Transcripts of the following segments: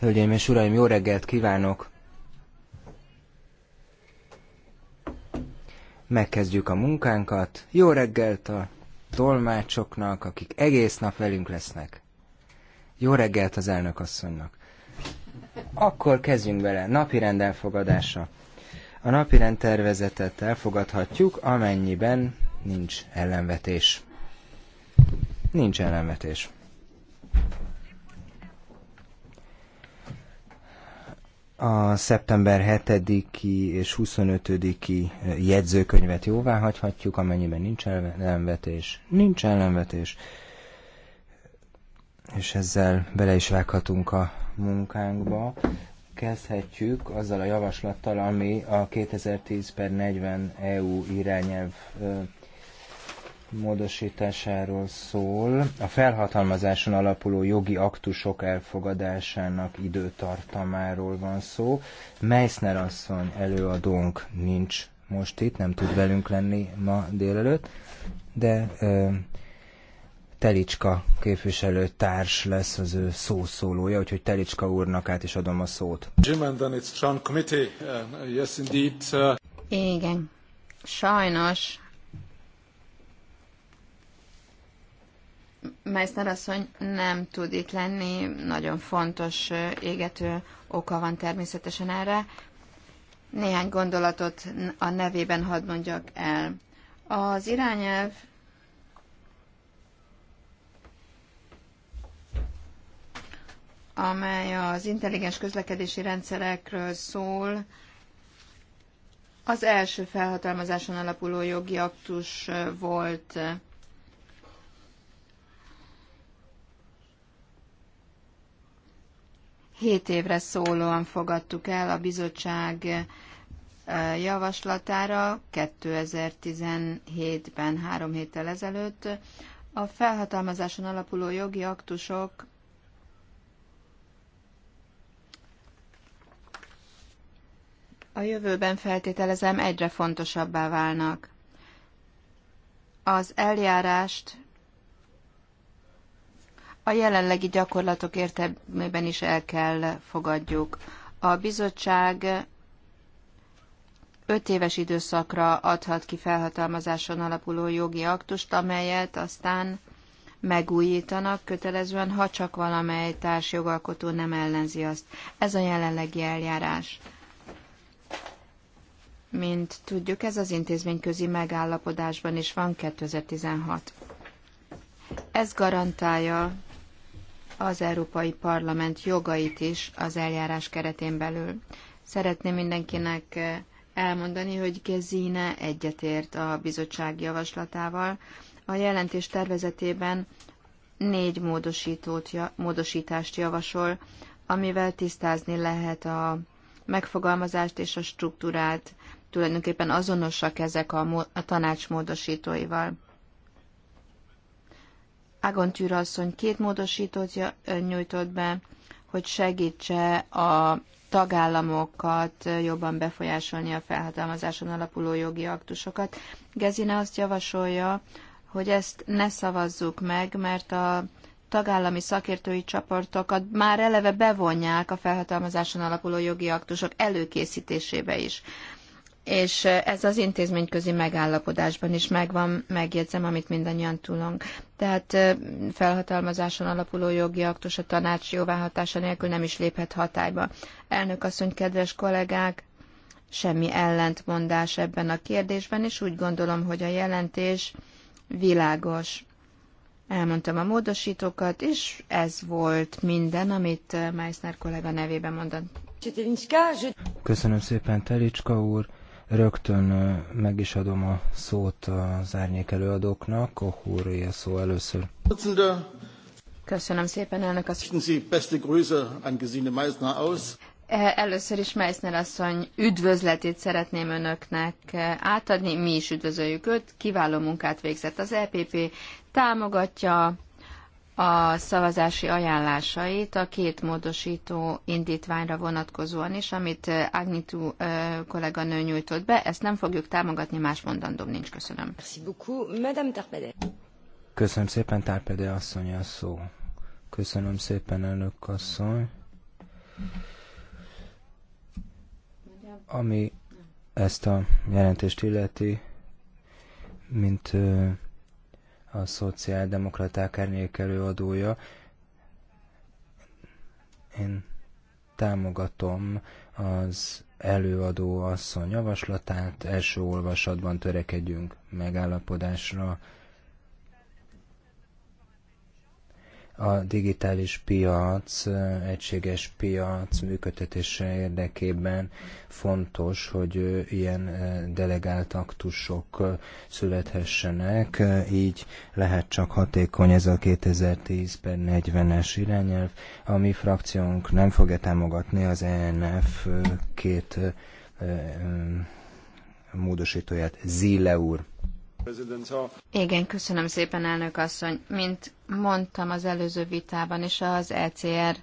Hölgyeim és Uraim, jó reggelt kívánok! Megkezdjük a munkánkat. Jó reggelt a tolmácsoknak, akik egész nap velünk lesznek. Jó reggelt az elnök asszonynak. Akkor kezdjünk bele. rend elfogadása. A napirend tervezetet elfogadhatjuk, amennyiben nincs ellenvetés. Nincs ellenvetés. A szeptember 7-i és 25-i jegyzőkönyvet jóvá hagyhatjuk, amennyiben nincs ellenvetés. Nincs ellenvetés. És ezzel bele is vághatunk a munkánkba kezdhetjük azzal a javaslattal, ami a 2010 per 40 EU irányelv módosításáról szól, a felhatalmazáson alapuló jogi aktusok elfogadásának időtartamáról van szó. Meissner asszony előadónk nincs most itt, nem tud velünk lenni ma délelőtt, de ö, Telicska képviselő társ lesz az ő szószólója, úgyhogy Telicska úrnak át is adom a szót. Jim, and then it's Sean Committee. Uh, yes, indeed. Uh, Igen. Sajnos Meissner asszony nem tud itt lenni, nagyon fontos égető oka van természetesen erre. Néhány gondolatot a nevében hadd mondjak el. Az irányelv amely az intelligens közlekedési rendszerekről szól, az első felhatalmazáson alapuló jogi aktus volt hét évre szólóan fogadtuk el a bizottság javaslatára 2017-ben, három héttel ezelőtt. A felhatalmazáson alapuló jogi aktusok a jövőben feltételezem egyre fontosabbá válnak. Az eljárást a jelenlegi gyakorlatok értelmében is el kell fogadjuk. A bizottság öt éves időszakra adhat ki felhatalmazáson alapuló jogi aktust, amelyet aztán megújítanak kötelezően, ha csak valamely társjogalkotó nem ellenzi azt. Ez a jelenlegi eljárás. Mint tudjuk, ez az intézményközi megállapodásban is van 2016. Ez garantálja az Európai Parlament jogait is az eljárás keretén belül. Szeretném mindenkinek eh, elmondani, hogy Gezine egyetért a bizottság javaslatával. A jelentés tervezetében négy módosítót, módosítást javasol, amivel tisztázni lehet a megfogalmazást és a struktúrát. Tulajdonképpen azonosak ezek a, a tanács módosítóival. Ágon asszony két módosítót nyújtott be, hogy segítse a tagállamokat jobban befolyásolni a felhatalmazáson alapuló jogi aktusokat. Gezina azt javasolja, hogy ezt ne szavazzuk meg, mert a tagállami szakértői csoportokat már eleve bevonják a felhatalmazáson alapuló jogi aktusok előkészítésébe is és ez az intézményközi megállapodásban is megvan, megjegyzem, amit mindannyian tudunk. Tehát felhatalmazáson alapuló jogi aktus a tanács jóváhatása nélkül nem is léphet hatályba. Elnök asszony, kedves kollégák, semmi ellentmondás ebben a kérdésben, és úgy gondolom, hogy a jelentés világos. Elmondtam a módosítókat, és ez volt minden, amit Meissner kollega nevében mondott. Köszönöm szépen, Telicska úr. Rögtön meg is adom a szót az árnyék előadóknak, a húré a szó először. Köszönöm szépen, elnök azt. E, először is Meissner asszony üdvözletét szeretném önöknek e, átadni, mi is üdvözöljük őt, kiváló munkát végzett az EPP, támogatja a szavazási ajánlásait a két módosító indítványra vonatkozóan is, amit eh, Agnitu eh, kolléganő nyújtott be. Ezt nem fogjuk támogatni, más mondandóm nincs. Köszönöm. Köszönöm szépen, Tárpede asszony a szó. Köszönöm szépen, elnök asszony. Ami ezt a jelentést illeti, mint eh, a szociáldemokraták árnyékelő előadója. Én támogatom az előadó asszony javaslatát, első olvasatban törekedjünk megállapodásra. a digitális piac, egységes piac működtetése érdekében fontos, hogy ilyen delegált aktusok születhessenek, így lehet csak hatékony ez a 2010 per 40-es irányelv. A mi frakciónk nem fogja támogatni az ENF két módosítóját. Zile úr. Igen, köszönöm szépen, elnök asszony. Mint mondtam az előző vitában is, az ECR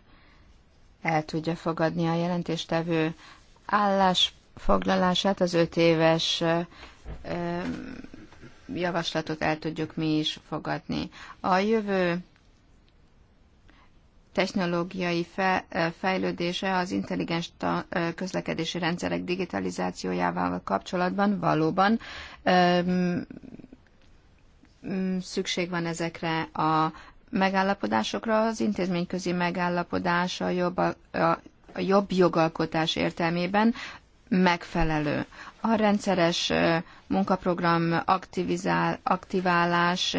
el tudja fogadni a jelentéstevő állásfoglalását, az öt éves javaslatot el tudjuk mi is fogadni. A jövő technológiai fejlődése az intelligens közlekedési rendszerek digitalizációjával kapcsolatban valóban szükség van ezekre a megállapodásokra. Az intézményközi megállapodás a jobb, a, a jobb jogalkotás értelmében megfelelő. A rendszeres munkaprogram aktivizál, aktiválás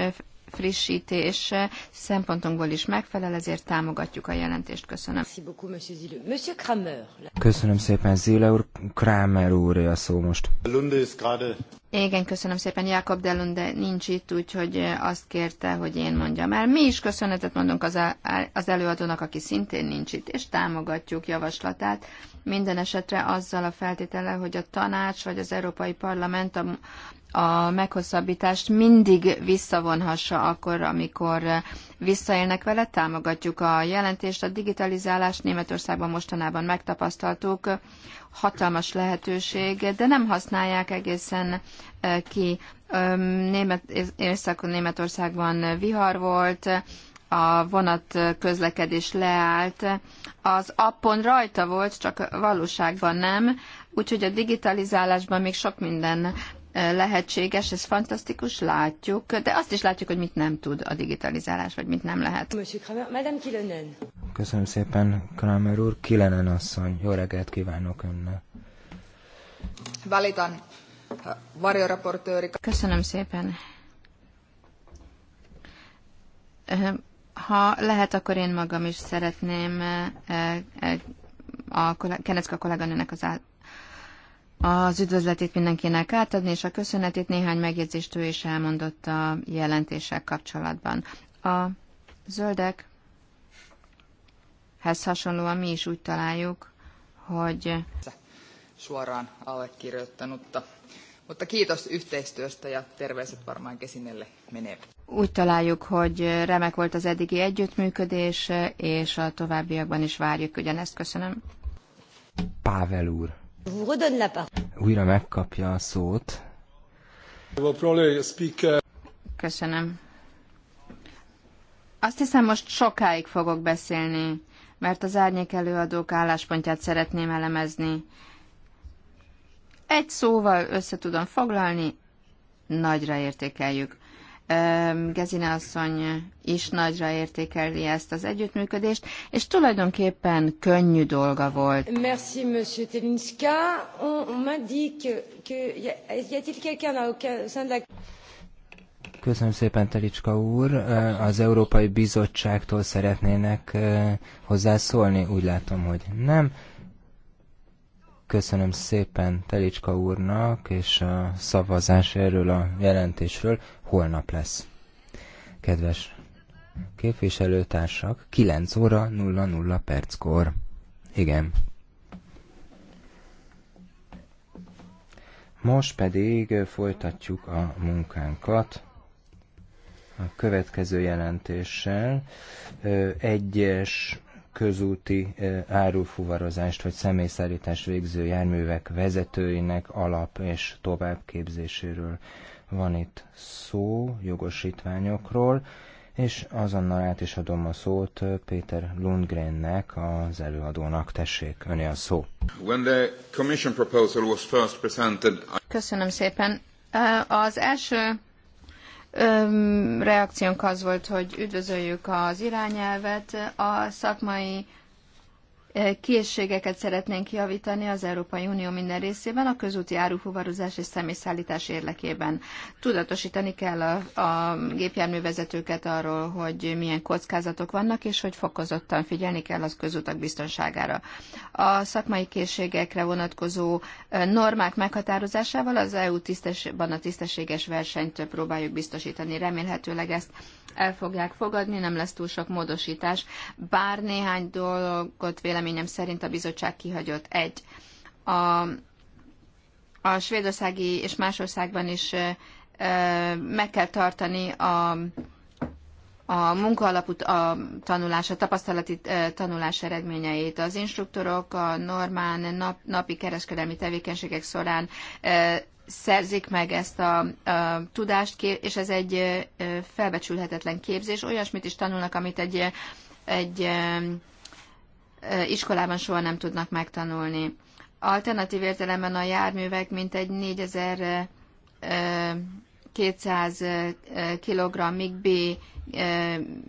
frissítés szempontunkból is megfelel, ezért támogatjuk a jelentést. Köszönöm. Köszönöm szépen, Zile úr. Kramer úr a szó most. Igen, köszönöm szépen. Jakob Delunde nincs itt, úgyhogy azt kérte, hogy én mondjam el. Mi is köszönetet mondunk az, az előadónak, aki szintén nincs itt, és támogatjuk javaslatát. Minden esetre azzal a feltétele, hogy a tanács vagy az Európai Parlament a a meghosszabbítást mindig visszavonhassa akkor, amikor visszaélnek vele. Támogatjuk a jelentést, a digitalizálást Németországban mostanában megtapasztaltuk. Hatalmas lehetőség, de nem használják egészen eh, ki. Német, Észak-Németországban vihar volt, a vonat közlekedés leállt. Az appon rajta volt, csak valóságban nem. Úgyhogy a digitalizálásban még sok minden lehetséges, ez fantasztikus, látjuk, de azt is látjuk, hogy mit nem tud a digitalizálás, vagy mit nem lehet. Köszönöm szépen, Kramer úr. Kilenen asszony, jó reggelt kívánok önnek. Valitan, raportőri. Köszönöm szépen. Ha lehet, akkor én magam is szeretném eh, eh, a Kenecka kolléganőnek az az üdvözletét mindenkinek átadni, és a köszönetét néhány megjegyzést ő is elmondott a jelentések kapcsolatban. A zöldekhez hasonlóan mi is úgy találjuk, hogy suoraan allekirjoittanutta. Mutta kiitos yhteistyöstä ja terveiset varmaan kesinelle menee. Úgy találjuk, hogy remek volt az eddigi együttműködés, és a továbbiakban is várjuk ugyanezt. Köszönöm. Pável úr. Újra megkapja a szót. Köszönöm. Azt hiszem, most sokáig fogok beszélni, mert az árnyék előadók álláspontját szeretném elemezni. Egy szóval összetudom foglalni, nagyra értékeljük. Gezina asszony is nagyra értékeli ezt az együttműködést, és tulajdonképpen könnyű dolga volt. Merci, monsieur Telinska. On, m'a dit que, que y a-t-il quelqu'un au sein de la... Köszönöm szépen, Telicska úr. Az Európai Bizottságtól szeretnének hozzászólni? Úgy látom, hogy nem. Köszönöm szépen Telicska úrnak, és a szavazás erről a jelentésről holnap lesz. Kedves képviselőtársak, 9 óra 00 perckor. Igen. Most pedig folytatjuk a munkánkat a következő jelentéssel. Egyes közúti eh, árufuvarozást vagy személyszállítást végző járművek vezetőinek alap és továbbképzéséről van itt szó, jogosítványokról, és azonnal át is adom a szót eh, Péter Lundgrennek, az előadónak. Tessék, öné a szó. Köszönöm szépen. Eh, az első reakciónk az volt, hogy üdvözöljük az irányelvet, a szakmai Eh, készségeket szeretnénk javítani az Európai Unió minden részében a közúti áruhuvarozás és személyszállítás érdekében. Tudatosítani kell a, a gépjárművezetőket arról, hogy milyen kockázatok vannak, és hogy fokozottan figyelni kell az közutak biztonságára. A szakmai készségekre vonatkozó eh, normák meghatározásával az EU tisztes, a tisztességes versenyt próbáljuk biztosítani. Remélhetőleg ezt el fogják fogadni, nem lesz túl sok módosítás, bár néhány dolgot véleményem szerint a bizottság kihagyott. Egy, a, a svédországi és más országban is e, meg kell tartani a, a munkaalapú a tanulás, a tapasztalati tanulás eredményeit. Az instruktorok a normán nap, napi kereskedelmi tevékenységek során e, szerzik meg ezt a, a tudást, és ez egy felbecsülhetetlen képzés. Olyasmit is tanulnak, amit egy, egy iskolában soha nem tudnak megtanulni. Alternatív értelemben a járművek mintegy 4000 200 kg-ig B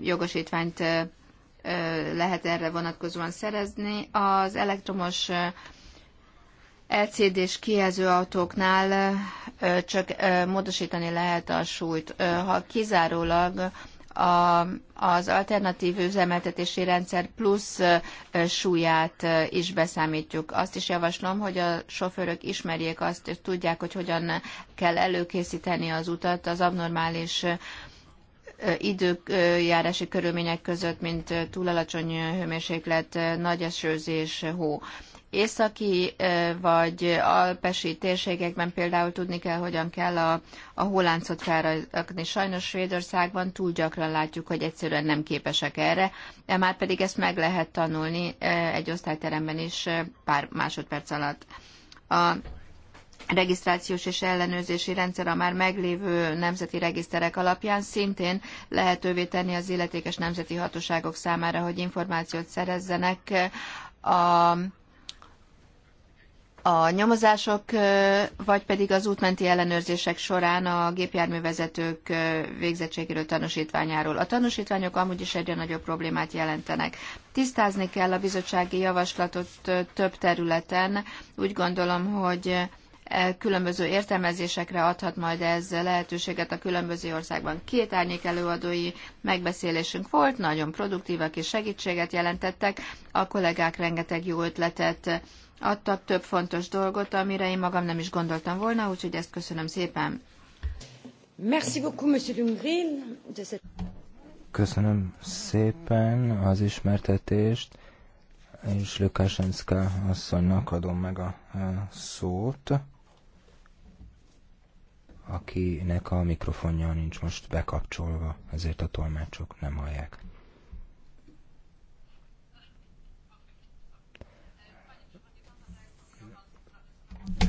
jogosítványt lehet erre vonatkozóan szerezni. Az elektromos LCD-s kijelző autóknál csak módosítani lehet a súlyt. Ha kizárólag a, az alternatív üzemeltetési rendszer plusz súlyát is beszámítjuk. Azt is javaslom, hogy a sofőrök ismerjék azt, és tudják, hogy hogyan kell előkészíteni az utat az abnormális időjárási körülmények között, mint túl alacsony hőmérséklet, nagy esőzés, hó északi vagy alpesi térségekben például tudni kell, hogyan kell a, a hóláncot felrakni. Sajnos Svédországban túl gyakran látjuk, hogy egyszerűen nem képesek erre, de már pedig ezt meg lehet tanulni egy osztályteremben is pár másodperc alatt. A regisztrációs és ellenőrzési rendszer a már meglévő nemzeti regiszterek alapján szintén lehetővé tenni az illetékes nemzeti hatóságok számára, hogy információt szerezzenek a a nyomozások, vagy pedig az útmenti ellenőrzések során a gépjárművezetők végzettségéről tanúsítványáról. A tanúsítványok amúgy is egyre nagyobb problémát jelentenek. Tisztázni kell a bizottsági javaslatot több területen. Úgy gondolom, hogy e, különböző értelmezésekre adhat majd ez lehetőséget a különböző országban. Két árnyék előadói megbeszélésünk volt, nagyon produktívak és segítséget jelentettek, a kollégák rengeteg jó ötletet adtak több fontos dolgot, amire én magam nem is gondoltam volna, úgyhogy ezt köszönöm szépen. Merci beaucoup, Monsieur Lundgren. Köszönöm szépen az ismertetést, és Lukashenska asszonynak adom meg a szót, akinek a mikrofonja nincs most bekapcsolva, ezért a tolmácsok nem hallják.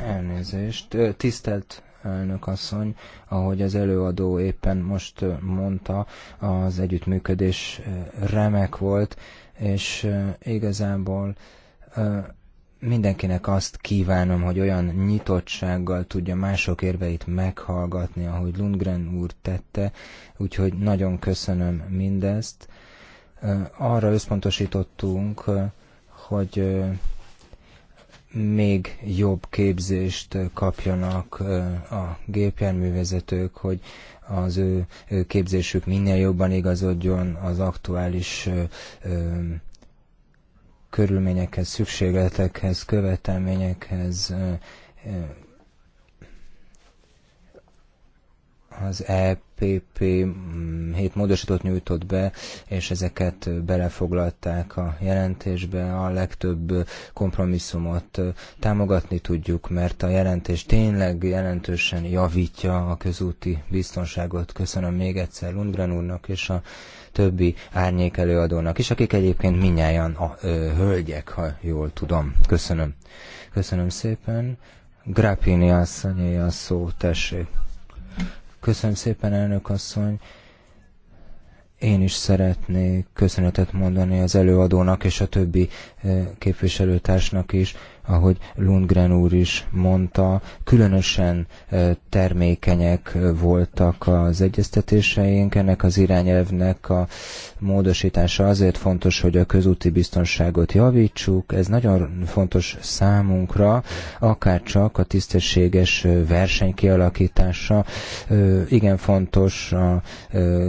Elnézést. Tisztelt elnök asszony, ahogy az előadó éppen most mondta, az együttműködés remek volt, és igazából mindenkinek azt kívánom, hogy olyan nyitottsággal tudja mások érveit meghallgatni, ahogy Lundgren úr tette, úgyhogy nagyon köszönöm mindezt. Arra összpontosítottunk, hogy még jobb képzést kapjanak a gépjárművezetők, hogy az ő képzésük minél jobban igazodjon az aktuális körülményekhez, szükségletekhez, követelményekhez, az EPP mm, hét módosítót nyújtott be, és ezeket belefoglalták a jelentésbe. A legtöbb kompromisszumot támogatni tudjuk, mert a jelentés tényleg jelentősen javítja a közúti biztonságot. Köszönöm még egyszer Lundgren úrnak és a többi árnyék előadónak is, akik egyébként minnyáján a ö, hölgyek, ha jól tudom. Köszönöm. Köszönöm szépen. Grappini asszonyé a szó, tessék. Köszönöm szépen, elnök asszony. Én is szeretnék köszönetet mondani az előadónak és a többi eh, képviselőtársnak is ahogy Lundgren úr is mondta, különösen termékenyek voltak az egyeztetéseink. Ennek az irányelvnek a módosítása azért fontos, hogy a közúti biztonságot javítsuk. Ez nagyon fontos számunkra, akár csak a tisztességes verseny kialakítása. Igen fontos a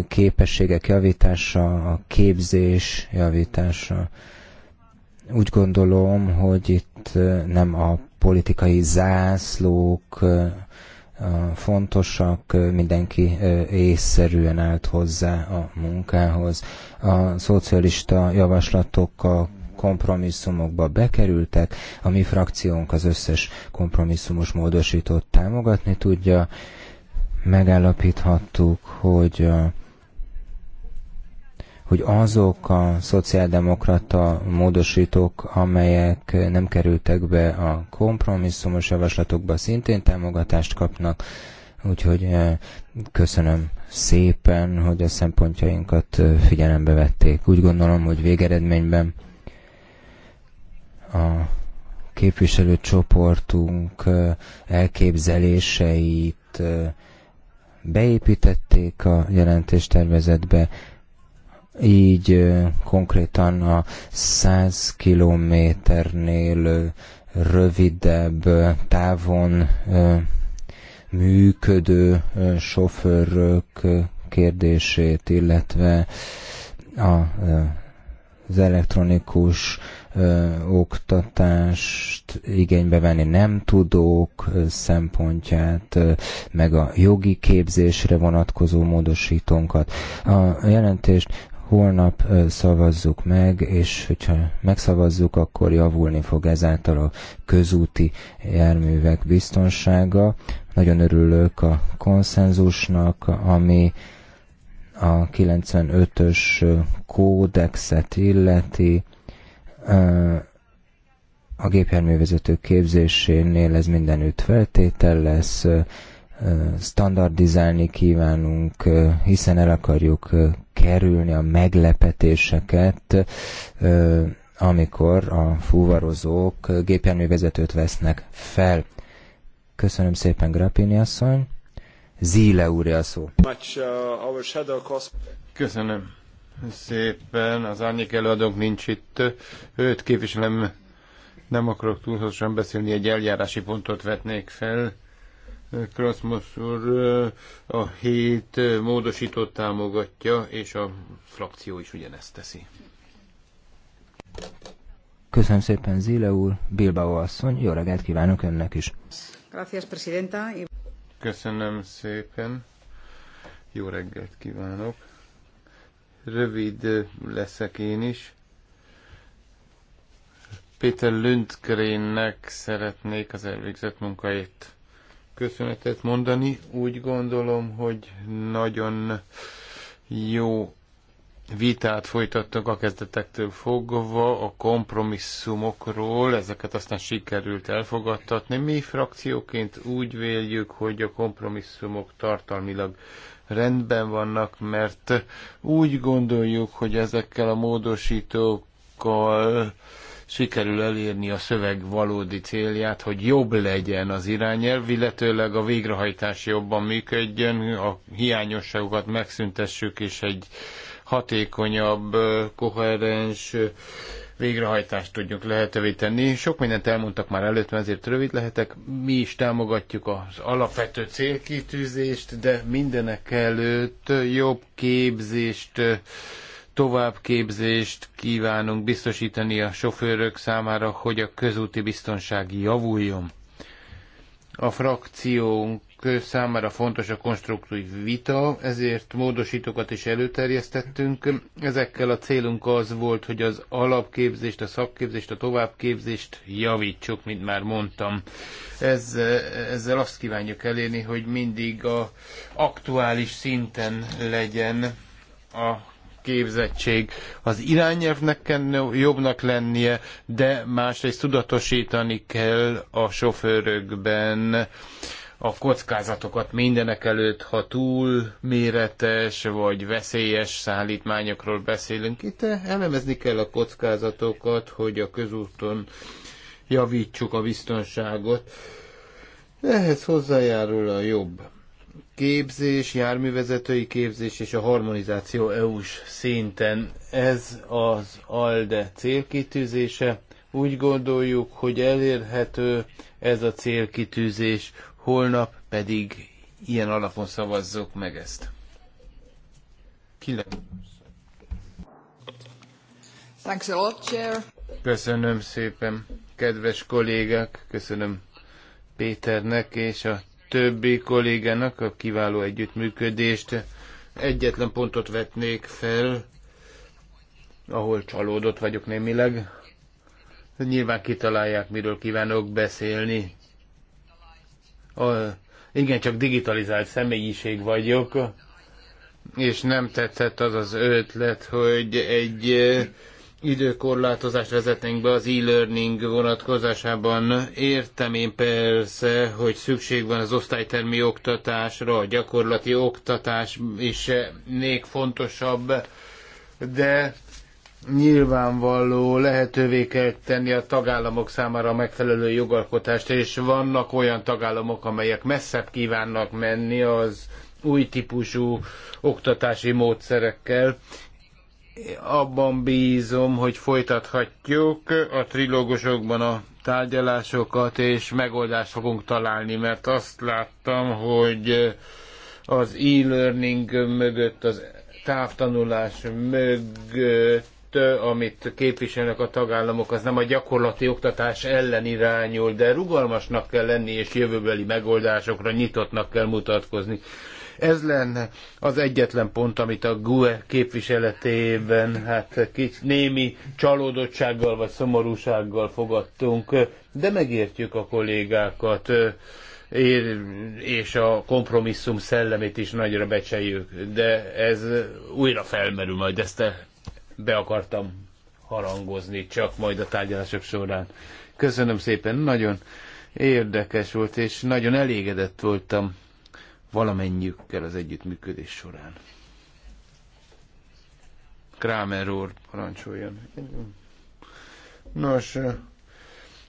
képességek javítása, a képzés javítása. Úgy gondolom, hogy itt nem a politikai zászlók fontosak, mindenki észszerűen állt hozzá a munkához. A szocialista javaslatok a kompromisszumokba bekerültek, a mi frakciónk az összes kompromisszumos módosítót támogatni tudja. Megállapíthattuk, hogy a hogy azok a szociáldemokrata módosítók, amelyek nem kerültek be a kompromisszumos javaslatokba, szintén támogatást kapnak. Úgyhogy eh, köszönöm szépen, hogy a szempontjainkat eh, figyelembe vették. Úgy gondolom, hogy végeredményben a képviselőcsoportunk eh, elképzeléseit beépítették a jelentéstervezetbe, így konkrétan a 100 kilométernél rövidebb távon működő sofőrök kérdését, illetve a, az elektronikus oktatást igénybe venni nem tudók szempontját, meg a jogi képzésre vonatkozó módosítónkat. A jelentést holnap szavazzuk meg, és hogyha megszavazzuk, akkor javulni fog ezáltal a közúti járművek biztonsága. Nagyon örülök a konszenzusnak, ami a 95-ös kódexet illeti. A gépjárművezetők képzésénél ez mindenütt feltétel lesz, standardizálni kívánunk, hiszen el akarjuk kerülni a meglepetéseket, amikor a fúvarozók gépjárművezetőt vesznek fel. Köszönöm szépen, Grappini asszony. Zíle úr a szó. Köszönöm szépen. Az árnyék előadónk nincs itt. Őt képviselem. Nem akarok túlságosan beszélni, egy eljárási pontot vetnék fel Krasmus úr a hét módosított támogatja, és a frakció is ugyanezt teszi. Köszönöm szépen, Zile úr, Bilbao asszony, jó reggelt kívánok önnek is. Gracias, presidenta. Köszönöm szépen, jó reggelt kívánok. Rövid leszek én is. Péter Lundgrennek szeretnék az elvégzett munkáit köszönetet mondani. Úgy gondolom, hogy nagyon jó vitát folytattunk a kezdetektől fogva a kompromisszumokról, ezeket aztán sikerült elfogadtatni. Mi frakcióként úgy véljük, hogy a kompromisszumok tartalmilag rendben vannak, mert úgy gondoljuk, hogy ezekkel a módosítókkal sikerül elérni a szöveg valódi célját, hogy jobb legyen az irányelv, illetőleg a végrehajtás jobban működjön, a hiányosságokat megszüntessük, és egy hatékonyabb, koherens végrehajtást tudjuk lehetővé tenni. Sok mindent elmondtak már előtt, ezért rövid lehetek. Mi is támogatjuk az alapvető célkitűzést, de mindenek előtt jobb képzést továbbképzést kívánunk biztosítani a sofőrök számára, hogy a közúti biztonság javuljon. A frakciónk számára fontos a konstruktív vita, ezért módosítókat is előterjesztettünk. Ezekkel a célunk az volt, hogy az alapképzést, a szakképzést, a továbbképzést javítsuk, mint már mondtam. Ez, ezzel azt kívánjuk elérni, hogy mindig a aktuális szinten legyen a képzettség. Az irányelvnek kell jobbnak lennie, de másrészt tudatosítani kell a sofőrökben a kockázatokat mindenek előtt, ha túl méretes vagy veszélyes szállítmányokról beszélünk. Itt elemezni kell a kockázatokat, hogy a közúton javítsuk a biztonságot. Ehhez hozzájárul a jobb képzés, járművezetői képzés és a harmonizáció EU-s szinten. Ez az ALDE célkitűzése. Úgy gondoljuk, hogy elérhető ez a célkitűzés, holnap pedig ilyen alapon szavazzuk meg ezt. Thanks a lot, Chair. Köszönöm szépen, kedves kollégák, köszönöm Péternek és a többi kollégának a kiváló együttműködést. Egyetlen pontot vetnék fel, ahol csalódott vagyok némileg. Nyilván kitalálják, miről kívánok beszélni. A, igen, csak digitalizált személyiség vagyok, és nem tetszett az az ötlet, hogy egy időkorlátozást vezetnénk be az e-learning vonatkozásában. Értem én persze, hogy szükség van az osztálytermi oktatásra, a gyakorlati oktatás is még fontosabb, de nyilvánvaló lehetővé kell tenni a tagállamok számára a megfelelő jogalkotást, és vannak olyan tagállamok, amelyek messzebb kívánnak menni az új típusú oktatási módszerekkel, abban bízom, hogy folytathatjuk a trilógusokban a tárgyalásokat, és megoldást fogunk találni, mert azt láttam, hogy az e-learning mögött, az távtanulás mögött amit képviselnek a tagállamok, az nem a gyakorlati oktatás ellen irányul, de rugalmasnak kell lenni, és jövőbeli megoldásokra nyitottnak kell mutatkozni. Ez lenne az egyetlen pont, amit a GUE képviseletében hát kicsi, némi csalódottsággal vagy szomorúsággal fogadtunk, de megértjük a kollégákat és a kompromisszum szellemét is nagyra becseljük, de ez újra felmerül majd, ezt be akartam harangozni csak majd a tárgyalások során. Köszönöm szépen, nagyon érdekes volt, és nagyon elégedett voltam valamennyiükkel az együttműködés során. Kramer úr, parancsoljon. Nos, eh,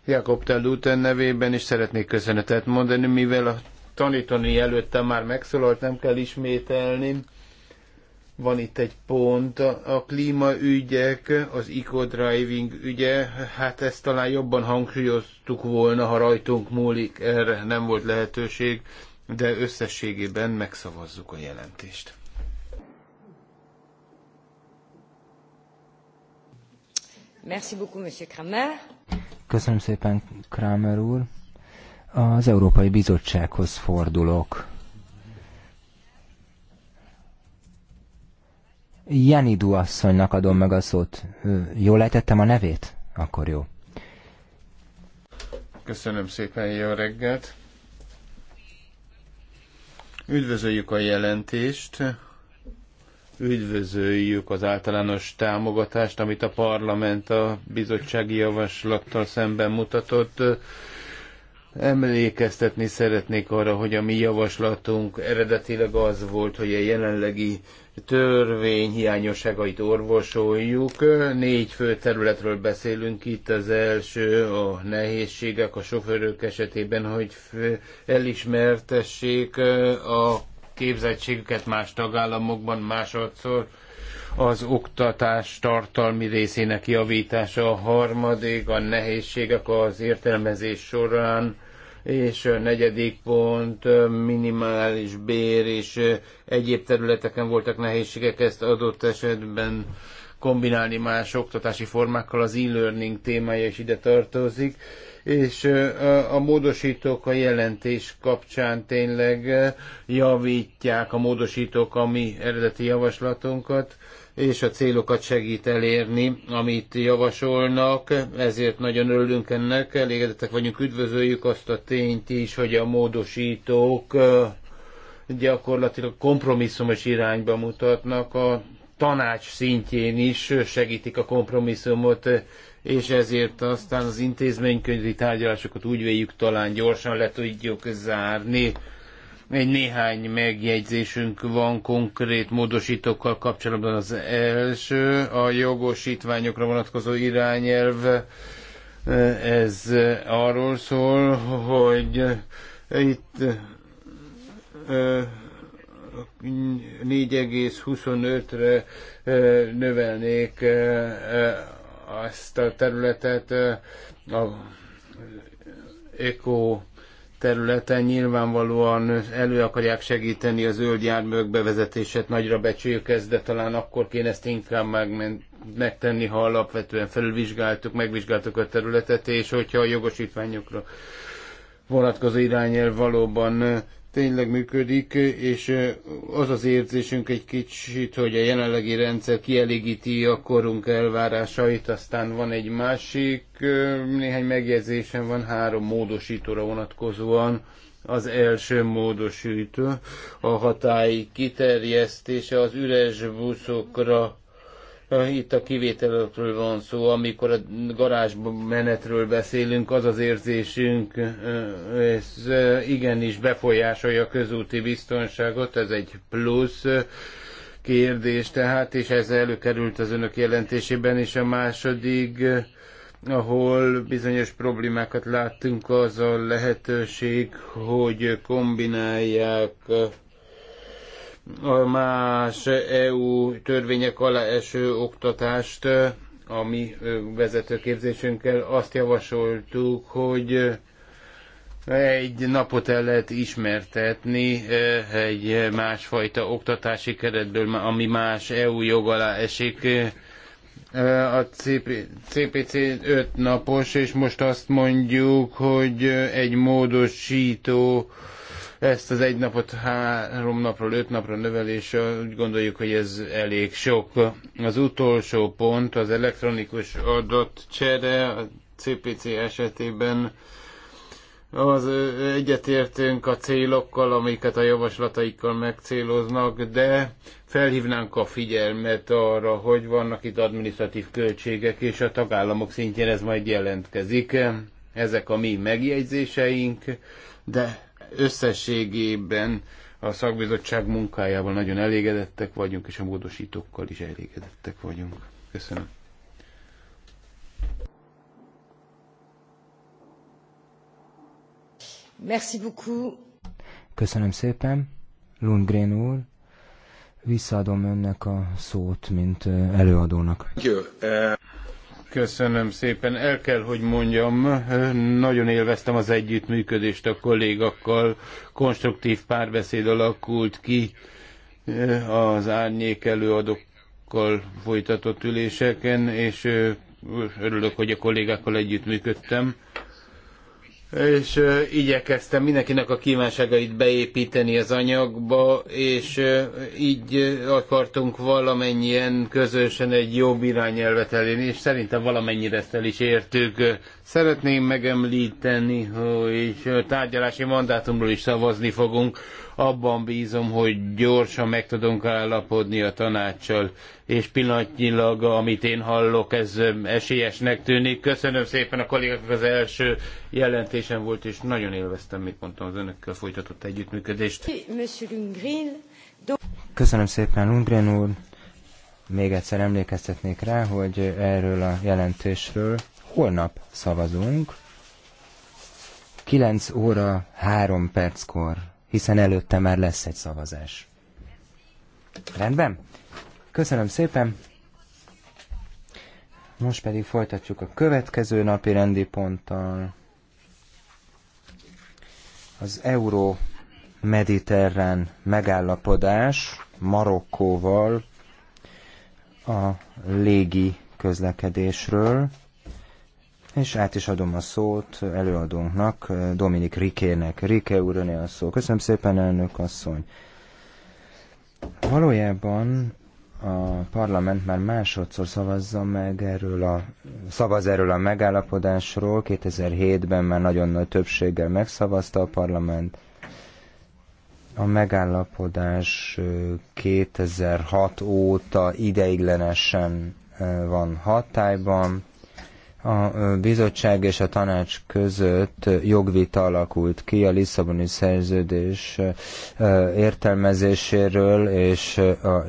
Jakob Tellúten nevében is szeretnék köszönetet mondani, mivel a tanítani előtte már megszólalt, nem kell ismételni. Van itt egy pont, a klímaügyek, az eco-driving ügye, hát ezt talán jobban hangsúlyoztuk volna, ha rajtunk múlik, erre nem volt lehetőség de összességében megszavazzuk a jelentést. Merci beaucoup, Monsieur Kramer. Köszönöm szépen, Kramer úr. Az Európai Bizottsághoz fordulok. Janidu asszonynak adom meg a szót. Jól lehetettem a nevét? Akkor jó. Köszönöm szépen, jó reggelt. Üdvözöljük a jelentést, üdvözöljük az általános támogatást, amit a parlament a bizottsági javaslattal szemben mutatott. Emlékeztetni szeretnék arra, hogy a mi javaslatunk eredetileg az volt, hogy a jelenlegi törvény hiányosságait orvosoljuk. Négy fő területről beszélünk itt. Az első a nehézségek a sofőrök esetében, hogy elismertessék a képzettségüket más tagállamokban másodszor az oktatás tartalmi részének javítása, a harmadik a nehézségek az értelmezés során, és a negyedik pont minimális bér, és egyéb területeken voltak nehézségek ezt adott esetben kombinálni más oktatási formákkal, az e-learning témája is ide tartozik, és a módosítók a jelentés kapcsán tényleg javítják a módosítók a mi eredeti javaslatunkat, és a célokat segít elérni, amit javasolnak, ezért nagyon örülünk ennek, elégedettek vagyunk, üdvözöljük azt a tényt is, hogy a módosítók gyakorlatilag kompromisszumos irányba mutatnak, a tanács szintjén is segítik a kompromisszumot, és ezért aztán az intézménykönyvi tárgyalásokat úgy véljük talán gyorsan le tudjuk zárni. Egy néhány megjegyzésünk van konkrét módosítókkal kapcsolatban. Az első a jogosítványokra vonatkozó irányelv. Ez arról szól, hogy itt 4,25-re növelnék ezt a területet a Eko területen nyilvánvalóan elő akarják segíteni a zöld járművek bevezetését, nagyra becsüljük ezt, de talán akkor kéne ezt inkább megment, megtenni, ha alapvetően felülvizsgáltuk, megvizsgáltuk a területet, és hogyha a jogosítványokra vonatkozó irányel valóban tényleg működik, és az az érzésünk egy kicsit, hogy a jelenlegi rendszer kielégíti a korunk elvárásait, aztán van egy másik, néhány megjegyzésem van három módosítóra vonatkozóan. Az első módosító a hatály kiterjesztése az üres buszokra itt a kivételekről van szó, amikor a garázsba menetről beszélünk, az az érzésünk, ez igenis befolyásolja a közúti biztonságot, ez egy plusz kérdés tehát, és ez előkerült az önök jelentésében, is a második, ahol bizonyos problémákat láttunk, az a lehetőség, hogy kombinálják a más EU törvények alá eső oktatást, ami vezetőképzésünkkel azt javasoltuk, hogy egy napot el lehet ismertetni egy másfajta oktatási keretből, ami más EU jog alá esik. A CPC 5 napos, és most azt mondjuk, hogy egy módosító ezt az egy napot három napról, öt napra növelés, úgy gondoljuk, hogy ez elég sok. Az utolsó pont az elektronikus adott csere a CPC esetében az egyetértünk a célokkal, amiket a javaslataikkal megcéloznak, de felhívnánk a figyelmet arra, hogy vannak itt administratív költségek, és a tagállamok szintjén ez majd jelentkezik. Ezek a mi megjegyzéseink, de összességében a szakbizottság munkájával nagyon elégedettek vagyunk, és a módosítókkal is elégedettek vagyunk. Köszönöm. Merci beaucoup. Köszönöm szépen. Lundgren úr, visszaadom önnek a szót, mint előadónak. Uh, Köszönöm szépen. El kell, hogy mondjam, nagyon élveztem az együttműködést a kollégakkal. Konstruktív párbeszéd alakult ki eh, az árnyék előadókkal folytatott üléseken, és eh, örülök, hogy a kollégákkal együttműködtem és igyekeztem mindenkinek a kívánságait beépíteni az anyagba, és így akartunk valamennyien közösen egy jobb irányelvet elérni, és szerintem valamennyire ezt el is értük. Szeretném megemlíteni, hogy tárgyalási mandátumról is szavazni fogunk abban bízom, hogy gyorsan meg tudunk állapodni a tanácssal, és pillanatnyilag, amit én hallok, ez esélyesnek tűnik. Köszönöm szépen a kollégáknak az első jelentésem volt, és nagyon élveztem, mit mondtam, az önökkel folytatott együttműködést. Köszönöm szépen, Lundgren úr. Még egyszer emlékeztetnék rá, hogy erről a jelentésről holnap szavazunk, 9 óra 3 perckor hiszen előtte már lesz egy szavazás. Rendben? Köszönöm szépen! Most pedig folytatjuk a következő napi rendi ponttal. Az Euró-Mediterrán megállapodás Marokkóval a légi közlekedésről. És át is adom a szót előadónknak, Dominik Rikének. Rike úr, a szó. Köszönöm szépen, elnök asszony. Valójában a parlament már másodszor szavazza meg erről a, szavaz erről a megállapodásról. 2007-ben már nagyon nagy többséggel megszavazta a parlament. A megállapodás 2006 óta ideiglenesen eh, van hatályban a bizottság és a tanács között jogvita alakult ki a Lisszaboni szerződés értelmezéséről, és a,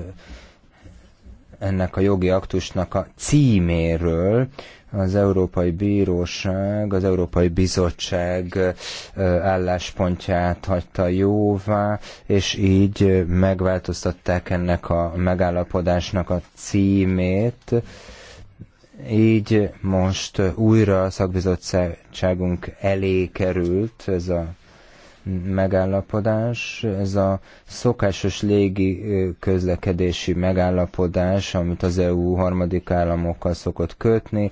ennek a jogi aktusnak a címéről, az Európai Bíróság, az Európai Bizottság álláspontját hagyta jóvá, és így megváltoztatták ennek a megállapodásnak a címét. Így most újra a szakbizottságunk elé került ez a megállapodás, ez a szokásos légi közlekedési megállapodás, amit az EU harmadik államokkal szokott kötni,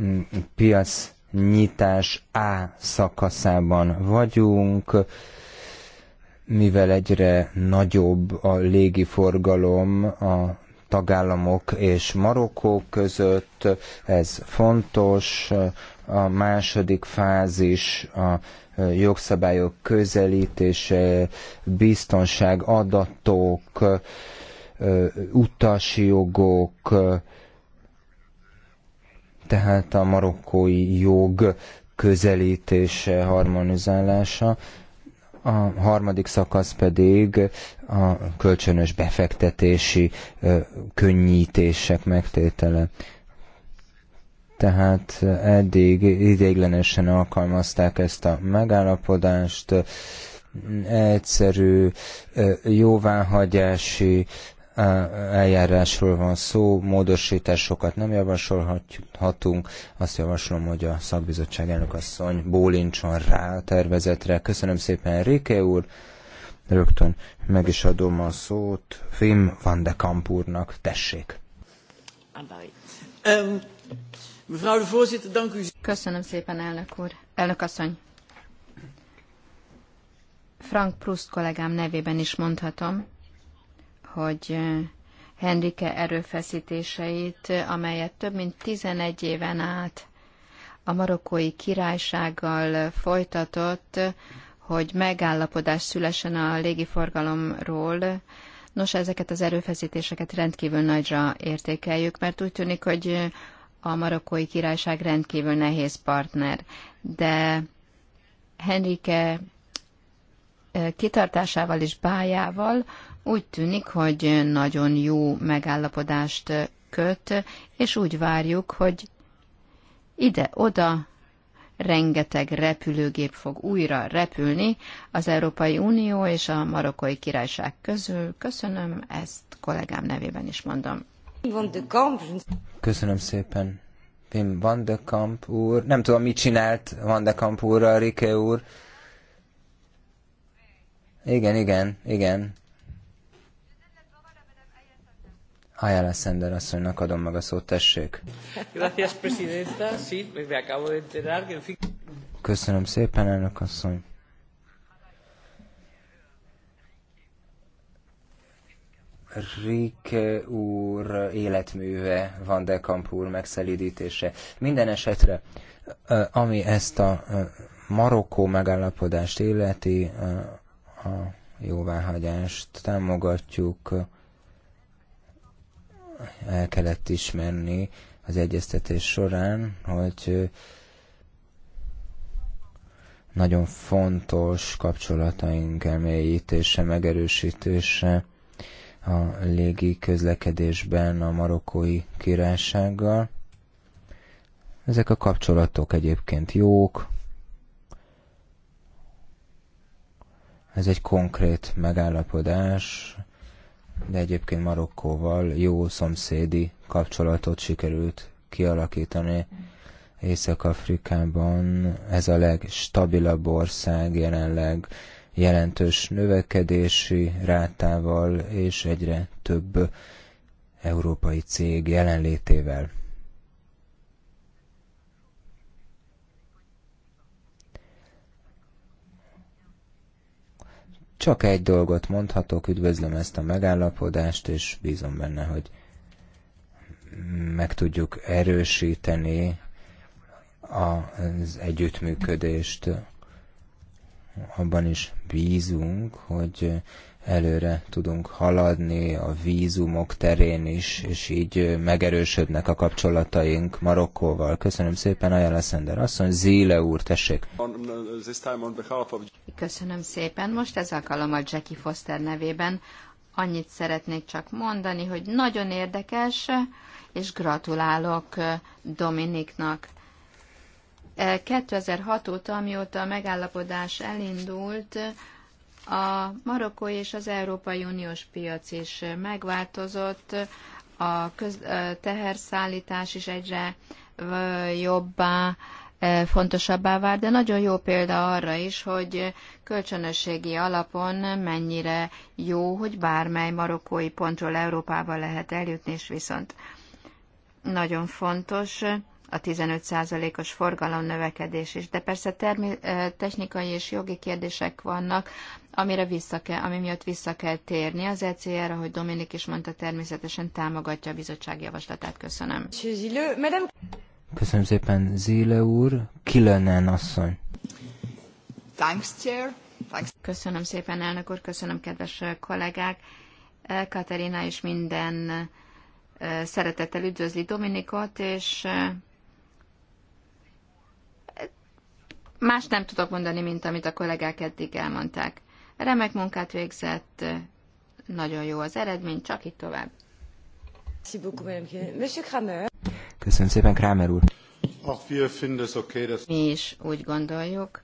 mm, piac nyitás A szakaszában vagyunk, mivel egyre nagyobb a légiforgalom a tagállamok és Marokkó között. Ez fontos. A második fázis a jogszabályok közelítése, biztonság, adatok, utasi jogok, tehát a marokkói jog közelítése, harmonizálása. A harmadik szakasz pedig a kölcsönös befektetési könnyítések megtétele tehát eddig ideiglenesen alkalmazták ezt a megállapodást, egyszerű jóváhagyási E, eljárásról van szó, módosításokat nem javasolhatunk. Azt javaslom, hogy a szakbizottság elnökasszony bólincson rá a tervezetre. Köszönöm szépen, Rike úr! Rögtön meg is adom a szót Fim van de Kamp úrnak. Tessék! Ehm, Köszönöm szépen, elnök úr. Elnök asszony. Frank Proust kollégám nevében is mondhatom, hogy eh, Henrike erőfeszítéseit, amelyet több mint 11 éven át a marokkói királysággal folytatott, hogy megállapodás szülesen a légiforgalomról. Nos, ezeket az erőfeszítéseket rendkívül nagyra értékeljük, mert úgy tűnik, hogy a marokkói királyság rendkívül nehéz partner. De Henrike kitartásával és bájával úgy tűnik, hogy nagyon jó megállapodást köt, és úgy várjuk, hogy ide-oda rengeteg repülőgép fog újra repülni az Európai Unió és a Marokkói Királyság közül. Köszönöm, ezt kollégám nevében is mondom. Köszönöm szépen. Van de Kamp úr, nem tudom, mit csinált Van de Kamp úr, a Rike úr. Igen, igen, igen. Ayala Sender asszonynak adom meg a szót, tessék. Köszönöm szépen, elnök asszony. Rike úr életműve, Van de Kamp úr megszelidítése. Minden esetre, ami ezt a marokkó megállapodást illeti, a jóváhagyást támogatjuk, el kellett ismerni az egyeztetés során, hogy nagyon fontos kapcsolataink elmélyítése, megerősítése a légi közlekedésben a marokkói királysággal. Ezek a kapcsolatok egyébként jók, Ez egy konkrét megállapodás, de egyébként Marokkóval jó szomszédi kapcsolatot sikerült kialakítani. Észak-Afrikában ez a legstabilabb ország jelenleg jelentős növekedési rátával és egyre több európai cég jelenlétével. Csak egy dolgot mondhatok, üdvözlöm ezt a megállapodást, és bízom benne, hogy meg tudjuk erősíteni az együttműködést. Abban is bízunk, hogy előre tudunk haladni a vízumok terén is, és így megerősödnek a kapcsolataink Marokkóval. Köszönöm szépen, Ajala Szender asszony, zile úr, tessék! Köszönöm szépen, most ez alkalommal Jackie Foster nevében annyit szeretnék csak mondani, hogy nagyon érdekes, és gratulálok Dominiknak. 2006 óta, amióta a megállapodás elindult, a marokkói és az Európai Uniós piac is megváltozott, a köz, teherszállítás is egyre jobbá, fontosabbá vár, de nagyon jó példa arra is, hogy kölcsönösségi alapon mennyire jó, hogy bármely marokkói pontról Európába lehet eljutni, és viszont nagyon fontos a 15%-os forgalom növekedés is. De persze termi- technikai és jogi kérdések vannak, amire vissza kell, ami miatt vissza kell térni. Az ECR, ahogy Dominik is mondta, természetesen támogatja a bizottság javaslatát. Köszönöm. Köszönöm szépen, Zile úr. Kilönen asszony. Thanks, chair. Thanks. Köszönöm szépen, elnök úr, köszönöm, kedves eh, kollégák. Eh, Katerina is minden eh, szeretettel üdvözli Dominikot, és más nem tudok mondani, mint amit a kollégák eddig elmondták. Remek munkát végzett, nagyon jó az eredmény, csak itt tovább. Köszönöm szépen, Kramer úr. Mi is úgy gondoljuk,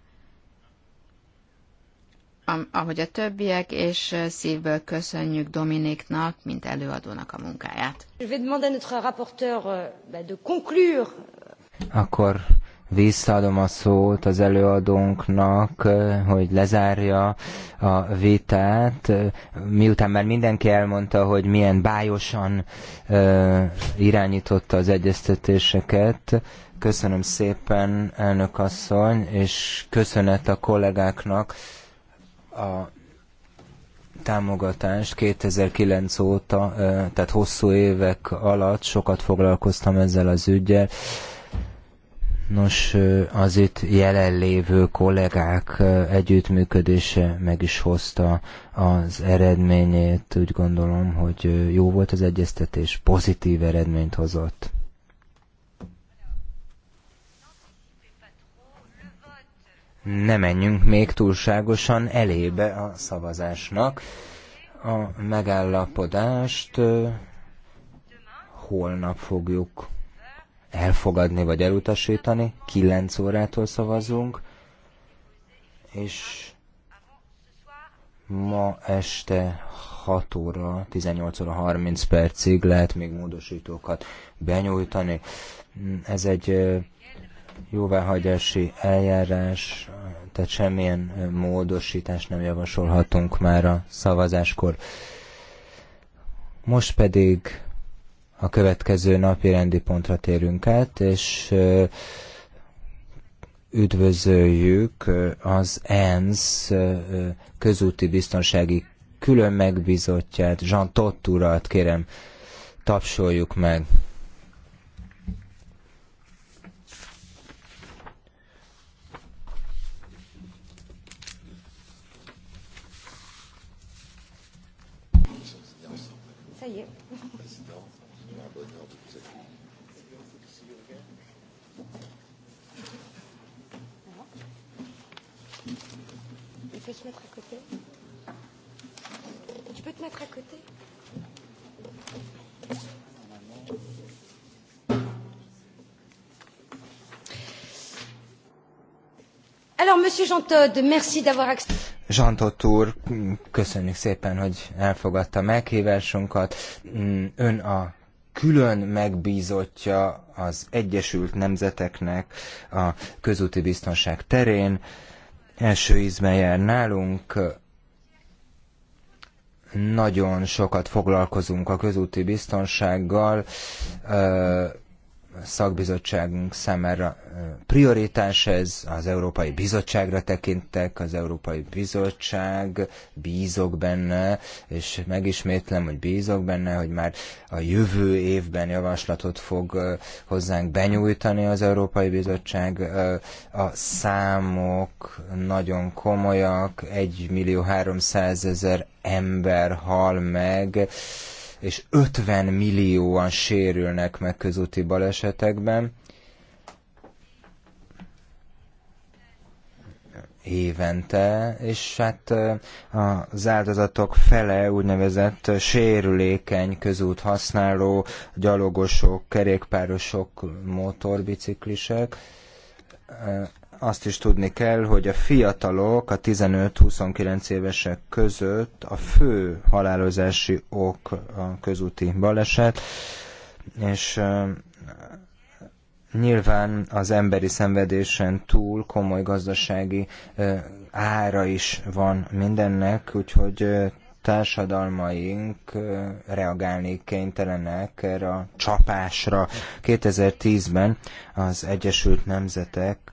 ahogy a többiek, és szívből köszönjük Dominiknak, mint előadónak a munkáját. Euh, Akkor Visszaadom a szót az előadónknak, hogy lezárja a vitát, miután már mindenki elmondta, hogy milyen bájosan irányította az egyeztetéseket. Köszönöm szépen, elnök asszony, és köszönet a kollégáknak a támogatást 2009 óta, tehát hosszú évek alatt sokat foglalkoztam ezzel az ügyel. Nos, az itt jelenlévő kollégák együttműködése meg is hozta az eredményét. Úgy gondolom, hogy jó volt az egyeztetés, pozitív eredményt hozott. Ne menjünk még túlságosan elébe a szavazásnak. A megállapodást holnap fogjuk elfogadni vagy elutasítani, 9 órától szavazunk, és ma este 6 óra, 18 óra 30 percig lehet még módosítókat benyújtani. Ez egy jóváhagyási eljárás, tehát semmilyen módosítást nem javasolhatunk már a szavazáskor. Most pedig a következő napi rendi pontra térünk át, és üdvözöljük az ENSZ közúti biztonsági külön megbizottját, Jean Todt urat, kérem, tapsoljuk meg. Jean Todt, úr, köszönjük szépen, hogy elfogadta meghívásunkat. Ön a külön megbízottja az Egyesült Nemzeteknek a közúti biztonság terén. Első ízben jár nálunk, nagyon sokat foglalkozunk a közúti biztonsággal, szakbizottságunk számára prioritás ez, az Európai Bizottságra tekintek, az Európai Bizottság, bízok benne, és megismétlem, hogy bízok benne, hogy már a jövő évben javaslatot fog hozzánk benyújtani az Európai Bizottság. A számok nagyon komolyak, 1 millió 300 ezer ember hal meg, és 50 millióan sérülnek meg közúti balesetekben. évente, és hát az áldozatok fele úgynevezett sérülékeny közút használó gyalogosok, kerékpárosok, motorbiciklisek azt is tudni kell, hogy a fiatalok a 15-29 évesek között a fő halálozási ok a közúti baleset, és nyilván az emberi szenvedésen túl komoly gazdasági ára is van mindennek, úgyhogy társadalmaink reagálni kénytelenek erre a csapásra. 2010-ben az Egyesült Nemzetek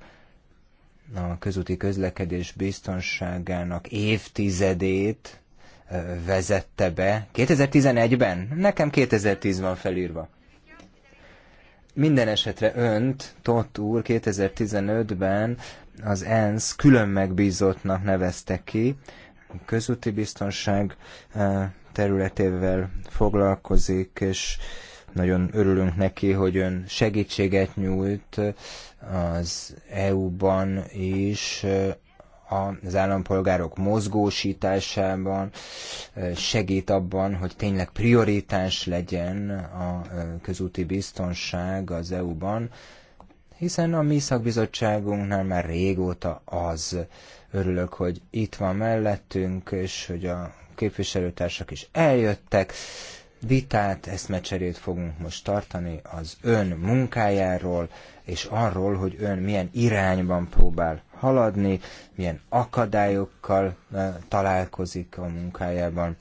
a közúti közlekedés biztonságának évtizedét vezette be. 2011-ben? Nekem 2010 van felírva. Minden esetre önt, Tott úr 2015-ben az ENSZ külön megbízottnak nevezte ki, közúti biztonság területével foglalkozik, és nagyon örülünk neki, hogy ön segítséget nyújt az EU-ban is az állampolgárok mozgósításában segít abban, hogy tényleg prioritás legyen a közúti biztonság az EU-ban, hiszen a mi szakbizottságunknál már régóta az. Örülök, hogy itt van mellettünk, és hogy a képviselőtársak is eljöttek. Vitát, mecserét fogunk most tartani az ön munkájáról, és arról, hogy ön milyen irányban próbál haladni, milyen akadályokkal eh, találkozik a munkájában.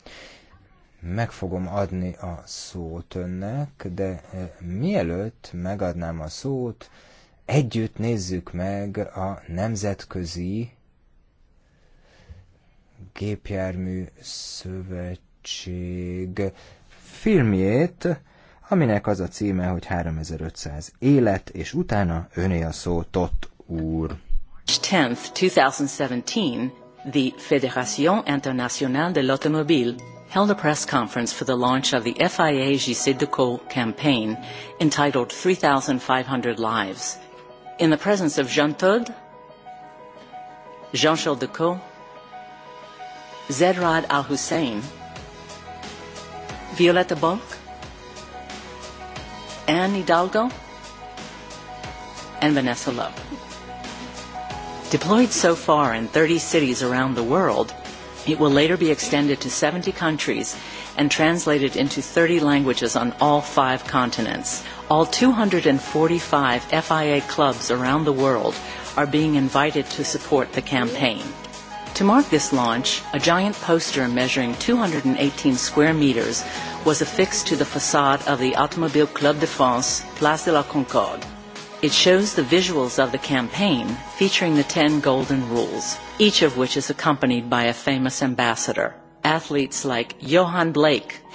Meg fogom adni a szót önnek, de eh, mielőtt megadnám a szót, együtt nézzük meg a nemzetközi gépjármű szövetség filmjét, aminek az a címe, hogy 3500 élet, és utána öné a szó Tott úr. 10 2017, the Fédération Internationale de l'Automobile held a press conference for the launch of the FIA Gisedeco campaign entitled 3,500 Lives. In the presence of Jean Todt, Jean-Charles Decaux, Zedrad Al-Hussein, Violetta Bulk, Anne Hidalgo and Vanessa Love. Deployed so far in 30 cities around the world, it will later be extended to 70 countries and translated into 30 languages on all five continents. All 245 FIA clubs around the world are being invited to support the campaign. To mark this launch, a giant poster measuring 218 square meters was affixed to the facade of the Automobile Club de France, Place de la Concorde. It shows the visuals of the campaign featuring the 10 golden rules, each of which is accompanied by a famous ambassador. Athletes like Johan Blake,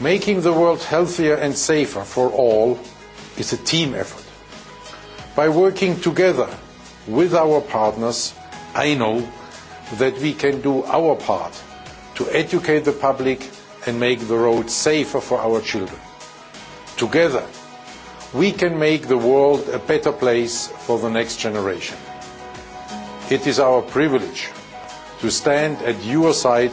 Making the world healthier and safer for all is a team effort. By working together with our partners, I know that we can do our part to educate the public and make the roads safer for our children. Together, we can make the world a better place for the next generation. It is our privilege to stand at your side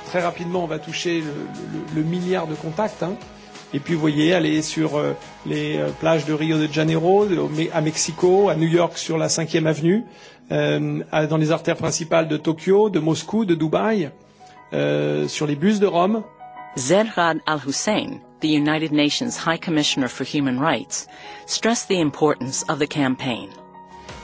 très rapidement, on va toucher le, le, le milliard de contacts. Hein. Et puis, vous voyez, aller sur euh, les euh, plages de Rio de Janeiro, de, à Mexico, à New York sur la 5e avenue, euh, dans les artères principales de Tokyo, de Moscou, de Dubaï, euh, sur les bus de Rome. Zedran al-Hussein, the United Nations High Commissioner for Human Rights, stressed the importance of the campaign.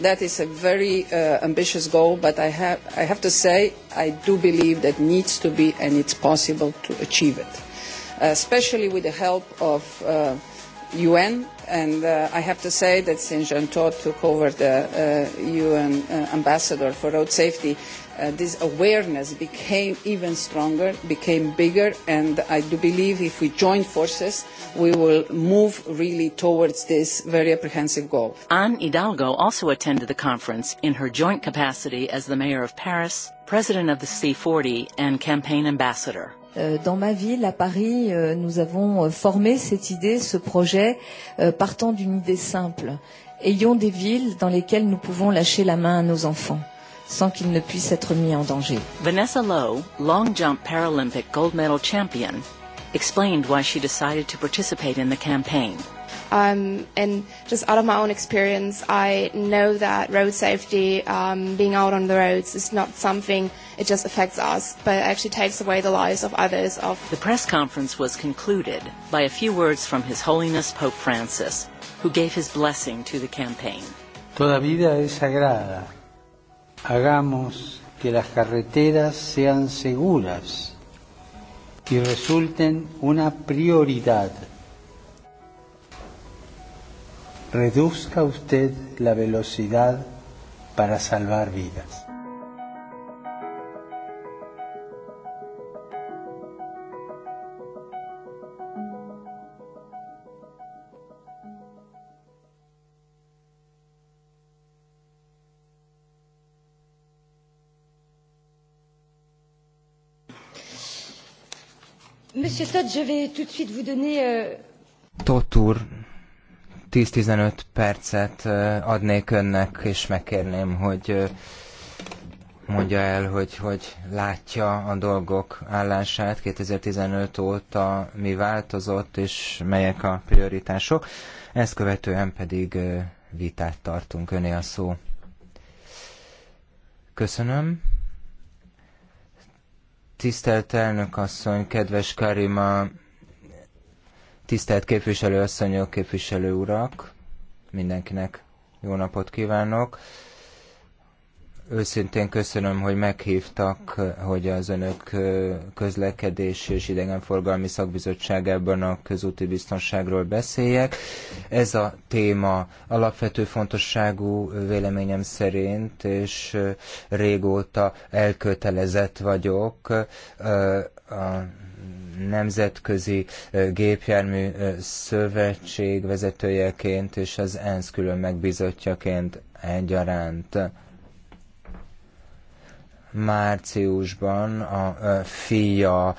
That is a very uh, ambitious goal, but I have, I have to say I do believe that needs to be and it's possible to achieve it, uh, especially with the help of uh, UN. And uh, I have to say that since Jean claude took over the uh, UN uh, ambassador for road safety, uh, this awareness became even stronger, became bigger, and I do believe if we join forces, we will move really towards this very apprehensive goal. Anne Hidalgo also attended the conference in her joint capacity as the mayor of Paris, president of the C40, and campaign ambassador. Euh, dans ma ville, à Paris, euh, nous avons euh, formé cette idée, ce projet, partant d'une idée simple. Ayons des villes dans lesquelles nous pouvons lâcher la main à nos enfants sans qu'il ne puisse être mis en danger. Vanessa Lowe, long jump Paralympic gold medal champion, explained why she decided to participate in the campaign. Um, and just out of my own experience, I know that road safety, um, being out on the roads, is not something it just affects us, but it actually takes away the lives of others. Of the press conference was concluded by a few words from His Holiness Pope Francis, who gave his blessing to the campaign. Toda vida es sagrada hagamos que las carreteras sean seguras y resulten una prioridad. Reduzca usted la velocidad para salvar vidas. Monsieur Todd, je vais tout de suite vous donner... Euh, Todd úr, 10-15 percet adnék önnek, és megkérném, hogy mondja el, hogy, hogy látja a dolgok állását 2015 óta, mi változott, és melyek a prioritások. Ezt követően pedig vitát tartunk öné a szó. Köszönöm. Tisztelt elnök asszony, kedves Karima, tisztelt képviselő asszonyok, képviselő urak, mindenkinek jó napot kívánok. Őszintén köszönöm, hogy meghívtak, hogy az önök közlekedés és idegenforgalmi szakbizottságában a közúti biztonságról beszéljek. Ez a téma alapvető fontosságú véleményem szerint, és régóta elkötelezett vagyok a Nemzetközi Gépjármű Szövetség vezetőjeként és az ENSZ külön megbizotjaként egyaránt márciusban a fia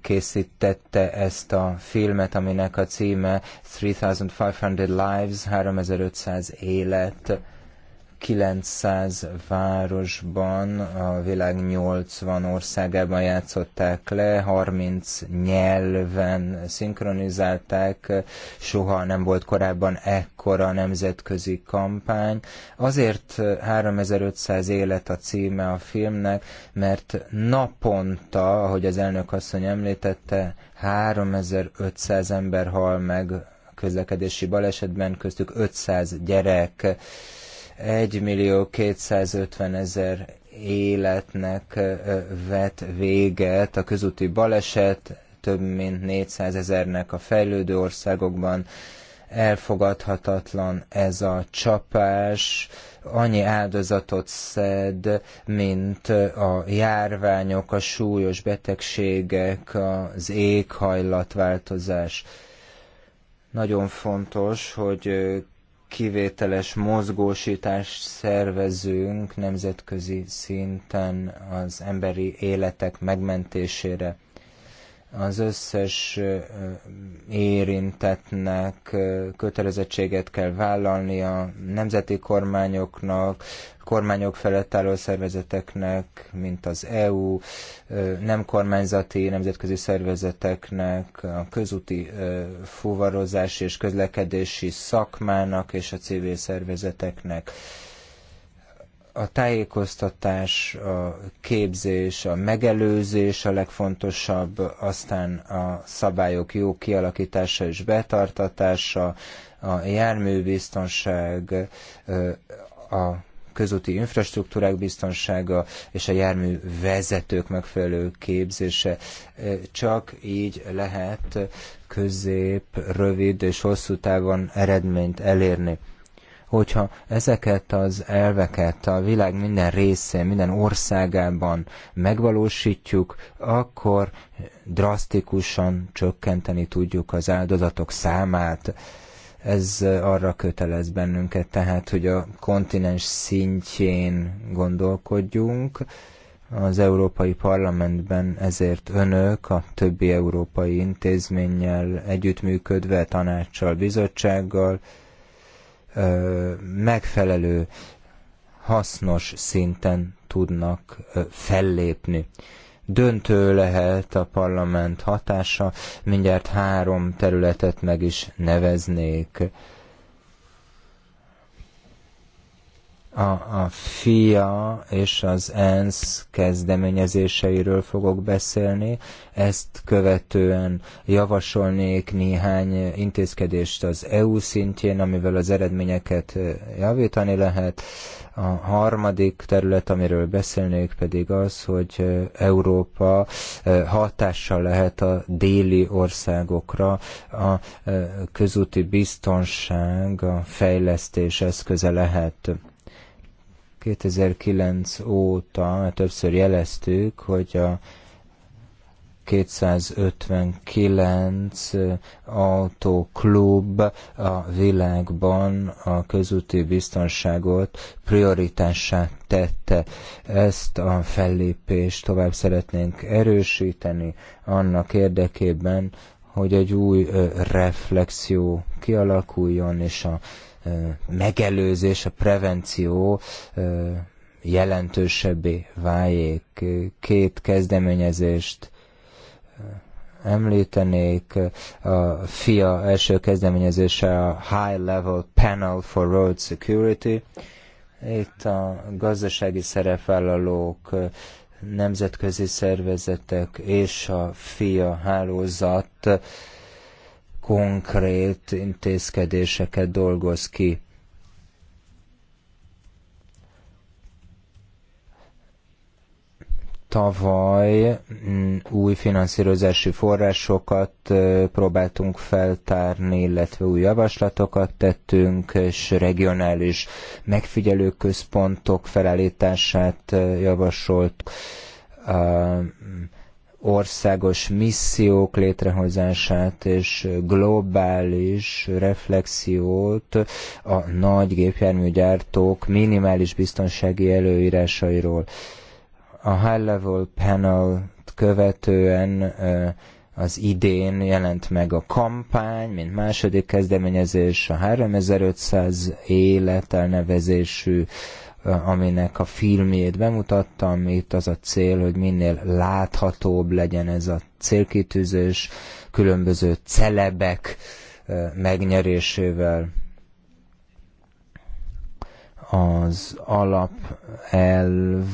készítette ezt a filmet, aminek a címe 3500 Lives, 3500 élet 900 városban, a világ 80 országában játszották le, 30 nyelven szinkronizálták, soha nem volt korábban ekkora nemzetközi kampány. Azért 3500 élet a címe a filmnek, mert naponta, ahogy az elnök asszony említette, 3500 ember hal meg közlekedési balesetben, köztük 500 gyerek 1 millió 250 ezer életnek vet véget a közúti baleset, több mint 400 ezernek a fejlődő országokban. Elfogadhatatlan ez a csapás, annyi áldozatot szed, mint a járványok, a súlyos betegségek, az éghajlatváltozás. Nagyon fontos, hogy kivételes mozgósítást szervezünk nemzetközi szinten az emberi életek megmentésére az összes érintetnek kötelezettséget kell vállalni a nemzeti kormányoknak, kormányok felett álló szervezeteknek, mint az EU, nem kormányzati nemzetközi szervezeteknek, a közúti fuvarozás és közlekedési szakmának és a civil szervezeteknek a tájékoztatás, a képzés, a megelőzés a legfontosabb, aztán a szabályok jó kialakítása és betartatása, a járműbiztonság, a közúti infrastruktúrák biztonsága és a jármű vezetők megfelelő képzése. Csak így lehet közép, rövid és hosszú távon eredményt elérni. Hogyha ezeket az elveket a világ minden részén, minden országában megvalósítjuk, akkor drasztikusan csökkenteni tudjuk az áldozatok számát ez arra kötelez bennünket, tehát, hogy a kontinens szintjén gondolkodjunk. Az Európai Parlamentben ezért önök a többi európai intézménnyel együttműködve, tanácssal, bizottsággal, megfelelő, hasznos szinten tudnak fellépni. Döntő lehet a parlament hatása, mindjárt három területet meg is neveznék A, a FIA és az ENSZ kezdeményezéseiről fogok beszélni. Ezt követően javasolnék néhány intézkedést az EU szintjén, amivel az eredményeket javítani lehet. A harmadik terület, amiről beszélnék pedig az, hogy Európa hatással lehet a déli országokra. A közúti biztonság, a fejlesztés eszköze lehet. 2009 óta többször jeleztük, hogy a 259 autóklub a világban a közúti biztonságot prioritássá tette. Ezt a fellépést tovább szeretnénk erősíteni annak érdekében, hogy egy új reflexió kialakuljon, és a megelőzés, a prevenció jelentősebbé váljék. Két kezdeményezést említenék, a FIA első kezdeményezése a High Level Panel for Road Security. Itt a gazdasági szerepvállalók, nemzetközi szervezetek és a FIA hálózat konkrét intézkedéseket dolgoz ki. Tavaly mm, új finanszírozási forrásokat próbáltunk feltárni, illetve új javaslatokat tettünk, és regionális megfigyelőközpontok felállítását javasolt országos missziók létrehozását és globális reflexiót a nagy gépjárműgyártók minimális biztonsági előírásairól. A High Level Panel követően az idén jelent meg a kampány, mint második kezdeményezés, a 3500 élet elnevezésű aminek a filmjét bemutattam. Itt az a cél, hogy minél láthatóbb legyen ez a célkitűzés, különböző celebek megnyerésével az alapelv,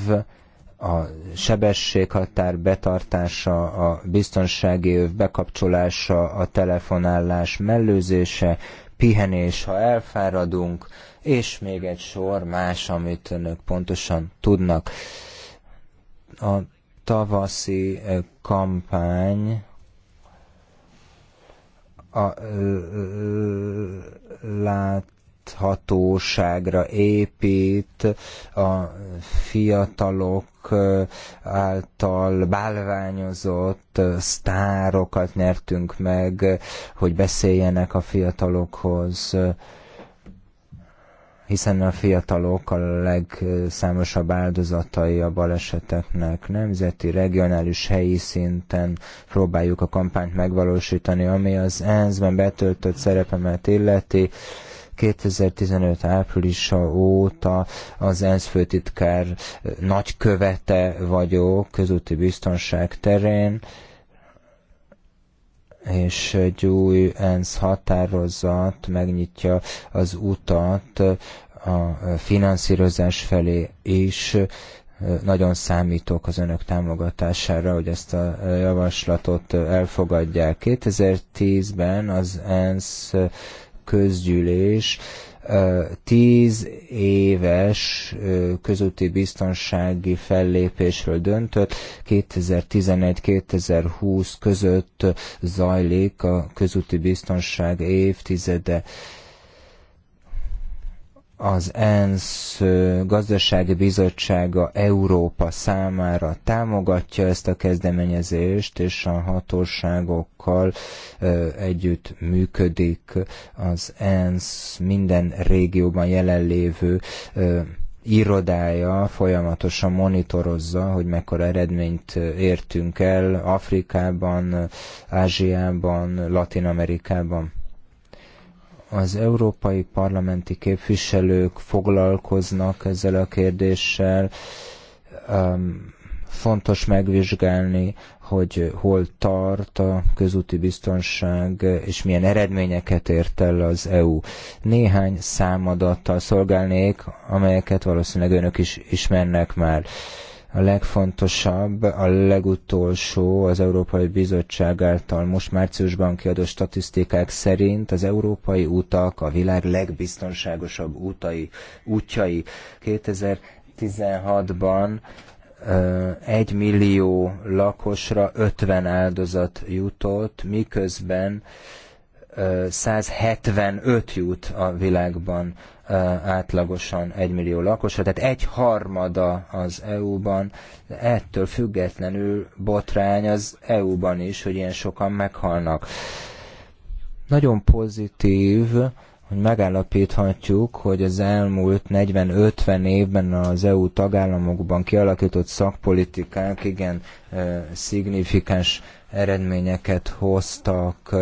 a sebességhatár betartása, a biztonsági öv bekapcsolása, a telefonálás mellőzése, pihenés, ha elfáradunk, és még egy sor más, amit önök pontosan tudnak. A tavaszi eh, kampány a eh, eh, láthatóságra épít, a fiatalok által bálványozott sztárokat nyertünk meg, hogy beszéljenek a fiatalokhoz, hiszen a fiatalok a legszámosabb áldozatai a baleseteknek. Nemzeti, regionális, helyi szinten próbáljuk a kampányt megvalósítani, ami az ENSZ-ben betöltött szerepemet illeti. 2015 áprilisa óta az ENSZ főtitkár nagykövete vagyok közúti biztonság terén és egy új ENSZ határozat megnyitja az utat a finanszírozás felé is. Nagyon számítok az önök támogatására, hogy ezt a javaslatot elfogadják. 2010-ben az ENSZ közgyűlés Tíz éves közúti biztonsági fellépésről döntött, 2011-2020 között zajlik a közúti biztonság évtizede az ENSZ gazdasági bizottsága Európa számára támogatja ezt a kezdeményezést, és a hatóságokkal együtt működik az ENSZ minden régióban jelenlévő irodája folyamatosan monitorozza, hogy mekkora eredményt értünk el Afrikában, Ázsiában, Latin Amerikában az európai parlamenti képviselők foglalkoznak ezzel a kérdéssel. Fontos megvizsgálni, hogy hol tart a közúti biztonság, és milyen eredményeket ért el az EU. Néhány számadattal szolgálnék, amelyeket valószínűleg önök is ismernek már. A legfontosabb, a legutolsó az Európai Bizottság által most márciusban kiadott statisztikák szerint az európai utak a világ legbiztonságosabb útai, útjai. 2016-ban 1 millió lakosra 50 áldozat jutott, miközben 175 jut a világban átlagosan 1 millió lakosra, tehát egy harmada az EU-ban, ettől függetlenül botrány az EU-ban is, hogy ilyen sokan meghalnak. Nagyon pozitív, hogy megállapíthatjuk, hogy az elmúlt 40-50 évben az EU tagállamokban kialakított szakpolitikák igen szignifikáns eredményeket hoztak,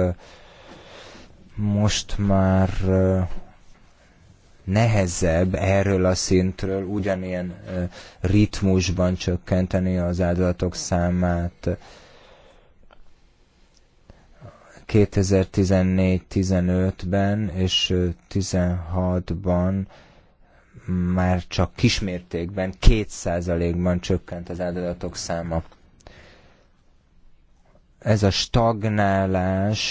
most már nehezebb erről a szintről ugyanilyen ritmusban csökkenteni az áldozatok számát. 2014-15-ben és 16-ban már csak kismértékben, 2%-ban csökkent az áldozatok száma. Ez a stagnálás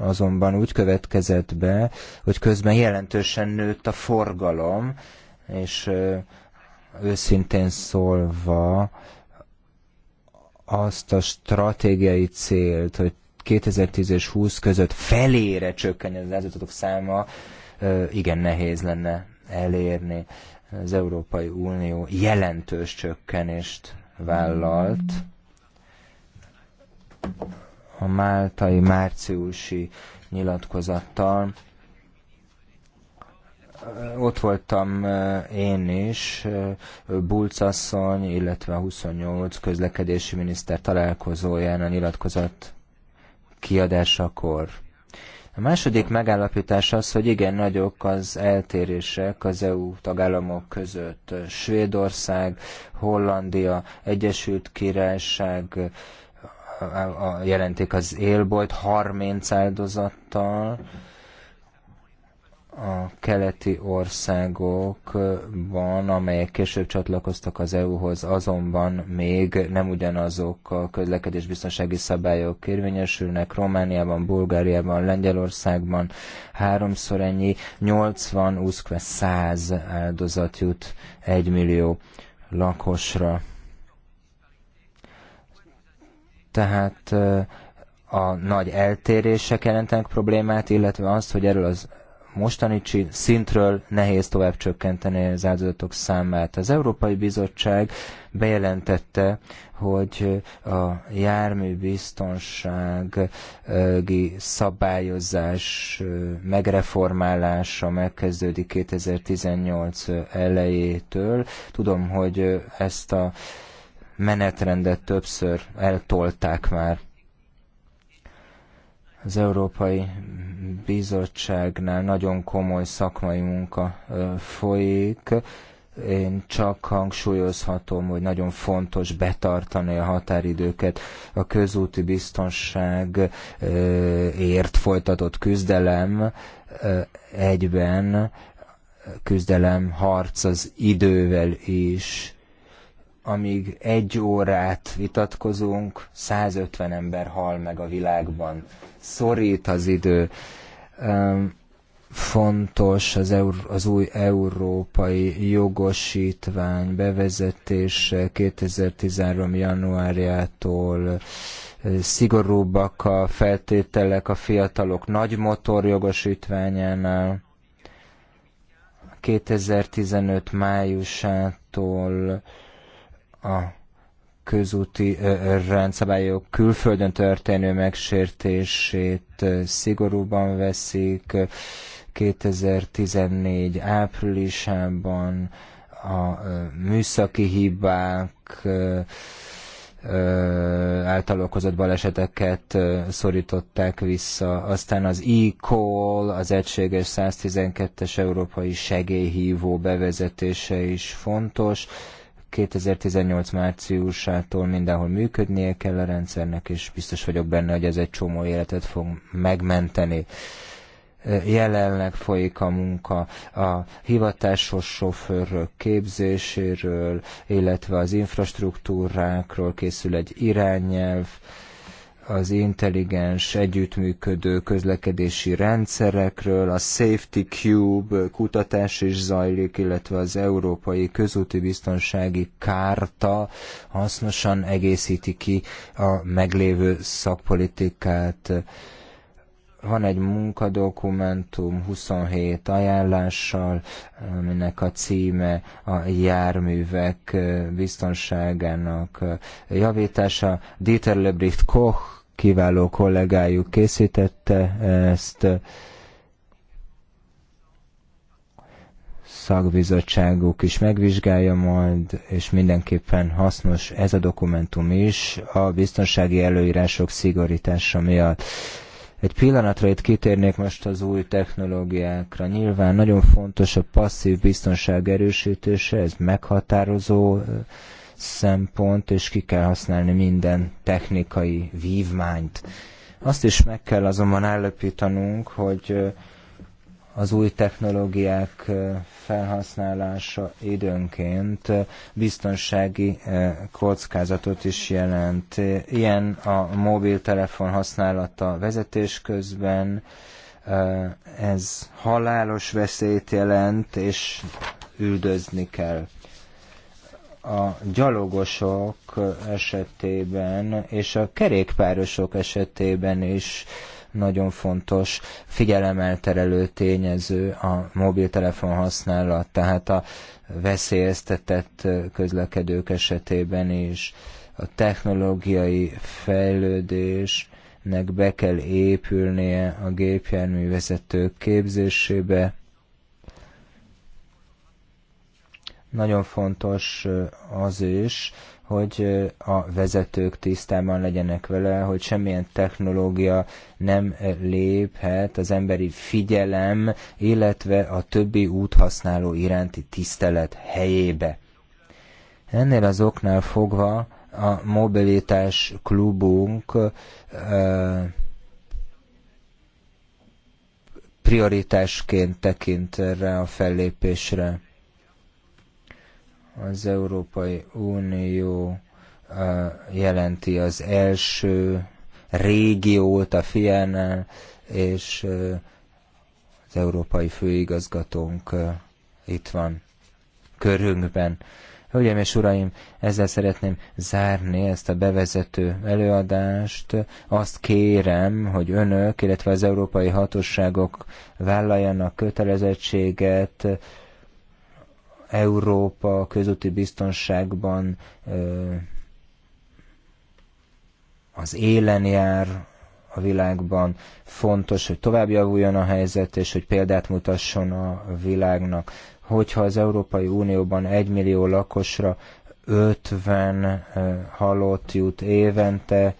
azonban úgy következett be, hogy közben jelentősen nőtt a forgalom, és őszintén szólva azt a stratégiai célt, hogy 2010 és 20 között felére csökkenjen az áldozatok száma, igen nehéz lenne elérni. Az Európai Unió jelentős csökkenést vállalt a máltai márciusi nyilatkozattal. Ott voltam én is, Bulcasszony, illetve a 28 közlekedési miniszter találkozóján a nyilatkozat kiadásakor. A második megállapítás az, hogy igen nagyok az eltérések az EU tagállamok között. Svédország, Hollandia, Egyesült Királyság, a, jelentik az élbolyt 30 áldozattal, a keleti országokban, amelyek később csatlakoztak az EU-hoz, azonban még nem ugyanazok a közlekedésbiztonsági szabályok érvényesülnek. Romániában, Bulgáriában, Lengyelországban háromszor ennyi, 80, 20, 100 áldozat jut 1 millió lakosra tehát a nagy eltérések jelentenek problémát, illetve azt, hogy erről az mostani szintről nehéz tovább csökkenteni az áldozatok számát. Az Európai Bizottság bejelentette, hogy a járműbiztonsági szabályozás megreformálása megkezdődik 2018 elejétől. Tudom, hogy ezt a menetrendet többször eltolták már. Az Európai Bizottságnál nagyon komoly szakmai munka folyik. Én csak hangsúlyozhatom, hogy nagyon fontos betartani a határidőket. A közúti biztonságért folytatott küzdelem egyben küzdelem, harc az idővel is amíg egy órát vitatkozunk, 150 ember hal meg a világban. Szorít az idő. Fontos az, eur, az új európai jogosítvány bevezetése 2013. januárjától szigorúbbak a feltételek a fiatalok nagy motor jogosítványánál. 2015 májusától a közúti rendszabályok külföldön történő megsértését szigorúban veszik. 2014 áprilisában a műszaki hibák által okozott baleseteket szorították vissza. Aztán az e-call, az egységes 112-es európai segélyhívó bevezetése is fontos. 2018 márciusától mindenhol működnie kell a rendszernek, és biztos vagyok benne, hogy ez egy csomó életet fog megmenteni jelenleg folyik a munka a hivatásos sofőrök képzéséről, illetve az infrastruktúrákról készül egy irányelv, az intelligens együttműködő közlekedési rendszerekről, a Safety Cube kutatás is zajlik, illetve az Európai Közúti Biztonsági Kárta hasznosan egészíti ki a meglévő szakpolitikát. Van egy munkadokumentum 27 ajánlással, aminek a címe a járművek biztonságának javítása. Dieter Lebricht Koch kiváló kollégájuk készítette ezt. Szakbizottságuk is megvizsgálja majd, és mindenképpen hasznos ez a dokumentum is a biztonsági előírások szigorítása miatt. Egy pillanatra itt kitérnék most az új technológiákra. Nyilván nagyon fontos a passzív biztonság erősítése, ez meghatározó szempont, és ki kell használni minden technikai vívmányt. Azt is meg kell azonban állapítanunk, hogy az új technológiák felhasználása időnként biztonsági kockázatot is jelent. Ilyen a mobiltelefon használata vezetés közben, ez halálos veszélyt jelent, és üldözni kell a gyalogosok esetében és a kerékpárosok esetében is nagyon fontos figyelemelterelő tényező a mobiltelefon használat, tehát a veszélyeztetett közlekedők esetében is a technológiai fejlődésnek be kell épülnie a gépjárművezetők képzésébe, Nagyon fontos az is, hogy a vezetők tisztában legyenek vele, hogy semmilyen technológia nem léphet az emberi figyelem, illetve a többi úthasználó iránti tisztelet helyébe. Ennél az oknál fogva a mobilitás klubunk prioritásként tekint erre a fellépésre az Európai Unió jelenti az első régiót a fiennel, és az európai főigazgatónk itt van körünkben. Hölgyeim és Uraim, ezzel szeretném zárni ezt a bevezető előadást. Azt kérem, hogy önök, illetve az európai hatóságok vállaljanak kötelezettséget Európa közúti biztonságban az élen jár a világban, fontos, hogy tovább javuljon a helyzet, és hogy példát mutasson a világnak. Hogyha az Európai Unióban egy millió lakosra 50 halott jut évente,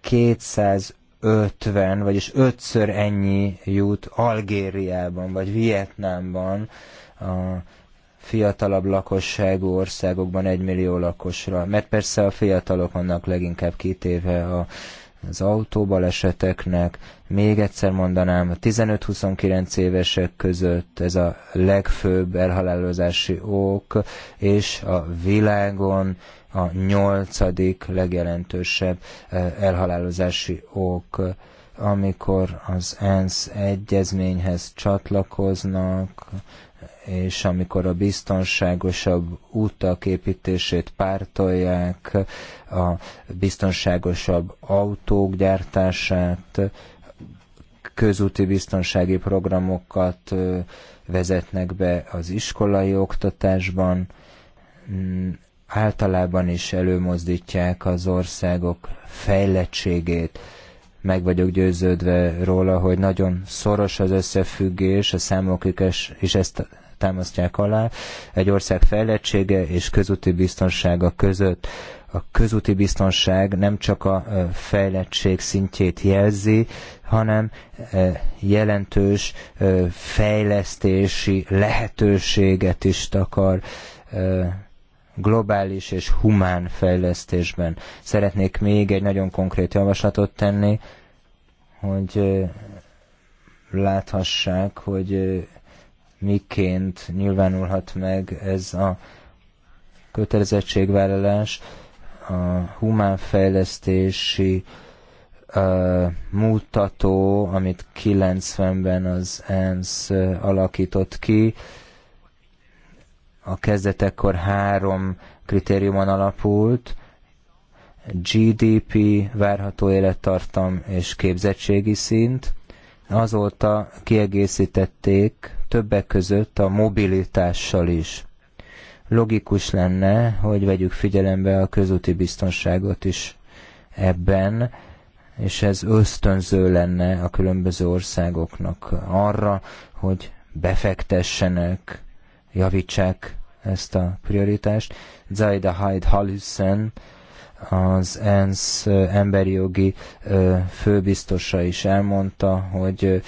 250, vagyis ötször ennyi jut Algériában, vagy Vietnámban a fiatalabb lakosságú országokban egy millió lakosra. Mert persze a fiatalok vannak leginkább kitéve a, az autóbaleseteknek. Még egyszer mondanám, 15-29 évesek között ez a legfőbb elhalálozási ok, és a világon a nyolcadik legjelentősebb eh, elhalálozási ok amikor az ENSZ egyezményhez csatlakoznak, és amikor a biztonságosabb útak építését pártolják, a biztonságosabb autók gyártását, közúti biztonsági programokat vezetnek be az iskolai oktatásban, mm, általában is előmozdítják az országok fejlettségét. Meg vagyok győződve róla, hogy nagyon szoros az összefüggés, a számok és ezt támasztják alá egy ország fejlettsége és közúti biztonsága között. A közúti biztonság nem csak a fejlettség szintjét jelzi, hanem jelentős fejlesztési lehetőséget is takar globális és humán fejlesztésben. Szeretnék még egy nagyon konkrét javaslatot tenni, hogy láthassák, hogy miként nyilvánulhat meg ez a kötelezettségvállalás a humánfejlesztési uh, mutató, amit 90-ben az ENSZ alakított ki. A kezdetekkor három kritériumon alapult, GDP, várható élettartam és képzettségi szint. Azóta kiegészítették többek között a mobilitással is. Logikus lenne, hogy vegyük figyelembe a közúti biztonságot is ebben, és ez ösztönző lenne a különböző országoknak arra, hogy befektessenek, javítsák ezt a prioritást. Zajda Hyde Hallison, az ENSZ emberi jogi főbiztosa is elmondta, hogy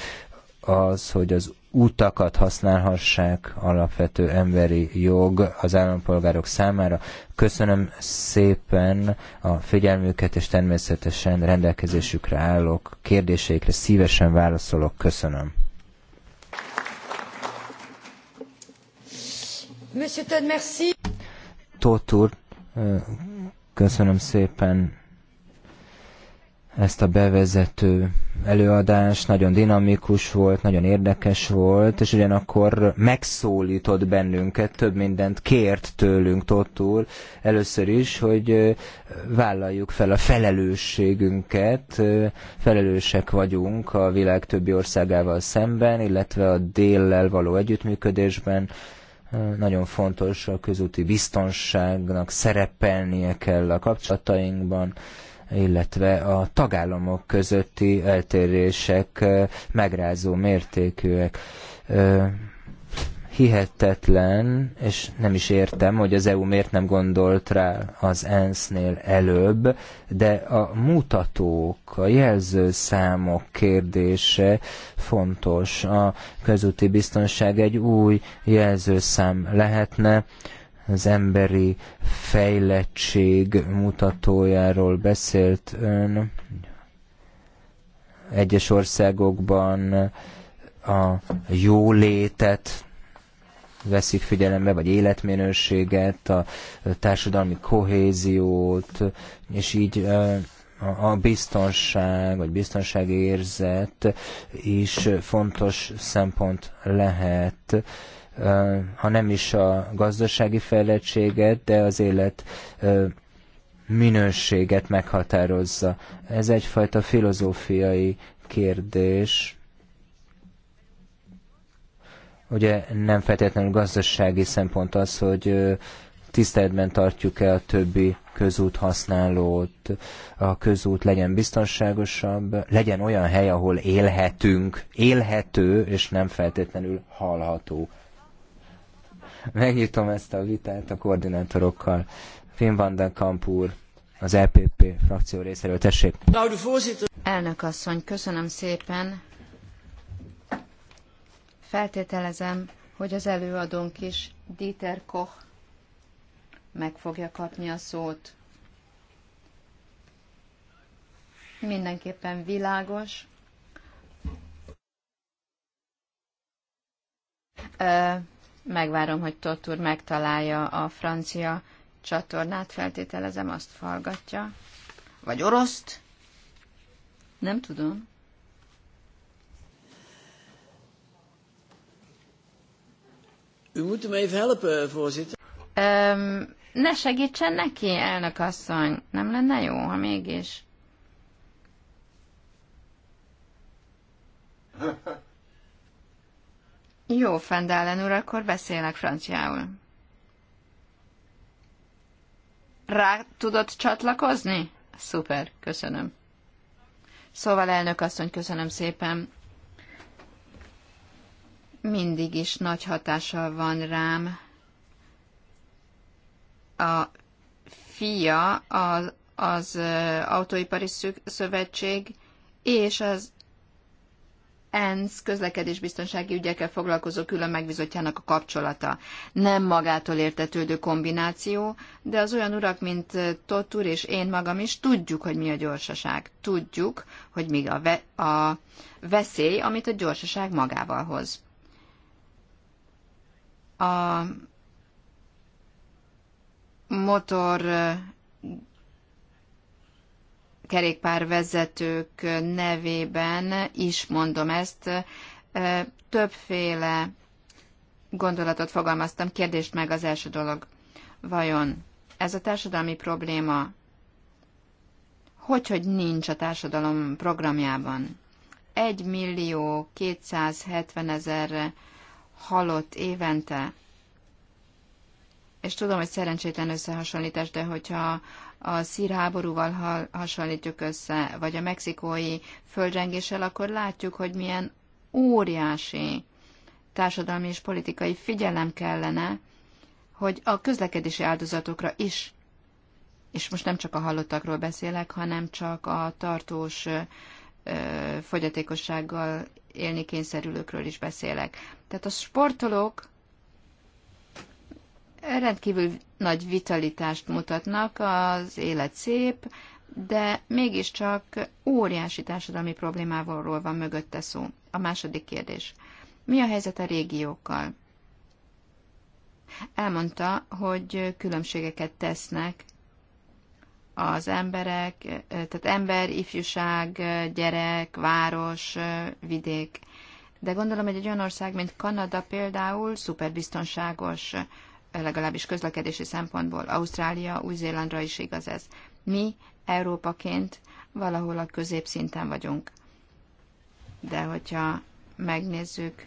az, hogy az utakat használhassák alapvető emberi jog az állampolgárok számára. Köszönöm szépen a figyelmüket, és természetesen rendelkezésükre állok, kérdéseikre szívesen válaszolok. Köszönöm. Monsieur Todd, Tóth úr, köszönöm szépen ezt a bevezető előadás nagyon dinamikus volt, nagyon érdekes volt, és ugyanakkor megszólított bennünket, több mindent kért tőlünk Tott úr, először is, hogy vállaljuk fel a felelősségünket, felelősek vagyunk a világ többi országával szemben, illetve a déllel való együttműködésben, nagyon fontos a közúti biztonságnak szerepelnie kell a kapcsolatainkban, illetve a tagállamok közötti eltérések megrázó mértékűek. Hihetetlen, és nem is értem, hogy az EU miért nem gondolt rá az ENSZ-nél előbb, de a mutatók, a jelzőszámok kérdése fontos. A közúti biztonság egy új jelzőszám lehetne, az emberi fejlettség mutatójáról beszélt ön. Egyes országokban a jólétet veszik figyelembe, vagy életminőséget, a társadalmi kohéziót, és így a biztonság, vagy biztonságérzet is fontos szempont lehet ha nem is a gazdasági fejlettséget, de az élet minőséget meghatározza. Ez egyfajta filozófiai kérdés. Ugye nem feltétlenül gazdasági szempont az, hogy tiszteletben tartjuk-e a többi közút használót, a közút legyen biztonságosabb, legyen olyan hely, ahol élhetünk, élhető és nem feltétlenül hallható. Megnyitom ezt a vitát a koordinátorokkal. Finn van den Kamp úr, az EPP frakció részéről, tessék. Elnök asszony, köszönöm szépen. Feltételezem, hogy az előadónk is, Dieter Koch, meg fogja kapni a szót. Mindenképpen világos. Megvárom, hogy Totur megtalálja a francia csatornát, feltételezem, azt hallgatja. Vagy oroszt? Nem tudom. U moet me even helpen, voorzitter. Um, ne segítsen neki, elnök asszony. Nem lenne jó, ha mégis. Jó, Fendelen úr, akkor beszélek franciául. Rá tudod csatlakozni? Szuper, köszönöm. Szóval elnök asszony, köszönöm szépen. Mindig is nagy hatással van rám. A fia az, az Autóipari Szövetség és az ENSZ közlekedésbiztonsági ügyekkel foglalkozó külön megbizotjának a kapcsolata. Nem magától értetődő kombináció, de az olyan urak, mint eh, Tott úr és én magam is tudjuk, hogy mi a gyorsaság. Tudjuk, hogy mi a, ve- a veszély, amit a gyorsaság magával hoz. A motor eh, kerékpárvezetők nevében is mondom ezt. Többféle gondolatot fogalmaztam, kérdést meg az első dolog. Vajon ez a társadalmi probléma hogy, hogy nincs a társadalom programjában? 1 millió 270 ezer halott évente és tudom, hogy szerencsétlen összehasonlítás, de hogyha a szír háborúval hasonlítjuk össze, vagy a mexikói földrengéssel, akkor látjuk, hogy milyen óriási társadalmi és politikai figyelem kellene, hogy a közlekedési áldozatokra is, és most nem csak a hallottakról beszélek, hanem csak a tartós fogyatékossággal élni kényszerülőkről is beszélek. Tehát a sportolók rendkívül nagy vitalitást mutatnak, az élet szép, de mégiscsak óriási társadalmi problémáról van mögötte szó. A második kérdés. Mi a helyzet a régiókkal? Elmondta, hogy különbségeket tesznek az emberek, tehát ember, ifjúság, gyerek, város, vidék. De gondolom, hogy egy olyan ország, mint Kanada például szuperbiztonságos biztonságos legalábbis közlekedési szempontból. Ausztrália, Új-Zélandra is igaz ez. Mi Európaként valahol a középszinten vagyunk. De hogyha megnézzük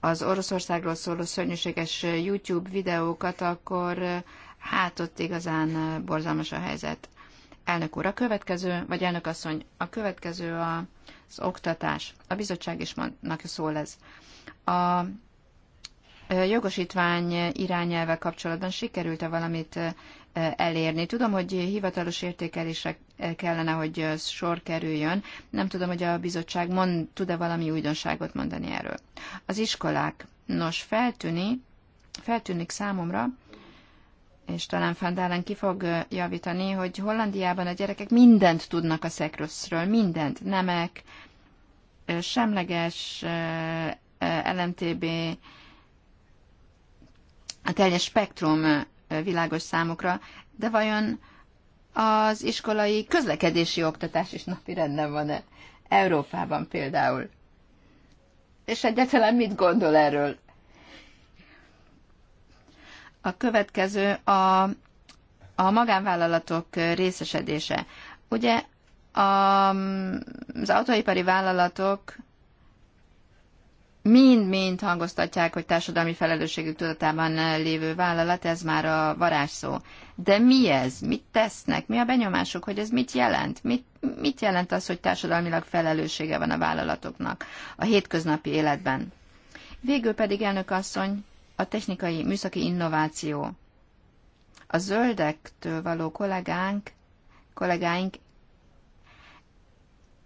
az Oroszországról szóló szörnyűséges YouTube videókat, akkor hát ott igazán borzalmas a helyzet. Elnök úr, a következő, vagy elnök asszony, a következő az oktatás. A bizottság is mondnak, szól ez. A jogosítvány irányelve kapcsolatban sikerült-e valamit elérni. Tudom, hogy hivatalos értékelésre kellene, hogy sor kerüljön. Nem tudom, hogy a bizottság mond, tud-e valami újdonságot mondani erről. Az iskolák. Nos, feltűni, feltűnik számomra, és talán Fandálen ki fog javítani, hogy Hollandiában a gyerekek mindent tudnak a szekroszról, mindent, nemek, semleges, LMTB, a teljes spektrum világos számokra, de vajon az iskolai közlekedési oktatás is napi rendben van-e? Európában például. És egyáltalán mit gondol erről? A következő a, a magánvállalatok részesedése. Ugye a, az autóipari vállalatok mind-mind hangoztatják, hogy társadalmi felelősségük tudatában lévő vállalat, ez már a varázsszó. De mi ez? Mit tesznek? Mi a benyomásuk, hogy ez mit jelent? Mit, mit jelent az, hogy társadalmilag felelőssége van a vállalatoknak a hétköznapi életben? Végül pedig, elnök asszony, a technikai műszaki innováció. A zöldektől való kollégánk, kollégáink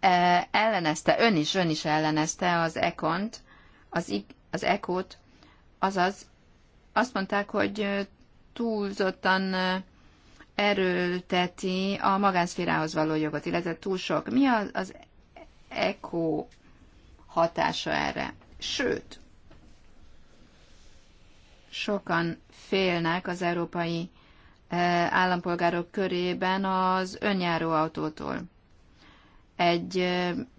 eh, ellenezte, ön is, ön is ellenezte az ekont, az, az ekót, t azaz azt mondták, hogy túlzottan erőlteti a magánszférához való jogot, illetve túl sok. Mi az, az ECO hatása erre? Sőt, sokan félnek az európai állampolgárok körében az önjáró autótól egy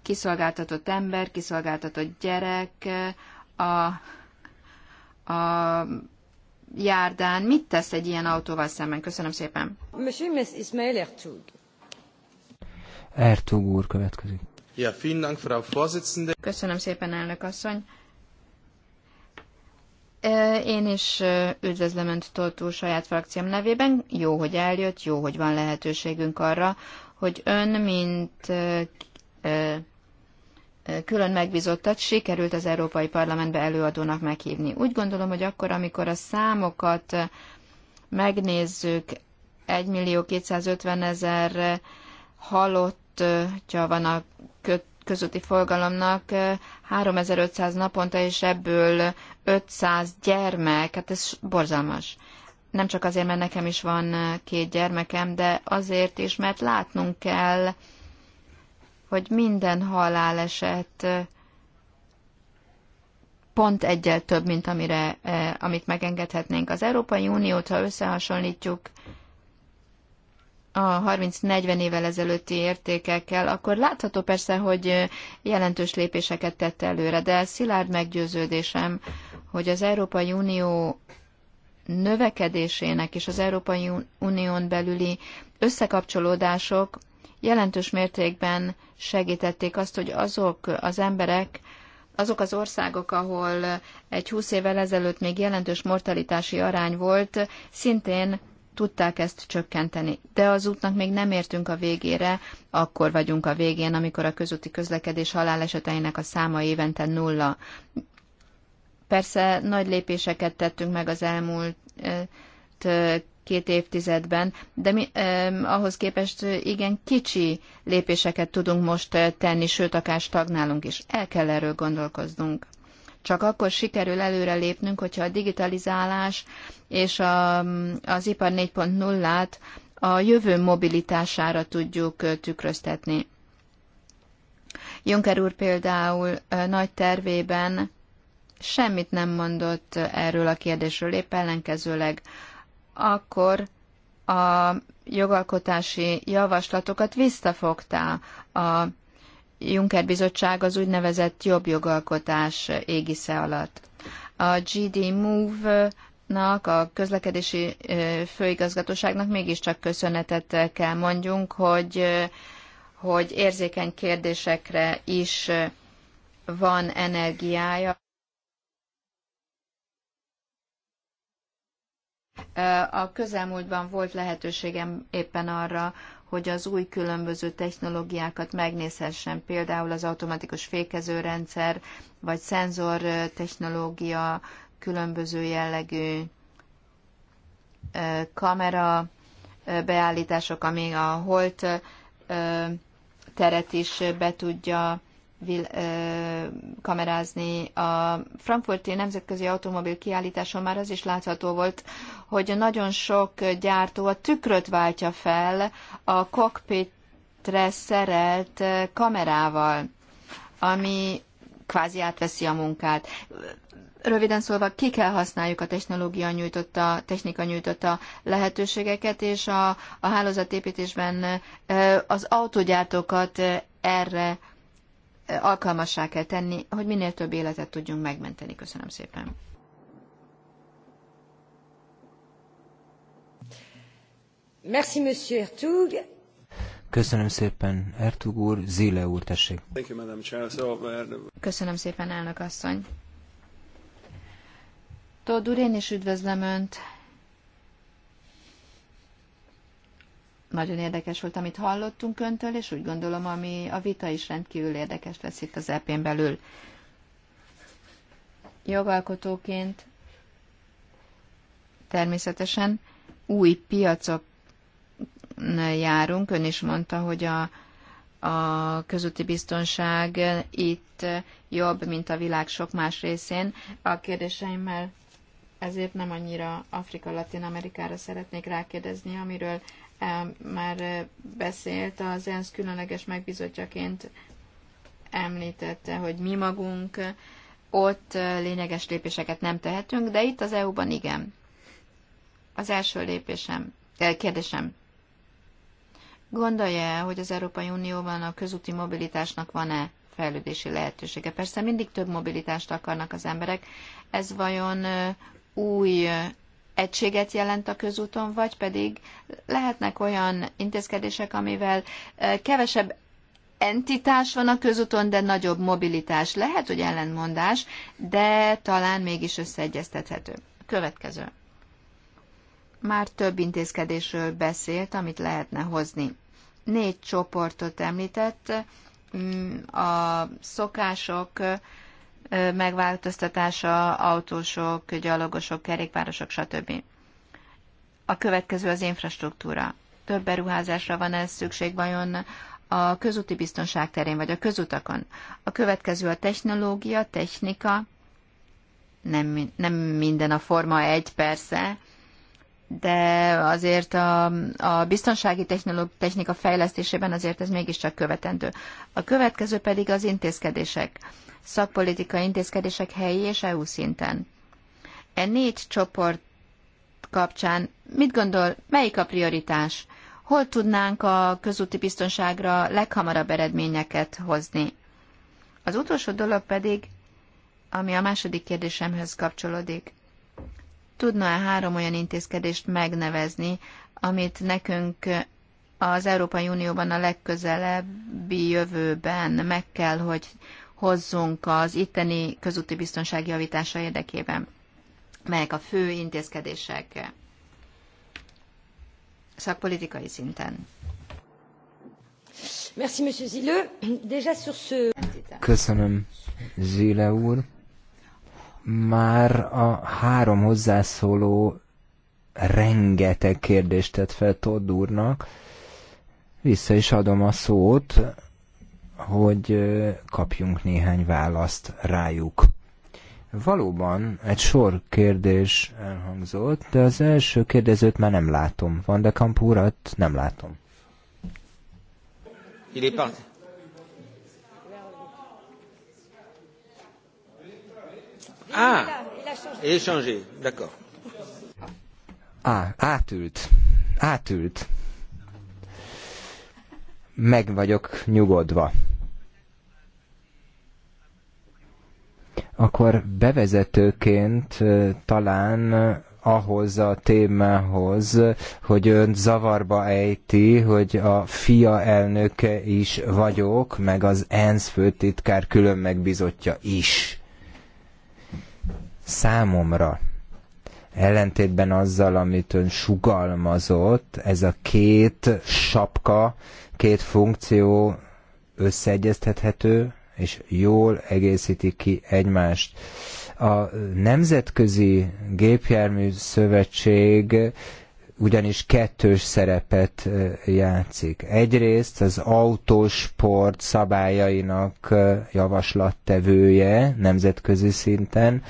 kiszolgáltatott ember, kiszolgáltatott gyerek a, a járdán mit tesz egy ilyen autóval szemben? Köszönöm szépen. Ertug. úr következik. Ja, vielen Dank, Frau Vorsitzende. Köszönöm szépen, elnök asszony. Én is üdvözlöm Önt Tóth saját frakcióm nevében. Jó, hogy eljött, jó, hogy van lehetőségünk arra, hogy ön, mint külön megbizottat sikerült az Európai Parlamentbe előadónak meghívni. Úgy gondolom, hogy akkor, amikor a számokat megnézzük, 1 millió 250 ezer halottja van a közúti forgalomnak, 3500 naponta, és ebből 500 gyermek, hát ez borzalmas nem csak azért, mert nekem is van eh, két gyermekem, de azért is, mert látnunk kell, hogy minden haláleset eh, pont egyel több, mint amire, eh, amit megengedhetnénk. Az Európai Uniót, ha összehasonlítjuk a 30-40 évvel ezelőtti értékekkel, akkor látható persze, hogy jelentős lépéseket tett előre, de szilárd meggyőződésem, hogy az Európai Unió növekedésének és az Európai Unión belüli összekapcsolódások jelentős mértékben segítették azt, hogy azok az emberek, azok az országok, ahol egy 20 évvel ezelőtt még jelentős mortalitási arány volt, szintén tudták ezt csökkenteni. De az útnak még nem értünk a végére, akkor vagyunk a végén, amikor a közúti közlekedés haláleseteinek a száma évente nulla. Persze nagy lépéseket tettünk meg az elmúlt két évtizedben, de mi eh, ahhoz képest igen kicsi lépéseket tudunk most tenni, sőt, akár stagnálunk is. El kell erről gondolkoznunk. Csak akkor sikerül előre lépnünk, hogyha a digitalizálás és a, az ipar 4.0-át a jövő mobilitására tudjuk tükröztetni. Juncker úr például nagy tervében semmit nem mondott erről a kérdésről, épp ellenkezőleg, akkor a jogalkotási javaslatokat visszafogta a Juncker Bizottság az úgynevezett jobb jogalkotás égisze alatt. A GD Move nak a közlekedési főigazgatóságnak mégiscsak köszönetet kell mondjunk, hogy, hogy érzékeny kérdésekre is van energiája. A közelmúltban volt lehetőségem éppen arra, hogy az új különböző technológiákat megnézhessen, például az automatikus fékezőrendszer, vagy szenzor technológia, különböző jellegű kamera beállítások, ami a holt teret is be tudja vil, ö, kamerázni. A frankfurti nemzetközi automobil kiállításon már az is látható volt, hogy nagyon sok gyártó a tükröt váltja fel a kokpitre szerelt kamerával, ami kvázi átveszi a munkát. Röviden szólva, ki kell használjuk a technológia nyújtotta, technika nyújtotta lehetőségeket, és a, a hálózatépítésben az autogyártókat erre alkalmassá kell tenni, hogy minél több életet tudjunk megmenteni. Köszönöm szépen. Merci, Monsieur Ertug. Köszönöm szépen, Ertug úr, Zile úr, tessék. Uh, Köszönöm szépen, elnök asszony. Tóth úr, én is üdvözlöm Önt. Nagyon érdekes volt, amit hallottunk öntől, és úgy gondolom, ami a vita is rendkívül érdekes lesz itt az EP-n belül. Jogalkotóként természetesen új piacok járunk. Ön is mondta, hogy a, a közúti biztonság itt jobb, mint a világ sok más részén. A kérdéseimmel ezért nem annyira Afrika-Latin Amerikára szeretnék rákérdezni, amiről már eh, beszélt, az ENSZ különleges megbizotjaként említette, hogy mi magunk eh, ott eh, lényeges lépéseket nem tehetünk, de itt az EU-ban igen. Az első lépésem, kérdésem, gondolja hogy az Európai Unióban a közúti mobilitásnak van-e fejlődési lehetősége? Persze mindig több mobilitást akarnak az emberek. Ez vajon új egységet jelent a közúton, vagy pedig lehetnek olyan intézkedések, amivel kevesebb entitás van a közúton, de nagyobb mobilitás. Lehet, hogy ellentmondás, de talán mégis összeegyeztethető. Következő. Már több intézkedésről beszélt, amit lehetne hozni. Négy csoportot említett, mm, a szokások, megváltoztatása, autósok, gyalogosok, kerékpárosok, stb. A következő az infrastruktúra. Több beruházásra van ez szükség vajon a közúti biztonság terén, vagy a közutakon. A következő a technológia, technika, nem, nem minden a forma egy persze, de azért a, a biztonsági technika fejlesztésében azért ez mégiscsak követendő. A következő pedig az intézkedések, szakpolitikai intézkedések helyi és EU szinten. E négy csoport kapcsán mit gondol, melyik a prioritás? Hol tudnánk a közúti biztonságra leghamarabb eredményeket hozni? Az utolsó dolog pedig, ami a második kérdésemhez kapcsolódik. Tudna-e három olyan intézkedést megnevezni, amit nekünk az Európai Unióban a legközelebbi jövőben meg kell, hogy hozzunk az itteni közúti biztonság javítása érdekében? Melyek a fő intézkedések szakpolitikai szinten? Zille. Köszönöm, Zile úr már a három hozzászóló rengeteg kérdést tett fel Todd úrnak. Vissza is adom a szót, hogy kapjunk néhány választ rájuk. Valóban egy sor kérdés elhangzott, de az első kérdezőt már nem látom. Van de Kampúrat? nem látom. Il est parti. Ah, il a changé, d'accord. Á, ah, átült. Átült. Meg vagyok nyugodva. Akkor bevezetőként talán ahhoz a témához, hogy ön zavarba ejti, hogy a FIA elnöke is vagyok, meg az ENSZ főtitkár külön megbizotja is. Számomra ellentétben azzal, amit ön sugalmazott, ez a két sapka, két funkció összeegyeztethető, és jól egészíti ki egymást. A Nemzetközi Gépjármű Szövetség ugyanis kettős szerepet játszik. Egyrészt az autósport szabályainak javaslattevője nemzetközi szinten,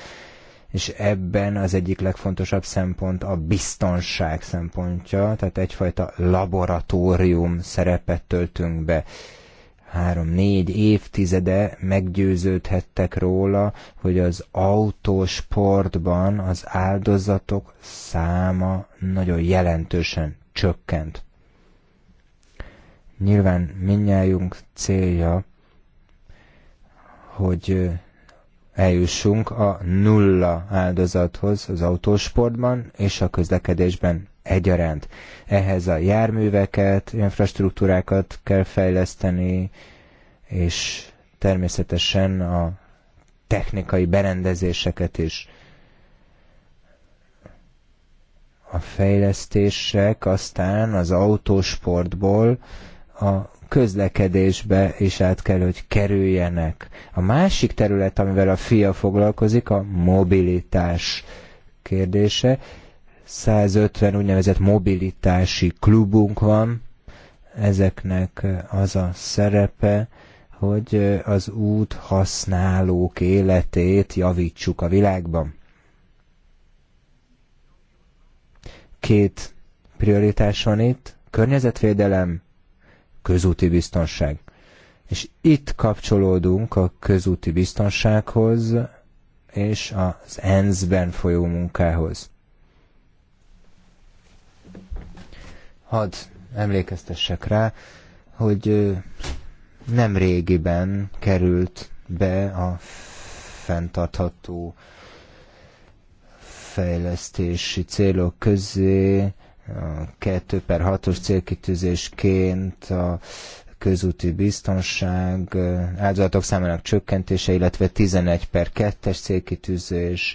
és ebben az egyik legfontosabb szempont a biztonság szempontja, tehát egyfajta laboratórium szerepet töltünk be. Három-négy évtizede meggyőződhettek róla, hogy az autósportban az áldozatok száma nagyon jelentősen csökkent. Nyilván minnyájunk célja, hogy eljussunk a nulla áldozathoz az autósportban és a közlekedésben egyaránt. Ehhez a járműveket, infrastruktúrákat kell fejleszteni, és természetesen a technikai berendezéseket is. A fejlesztések aztán az autósportból a közlekedésbe is át kell, hogy kerüljenek. A másik terület, amivel a FIA foglalkozik, a mobilitás kérdése. 150 úgynevezett mobilitási klubunk van, ezeknek az a szerepe, hogy az út használók életét javítsuk a világban. Két prioritás van itt, környezetvédelem közúti biztonság. És itt kapcsolódunk a közúti biztonsághoz és az ENSZ-ben folyó munkához. Hadd emlékeztessek rá, hogy nem régiben került be a fenntartható fejlesztési célok közé 2 per 6-os célkitűzésként a közúti biztonság áldozatok számának csökkentése, illetve 11 per 2-es célkitűzés,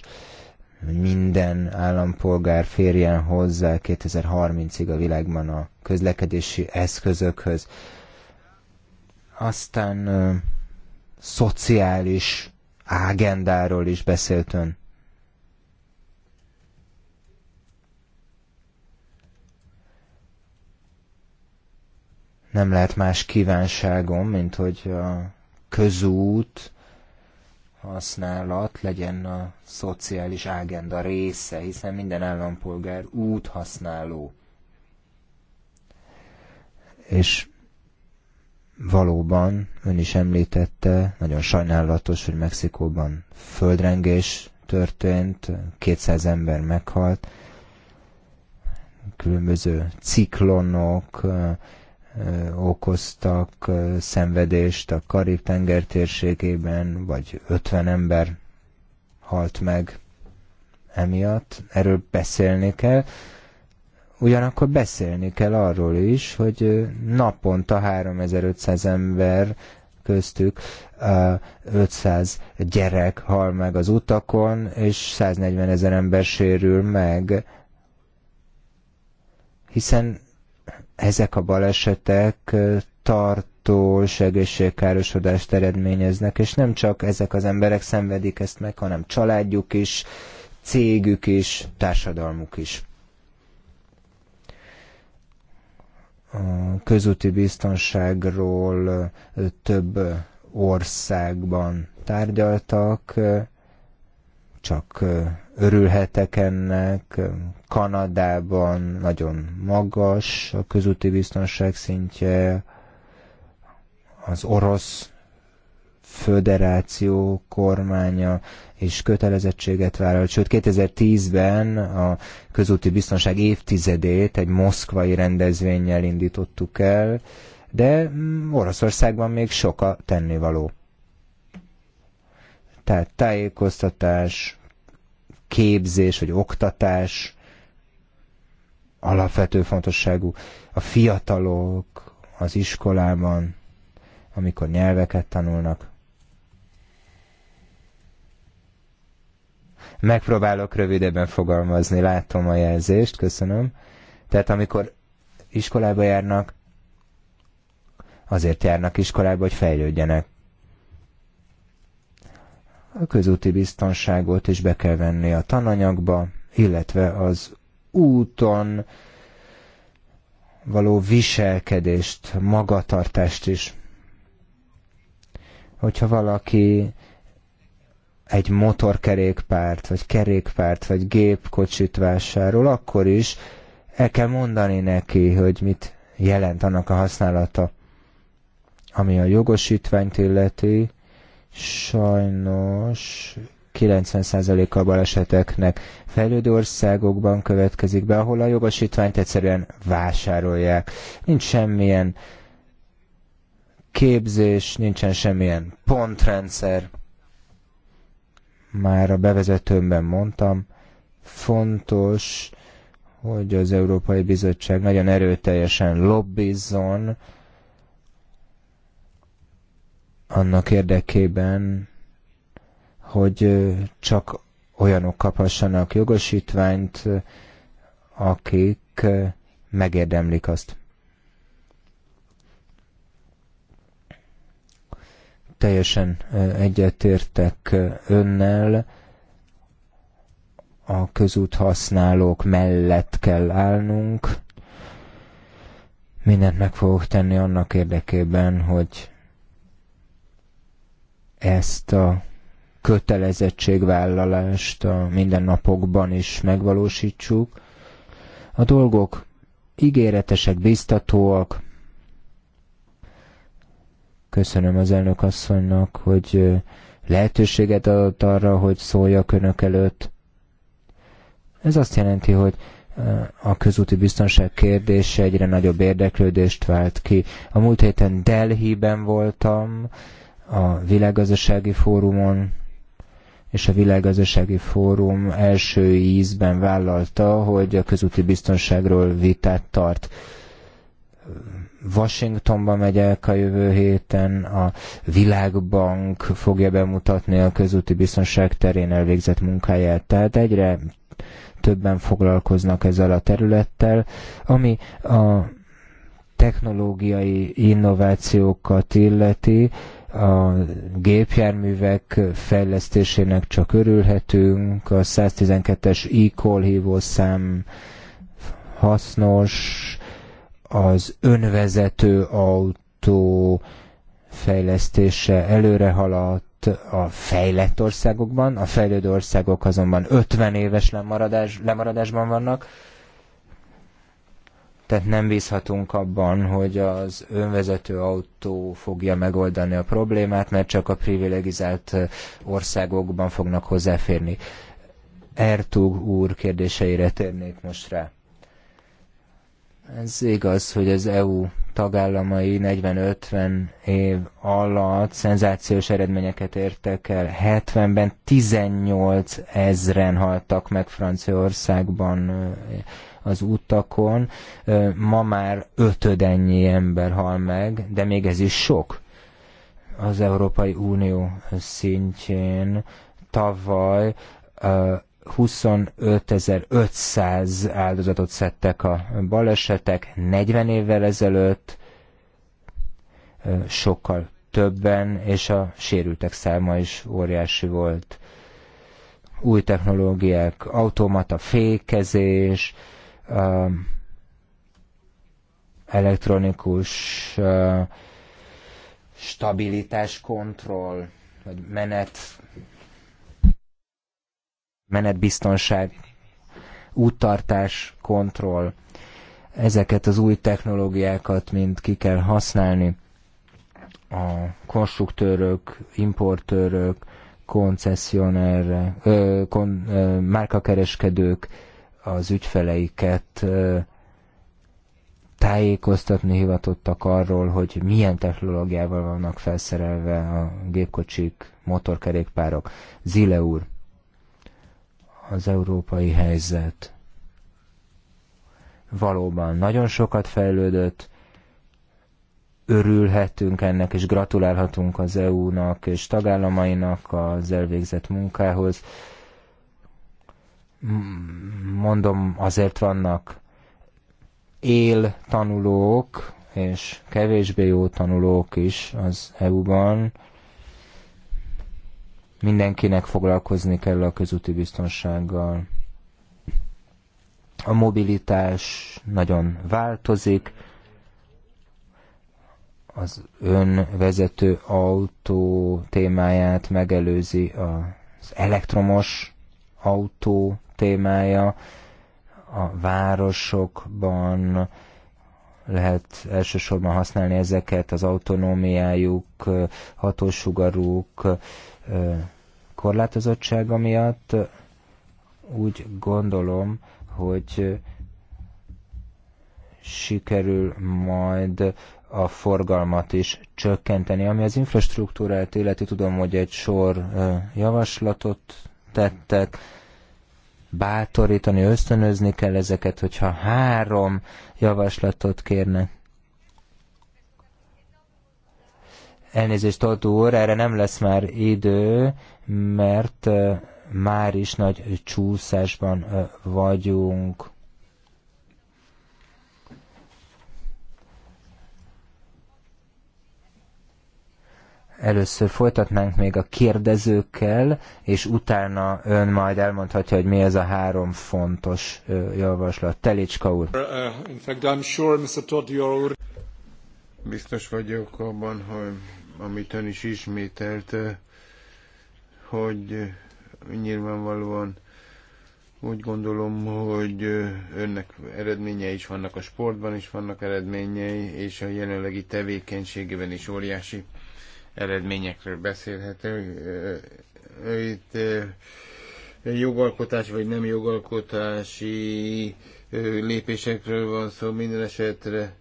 minden állampolgár férjen hozzá 2030-ig a világban a közlekedési eszközökhöz. Aztán ö, szociális ágendáról is beszélt ön. nem lehet más kívánságom, mint hogy a közút használat legyen a szociális ágenda része, hiszen minden állampolgár úthasználó. És valóban, ön is említette, nagyon sajnálatos, hogy Mexikóban földrengés történt, 200 ember meghalt, különböző ciklonok, okoztak szenvedést a Karib-tenger térségében, vagy 50 ember halt meg emiatt. Erről beszélni kell. Ugyanakkor beszélni kell arról is, hogy naponta 3500 ember köztük 500 gyerek hal meg az utakon, és 140 ezer ember sérül meg, hiszen ezek a balesetek tartós egészségkárosodást eredményeznek, és nem csak ezek az emberek szenvedik ezt meg, hanem családjuk is, cégük is, társadalmuk is. A közúti biztonságról több országban tárgyaltak, csak örülhetek ennek. Kanadában nagyon magas a közúti biztonság szintje, az orosz föderáció kormánya és kötelezettséget vállalt, sőt 2010-ben a közúti biztonság évtizedét egy moszkvai rendezvényel indítottuk el, de Oroszországban még sok a tennivaló. Tehát tájékoztatás, képzés vagy oktatás alapvető fontosságú. A fiatalok az iskolában, amikor nyelveket tanulnak, megpróbálok rövidebben fogalmazni, látom a jelzést, köszönöm. Tehát amikor iskolába járnak, azért járnak iskolába, hogy fejlődjenek. A közúti biztonságot is be kell venni a tananyagba, illetve az úton való viselkedést, magatartást is. Hogyha valaki egy motorkerékpárt, vagy kerékpárt, vagy gépkocsit vásárol, akkor is el kell mondani neki, hogy mit jelent annak a használata. Ami a jogosítványt illeti, sajnos 90%-a baleseteknek fejlődő országokban következik be, ahol a jogosítványt egyszerűen vásárolják. Nincs semmilyen képzés, nincsen semmilyen pontrendszer. Már a bevezetőmben mondtam, fontos, hogy az Európai Bizottság nagyon erőteljesen lobbizzon, annak érdekében, hogy csak olyanok kaphassanak jogosítványt, akik megérdemlik azt. Teljesen egyetértek önnel, a közút használók mellett kell állnunk. Mindent meg fogok tenni annak érdekében, hogy ezt a kötelezettségvállalást a mindennapokban is megvalósítsuk. A dolgok ígéretesek, biztatóak. Köszönöm az elnök asszonynak, hogy lehetőséget adott arra, hogy szóljak önök előtt. Ez azt jelenti, hogy a közúti biztonság kérdése egyre nagyobb érdeklődést vált ki. A múlt héten Delhi-ben voltam, a világgazdasági fórumon, és a világgazdasági fórum első ízben vállalta, hogy a közúti biztonságról vitát tart. Washingtonba megyek a jövő héten, a Világbank fogja bemutatni a közúti biztonság terén elvégzett munkáját. Tehát egyre többen foglalkoznak ezzel a területtel, ami a technológiai innovációkat illeti, a gépjárművek fejlesztésének csak örülhetünk, a 112-es e-call hívószám hasznos, az önvezető autó fejlesztése előre haladt, a fejlett országokban, a fejlődő országok azonban 50 éves lemaradás, lemaradásban vannak, tehát nem bízhatunk abban, hogy az önvezető autó fogja megoldani a problémát, mert csak a privilegizált országokban fognak hozzáférni. Ertug úr kérdéseire térnék most rá. Ez igaz, hogy az EU tagállamai 40-50 év alatt szenzációs eredményeket értek el. 70-ben 18 ezren haltak meg Franciaországban az utakon. Ma már ötödennyi ember hal meg, de még ez is sok. Az Európai Unió szintjén tavaly 25.500 áldozatot szedtek a balesetek, 40 évvel ezelőtt sokkal többen, és a sérültek száma is óriási volt. Új technológiák, automata fékezés, elektronikus stabilitás kontroll, vagy menet, menetbiztonság, úttartás kontroll, ezeket az új technológiákat mind ki kell használni. A konstruktőrök, importőrök, koncessioner, kon, márkakereskedők az ügyfeleiket tájékoztatni hivatottak arról, hogy milyen technológiával vannak felszerelve a gépkocsik, motorkerékpárok. Zile úr, az európai helyzet valóban nagyon sokat fejlődött, örülhetünk ennek, és gratulálhatunk az EU-nak és tagállamainak az elvégzett munkához mondom, azért vannak él tanulók, és kevésbé jó tanulók is az EU-ban. Mindenkinek foglalkozni kell a közúti biztonsággal. A mobilitás nagyon változik, az önvezető autó témáját megelőzi az elektromos autó témája. A városokban lehet elsősorban használni ezeket, az autonómiájuk, hatósugaruk korlátozottsága miatt. Úgy gondolom, hogy sikerül majd a forgalmat is csökkenteni. Ami az infrastruktúrát illeti, tudom, hogy egy sor javaslatot tettek, bátorítani, ösztönözni kell ezeket, hogyha három javaslatot kérnek. Elnézést, Toltó úr, erre nem lesz már idő, mert már is nagy csúszásban vagyunk. először folytatnánk még a kérdezőkkel, és utána ön majd elmondhatja, hogy mi ez a három fontos javaslat. Telicska úr. Uh, Biztos vagyok abban, hogy amit ön is ismételt, hogy nyilvánvalóan úgy gondolom, hogy önnek eredményei is vannak a sportban, is vannak eredményei, és a jelenlegi tevékenységében is óriási eredményekről beszélhetünk. Itt jogalkotás vagy nem jogalkotási lépésekről van szó minden esetre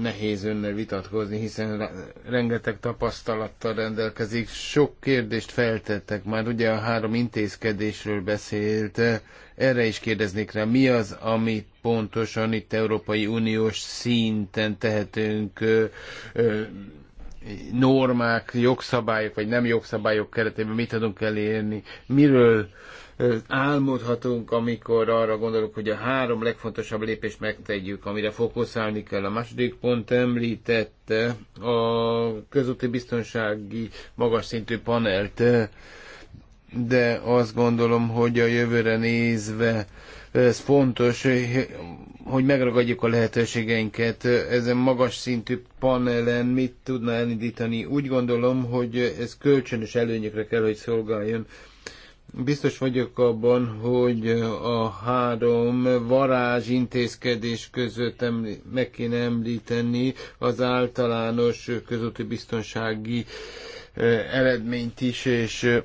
nehéz önnel vitatkozni, hiszen rengeteg tapasztalattal rendelkezik. Sok kérdést feltettek már, ugye a három intézkedésről beszélt, erre is kérdeznék rá, mi az, amit pontosan itt Európai Uniós szinten tehetünk normák, jogszabályok, vagy nem jogszabályok keretében mit tudunk elérni, miről álmodhatunk, amikor arra gondolok, hogy a három legfontosabb lépést megtegyük, amire fókuszálni kell. A második pont említette a közúti biztonsági magas szintű panelt, de azt gondolom, hogy a jövőre nézve ez fontos, hogy megragadjuk a lehetőségeinket ezen magas szintű panelen, mit tudna elindítani. Úgy gondolom, hogy ez kölcsönös előnyökre kell, hogy szolgáljon. Biztos vagyok abban, hogy a három varázs intézkedés között meg kéne említeni az általános közúti biztonsági eh, eredményt is, és eh,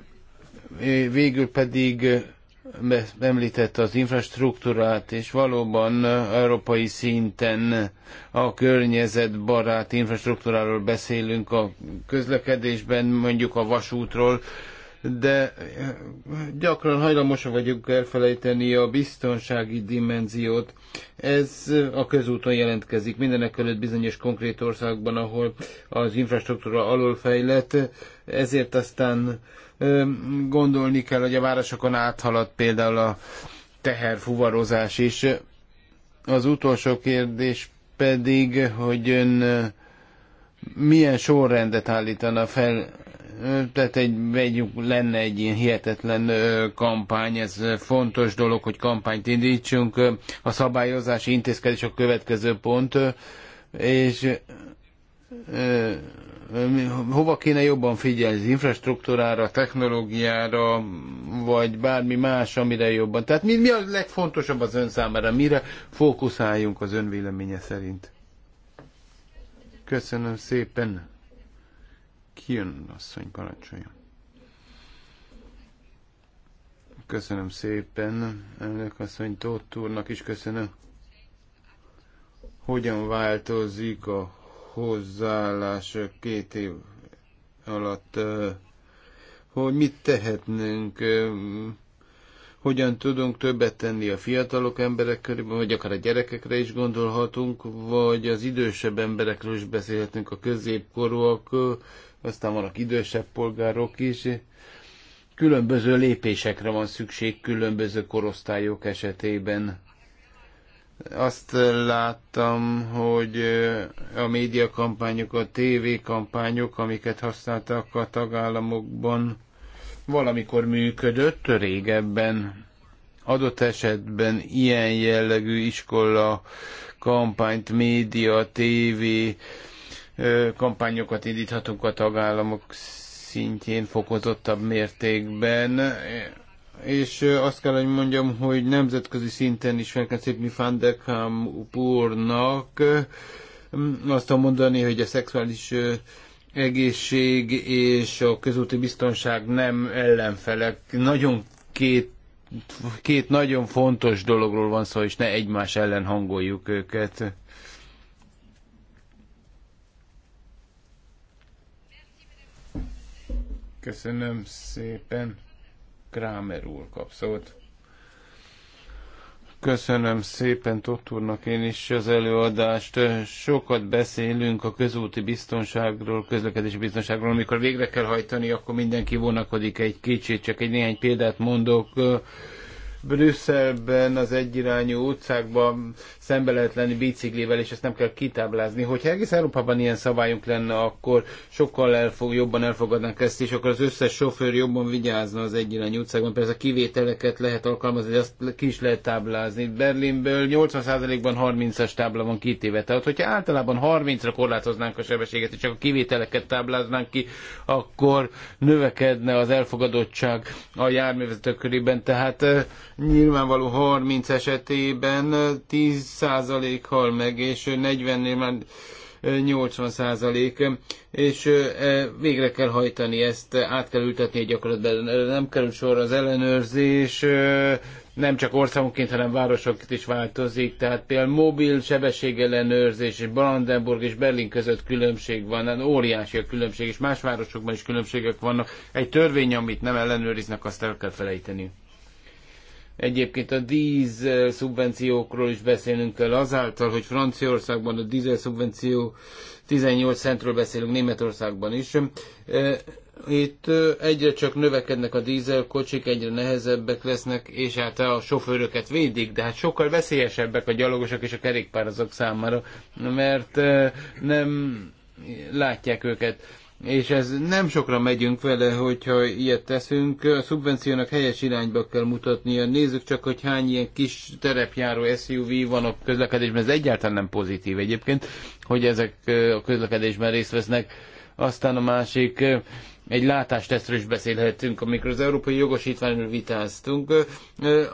végül pedig említette az infrastruktúrát, és valóban európai szinten a környezetbarát infrastruktúráról beszélünk a közlekedésben, mondjuk a vasútról, de gyakran hajlamosan vagyunk elfelejteni a biztonsági dimenziót. Ez a közúton jelentkezik mindenek előtt bizonyos konkrét országban, ahol az infrastruktúra alulfejlett, ezért aztán gondolni kell, hogy a városokon áthaladt például a teherfuvarozás is. Az utolsó kérdés pedig, hogy ön milyen sorrendet állítana fel, tehát egy, egy, lenne egy ilyen hihetetlen kampány, ez fontos dolog, hogy kampányt indítsunk, a szabályozási intézkedés a következő pont, és hova kéne jobban figyelni, az infrastruktúrára, technológiára, vagy bármi más, amire jobban. Tehát mi, mi a legfontosabb az ön számára, mire fókuszáljunk az ön véleménye szerint? Köszönöm szépen. jön, asszony, parancsoljon. Köszönöm szépen, Önök asszony Tóth úrnak is köszönöm. Hogyan változik a hozzáállás két év alatt, hogy mit tehetnénk, hogyan tudunk többet tenni a fiatalok emberek körében, vagy akár a gyerekekre is gondolhatunk, vagy az idősebb emberekről is beszélhetünk, a középkorúak, aztán vannak idősebb polgárok is. Különböző lépésekre van szükség különböző korosztályok esetében azt láttam, hogy a médiakampányok, a tévékampányok, amiket használtak a tagállamokban, valamikor működött régebben. Adott esetben ilyen jellegű iskola kampányt, média, tévé kampányokat indíthatunk a tagállamok szintjén fokozottabb mértékben és azt kell, hogy mondjam, hogy nemzetközi szinten is fel kell szépni Fandekám úrnak azt a mondani, hogy a szexuális egészség és a közúti biztonság nem ellenfelek. Nagyon két két nagyon fontos dologról van szó, és ne egymás ellen hangoljuk őket. Köszönöm szépen. Krámer úr kap szót. Köszönöm szépen Tott úrnak én is az előadást. Sokat beszélünk a közúti biztonságról, közlekedési biztonságról. Amikor végre kell hajtani, akkor mindenki vonakodik egy kicsit, csak egy néhány példát mondok. Brüsszelben az egyirányú utcákban szembe lehet lenni biciklivel, és ezt nem kell kitáblázni. Hogyha egész Európában ilyen szabályunk lenne, akkor sokkal elfog, jobban elfogadnánk ezt, és akkor az összes sofőr jobban vigyázna az egyirányú utcákban. Persze kivételeket lehet alkalmazni, de azt ki is lehet táblázni. Berlinből 80%-ban 30-as tábla van kitéve. Tehát, hogyha általában 30-ra korlátoznánk a sebességet, és csak a kivételeket tábláznánk ki, akkor növekedne az elfogadottság a járművezetők körében. Tehát Nyilvánvaló 30 esetében 10% hal meg, és 40-nél már 80 százalék, és e, végre kell hajtani ezt, át kell ültetni egy gyakorlatban. Nem kerül sor az ellenőrzés, nem csak országonként, hanem városokként is változik, tehát például mobil sebességellenőrzés és Brandenburg és Berlin között különbség van, hát óriási a különbség, és más városokban is különbségek vannak. Egy törvény, amit nem ellenőriznek, azt el kell felejteni. Egyébként a dízel szubvenciókról is beszélnünk kell. Azáltal, hogy Franciaországban a dízel szubvenció 18 centről beszélünk, Németországban is. Itt egyre csak növekednek a dízelkocsik, egyre nehezebbek lesznek, és hát a sofőröket védik, de hát sokkal veszélyesebbek a gyalogosok és a kerékpározók számára, mert nem látják őket és ez nem sokra megyünk vele, hogyha ilyet teszünk. A szubvenciónak helyes irányba kell mutatnia. Nézzük csak, hogy hány ilyen kis terepjáró SUV van a közlekedésben. Ez egyáltalán nem pozitív egyébként, hogy ezek a közlekedésben részt vesznek aztán a másik egy látástesztről is beszélhetünk, amikor az európai jogosítványról vitáztunk.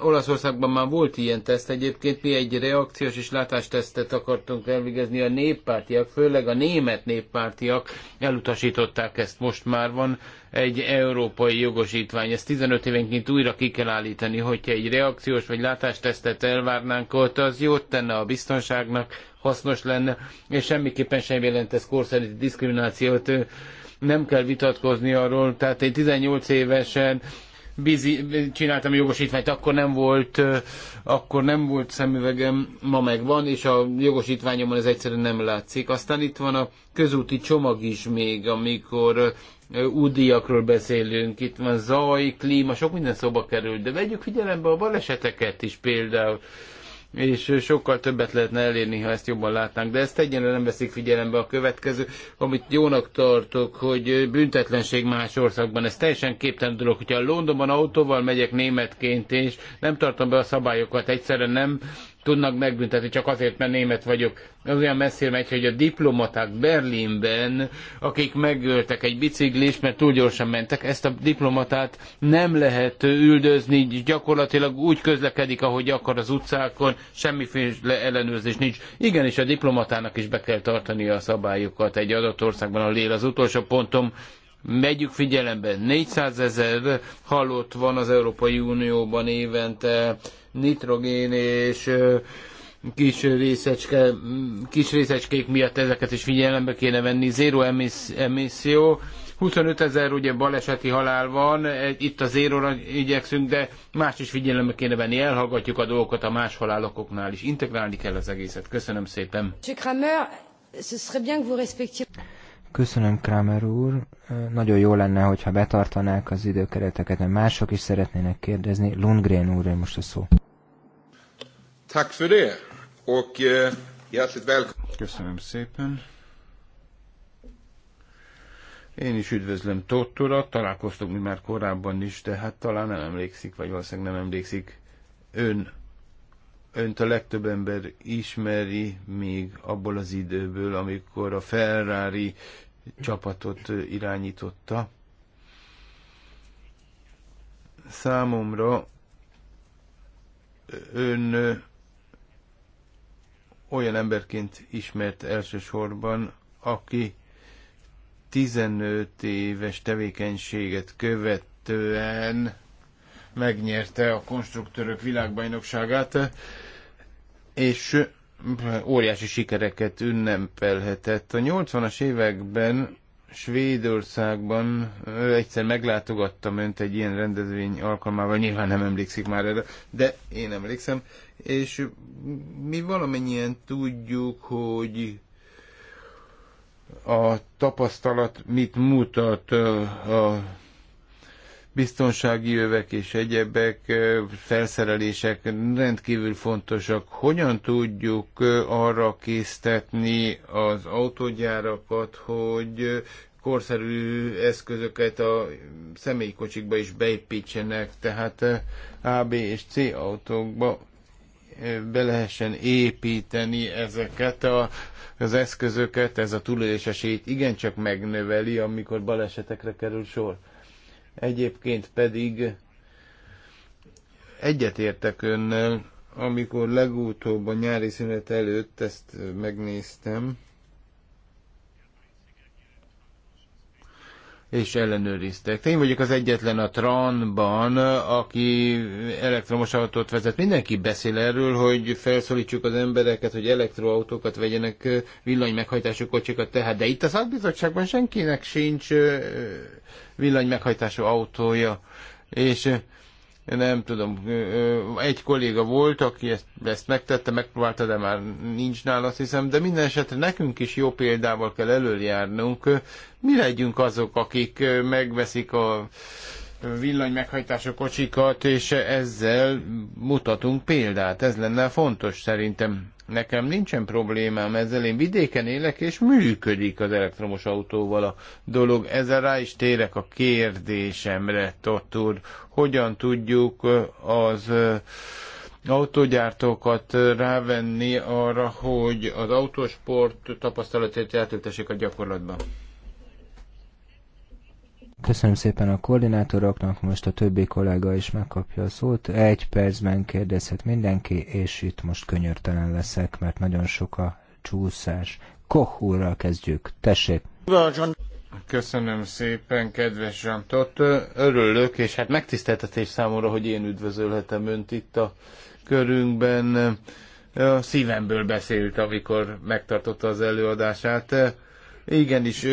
Olaszországban már volt ilyen teszt egyébként, mi egy reakciós és látástesztet akartunk elvégezni a néppártiak, főleg a német néppártiak elutasították ezt, most már van egy európai jogosítvány, ezt 15 évenként újra ki kell állítani, hogyha egy reakciós vagy látástesztet elvárnánk ott, az jót tenne a biztonságnak, hasznos lenne, és semmiképpen sem jelent ez korszerű diszkriminációt. Nem kell vitatkozni arról, tehát én 18 évesen bizi, csináltam a jogosítványt, akkor nem volt, akkor nem volt szemüvegem, ma megvan, és a jogosítványomon ez egyszerűen nem látszik. Aztán itt van a közúti csomag is még, amikor údiakról beszélünk, itt van zaj, klíma, sok minden szóba kerül, de vegyük figyelembe a baleseteket is például és sokkal többet lehetne elérni, ha ezt jobban látnánk. De ezt egyenlően nem veszik figyelembe a következő, amit jónak tartok, hogy büntetlenség más országban. Ez teljesen képtelen dolog. Hogyha Londonban autóval megyek németként, és nem tartom be a szabályokat, egyszerűen nem tudnak megbüntetni, csak azért, mert német vagyok. Az olyan messzire megy, hogy a diplomaták Berlinben, akik megöltek egy biciklis, mert túl gyorsan mentek, ezt a diplomatát nem lehet üldözni, gyakorlatilag úgy közlekedik, ahogy akar az utcákon, semmiféle ellenőrzés nincs. Igenis, a diplomatának is be kell tartani a szabályokat egy adott országban, a lél az utolsó pontom, Megyük figyelembe, 400 ezer halott van az Európai Unióban évente, nitrogén és kis, részecske, kis részecskék miatt ezeket is figyelembe kéne venni, zéro emisszió, 25 ezer ugye baleseti halál van, itt a zéróra igyekszünk, de más is figyelembe kéne venni, elhallgatjuk a dolgokat a más halálokoknál is. Integrálni kell az egészet. Köszönöm szépen. Köszönöm, Kramer úr. Nagyon jó lenne, hogyha betartanák az időkereteket, mert mások is szeretnének kérdezni. Lundgren úr, most a szó. Tack för det. Och eh, hjärtligt välkommen. Köszönöm szépen. Én is üdvözlöm Tóth urat, találkoztunk mi már korábban is, de hát talán nem emlékszik, vagy valószínűleg nem emlékszik. Ön, önt a legtöbb ember ismeri még abból az időből, amikor a Ferrari csapatot eh, irányította. Számomra eh, ön eh, olyan emberként ismert elsősorban, aki 15 éves tevékenységet követően megnyerte a konstruktőrök világbajnokságát, és óriási sikereket ünnepelhetett. A 80-as években Svédországban egyszer meglátogattam önt egy ilyen rendezvény alkalmával, nyilván nem emlékszik már erre, de én emlékszem, és mi valamennyien tudjuk, hogy a tapasztalat mit mutat a biztonsági jövek és egyebek, felszerelések rendkívül fontosak. Hogyan tudjuk arra késztetni az autógyárakat, hogy korszerű eszközöket a személykocsikba is beépítsenek, tehát AB és C autókba be lehessen építeni ezeket a, az eszközöket, ez a túlélés esélyt igencsak megnöveli, amikor balesetekre kerül sor. Egyébként pedig egyetértek önnel, amikor legutóbb a nyári szünet előtt ezt megnéztem, és ellenőriztek. Én vagyok az egyetlen a Tranban, aki elektromos autót vezet. Mindenki beszél erről, hogy felszólítsuk az embereket, hogy elektroautókat vegyenek, villany meghajtású kocsikat tehát, de itt a szakbizottságban senkinek sincs villany meghajtású autója. És nem tudom, egy kolléga volt, aki ezt, ezt megtette, megpróbálta, de már nincs nála, azt hiszem, de minden esetre nekünk is jó példával kell előjárnunk. Mi legyünk azok, akik megveszik a villany meghajtású kocsikat, és ezzel mutatunk példát. Ez lenne fontos szerintem. Nekem nincsen problémám ezzel, én vidéken élek, és működik az elektromos autóval a dolog. Ezzel rá is térek a kérdésemre, Tott Hogyan tudjuk az autógyártókat rávenni arra, hogy az autósport tapasztalatét átültessék a gyakorlatban? Köszönöm szépen a koordinátoroknak, most a többi kollega is megkapja a szót. Egy percben kérdezhet mindenki, és itt most könyörtelen leszek, mert nagyon sok a csúszás. Koch úrral kezdjük. Tessék! Köszönöm szépen, kedves Zsantot. Örülök, és hát megtiszteltetés számomra, hogy én üdvözölhetem önt itt a körünkben. A szívemből beszélt, amikor megtartotta az előadását igen, és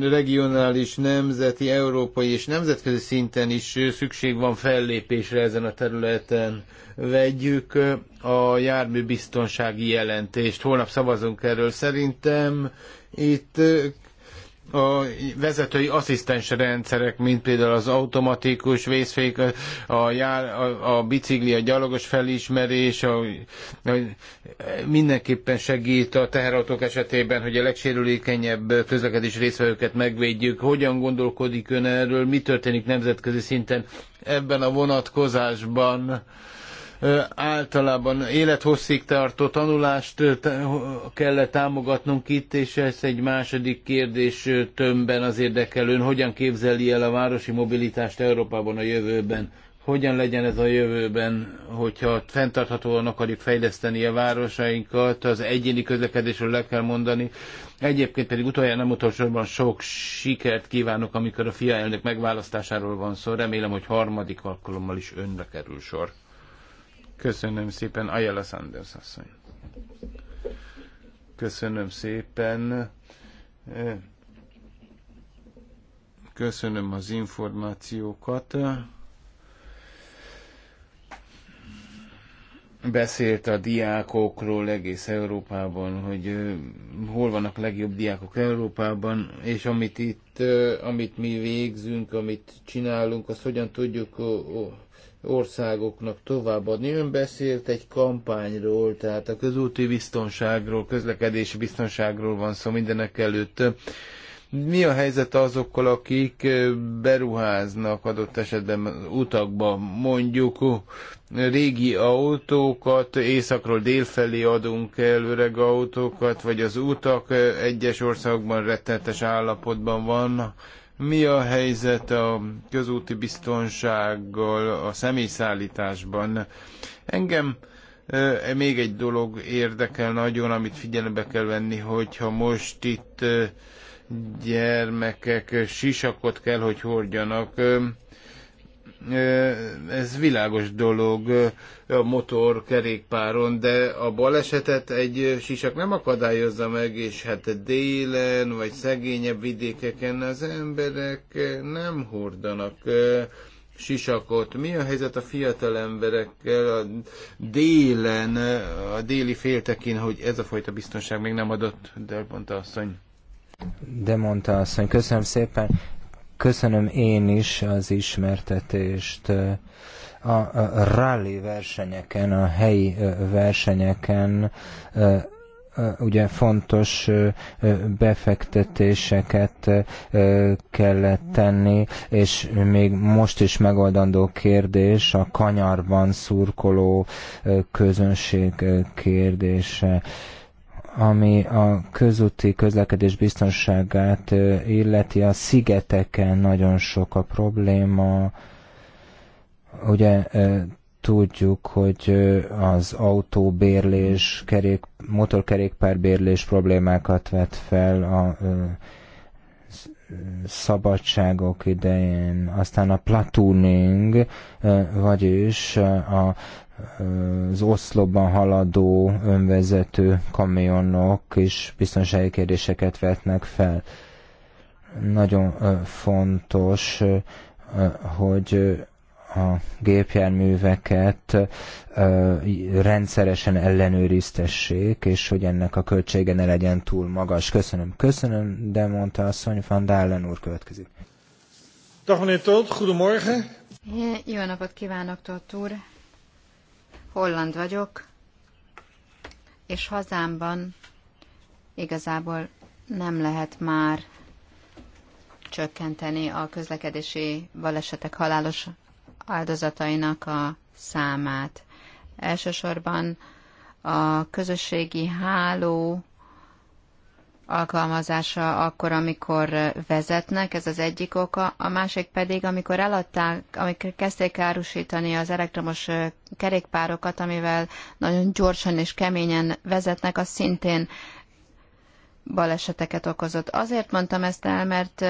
regionális, nemzeti, európai és nemzetközi szinten is szükség van fellépésre ezen a területen. Vegyük a járműbiztonsági jelentést. Holnap szavazunk erről. Szerintem itt a vezetői asszisztens rendszerek, mint például az automatikus vészfék, a, jár, a, a bicikli, a gyalogos felismerés, a, a, mindenképpen segít a teherautók esetében, hogy a legsérülékenyebb közlekedés részvevőket megvédjük. Hogyan gondolkodik ön erről, mi történik nemzetközi szinten ebben a vonatkozásban? általában élethosszig tartó tanulást kellett támogatnunk itt, és ez egy második kérdés tömbben az érdekelőn, hogyan képzeli el a városi mobilitást Európában a jövőben? Hogyan legyen ez a jövőben, hogyha fenntarthatóan akarjuk fejleszteni a városainkat, az egyéni közlekedésről le kell mondani. Egyébként pedig utoljára nem utolsóban sok sikert kívánok, amikor a fia elnök megválasztásáról van szó. Remélem, hogy harmadik alkalommal is önre kerül sor. Köszönöm szépen, Ayala Sanders asszony. Köszönöm szépen. E, köszönöm az információkat. Beszélt a diákokról egész Európában, hogy e, hol vannak a legjobb diákok Európában, és amit itt, e, amit mi végzünk, amit csinálunk, azt hogyan tudjuk országoknak továbbadni. Ön beszélt egy kampányról, tehát a közúti biztonságról, közlekedési biztonságról van szó mindenek előtt. Mi a helyzet azokkal, akik beruháznak adott esetben utakba, mondjuk régi autókat, északról délfelé adunk el öreg autókat, vagy az utak egyes országokban rettenetes állapotban vannak. Mi a helyzet a közúti biztonsággal a személyszállításban? Engem e, még egy dolog érdekel nagyon, amit figyelembe kell venni, hogyha most itt gyermekek sisakot kell, hogy hordjanak ez világos dolog a motor kerékpáron, de a balesetet egy sisak nem akadályozza meg, és hát délen vagy szegényebb vidékeken az emberek nem hordanak sisakot. Mi a helyzet a fiatal emberekkel a délen, a déli féltekén, hogy ez a fajta biztonság még nem adott, mondta asszony? De mondta asszony, köszönöm szépen. Köszönöm én is az ismertetést. A rally versenyeken, a helyi versenyeken ugye fontos befektetéseket kellett tenni, és még most is megoldandó kérdés a kanyarban szurkoló közönség kérdése ami a közúti közlekedés biztonságát illeti, a szigeteken nagyon sok a probléma. Ugye tudjuk, hogy az autóbérlés, kerék, motorkerékpárbérlés problémákat vet fel a szabadságok idején, aztán a platooning, vagyis a az oszlopban haladó önvezető kamionok is biztonsági kérdéseket vetnek fel. Nagyon fontos, hogy a gépjárműveket rendszeresen ellenőriztessék, és hogy ennek a költsége ne legyen túl magas. Köszönöm, köszönöm, de mondta asszony, Van Dálen úr következik. Dag meneer Tolt, goedemorgen. Jó napot kívánok, Tolt úr holland vagyok, és hazámban igazából nem lehet már csökkenteni a közlekedési balesetek halálos áldozatainak a számát. Elsősorban a közösségi háló alkalmazása akkor, amikor vezetnek, ez az egyik oka, a másik pedig, amikor eladták, amikor kezdték árusítani az elektromos kerékpárokat, amivel nagyon gyorsan és keményen vezetnek, az szintén baleseteket okozott. Azért mondtam ezt el, mert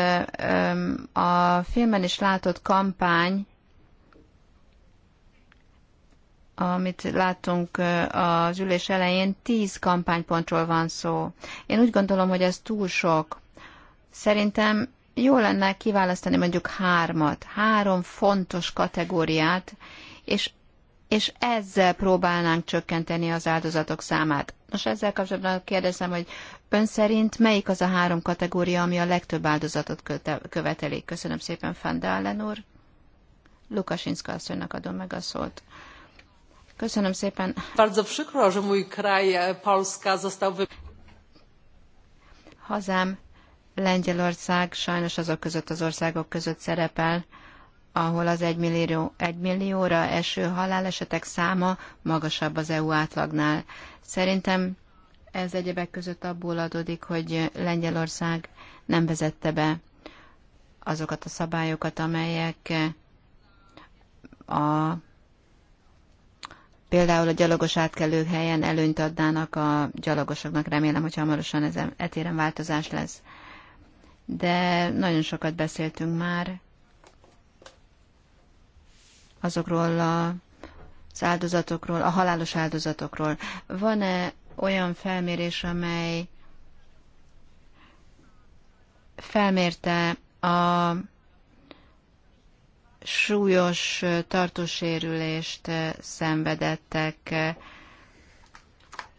a filmben is látott kampány amit láttunk az ülés elején, tíz kampánypontról van szó. Én úgy gondolom, hogy ez túl sok. Szerintem jó lenne kiválasztani mondjuk hármat, három fontos kategóriát, és, és ezzel próbálnánk csökkenteni az áldozatok számát. Most ezzel kapcsolatban kérdezem, hogy ön szerint melyik az a három kategória, ami a legtöbb áldozatot követeli? Köszönöm szépen, Fandalen úr. Lukasinszka asszonynak adom meg a szót. Köszönöm szépen. Bardzo przykro, że mój kraj, e, Polska, został wy... Hazám, Lengyelország sajnos azok között az országok között szerepel, ahol az egymillió, egymillióra eső halálesetek száma magasabb az EU átlagnál. Szerintem ez egyebek között abból adódik, hogy Lengyelország nem vezette be azokat a szabályokat, amelyek a például a gyalogos átkelők helyen előnyt adnának a gyalogosoknak. Remélem, hogy hamarosan ez e-, etéren változás lesz. De nagyon sokat beszéltünk már azokról a az áldozatokról, a halálos áldozatokról. Van-e olyan felmérés, amely felmérte a súlyos tartósérülést szenvedettek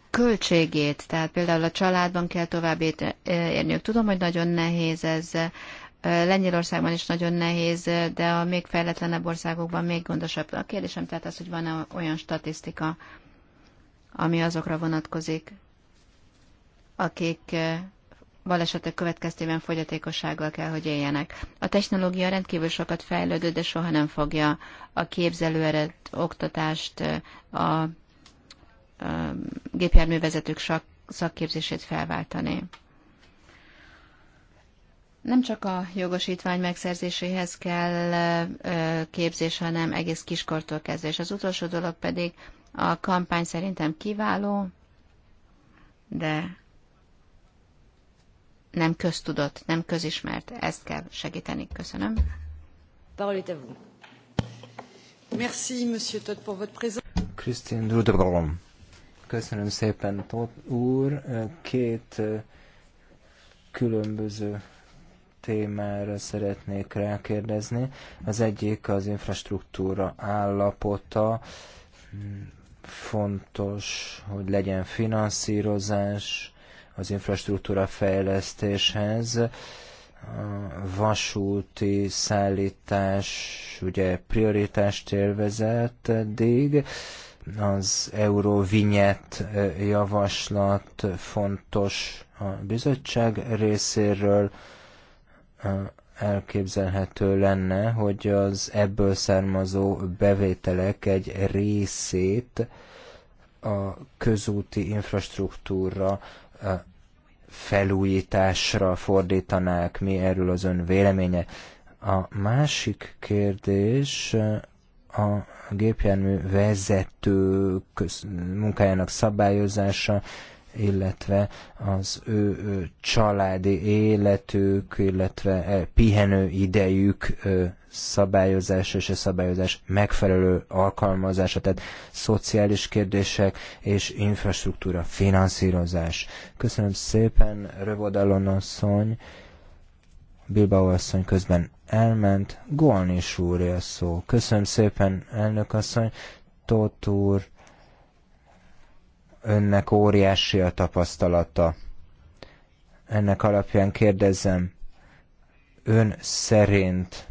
költségét, tehát például a családban kell tovább érniük. Tudom, hogy nagyon nehéz ez, Lengyelországban is nagyon nehéz, de a még fejletlenebb országokban még gondosabb. A kérdésem tehát az, hogy van-e olyan statisztika, ami azokra vonatkozik, akik balesetek következtében fogyatékossággal kell, hogy éljenek. A technológia rendkívül sokat fejlődött, de soha nem fogja a képzelőeret, oktatást, a, a gépjárművezetők szakképzését felváltani. Nem csak a jogosítvány megszerzéséhez kell képzés, hanem egész kiskortól kezdve. És az utolsó dolog pedig a kampány szerintem kiváló, de nem köztudott, nem közismert. Ezt kell segíteni. Köszönöm. vous. Merci, Monsieur Todd, pour votre présence. Christian Dudrom. Köszönöm szépen, Todd úr. Két különböző témára szeretnék rákérdezni. Az egyik az infrastruktúra állapota. Fontos, hogy legyen finanszírozás, az infrastruktúra fejlesztéshez. A vasúti szállítás ugye prioritást élvezett eddig, az Eurovinyet javaslat fontos a bizottság részéről, elképzelhető lenne, hogy az ebből származó bevételek egy részét a közúti infrastruktúra felújításra fordítanák, mi erről az ön véleménye. A másik kérdés a gépjármű vezető munkájának szabályozása, illetve az ő, ő családi életük, illetve e, pihenő idejük szabályozás és a szabályozás megfelelő alkalmazása, tehát szociális kérdések és infrastruktúra, finanszírozás. Köszönöm szépen, Rövodalon asszony, Bilbao asszony közben elment, Golnis úr a szó. Köszönöm szépen, elnök asszony, Tóth úr, önnek óriási a tapasztalata. Ennek alapján kérdezem, ön szerint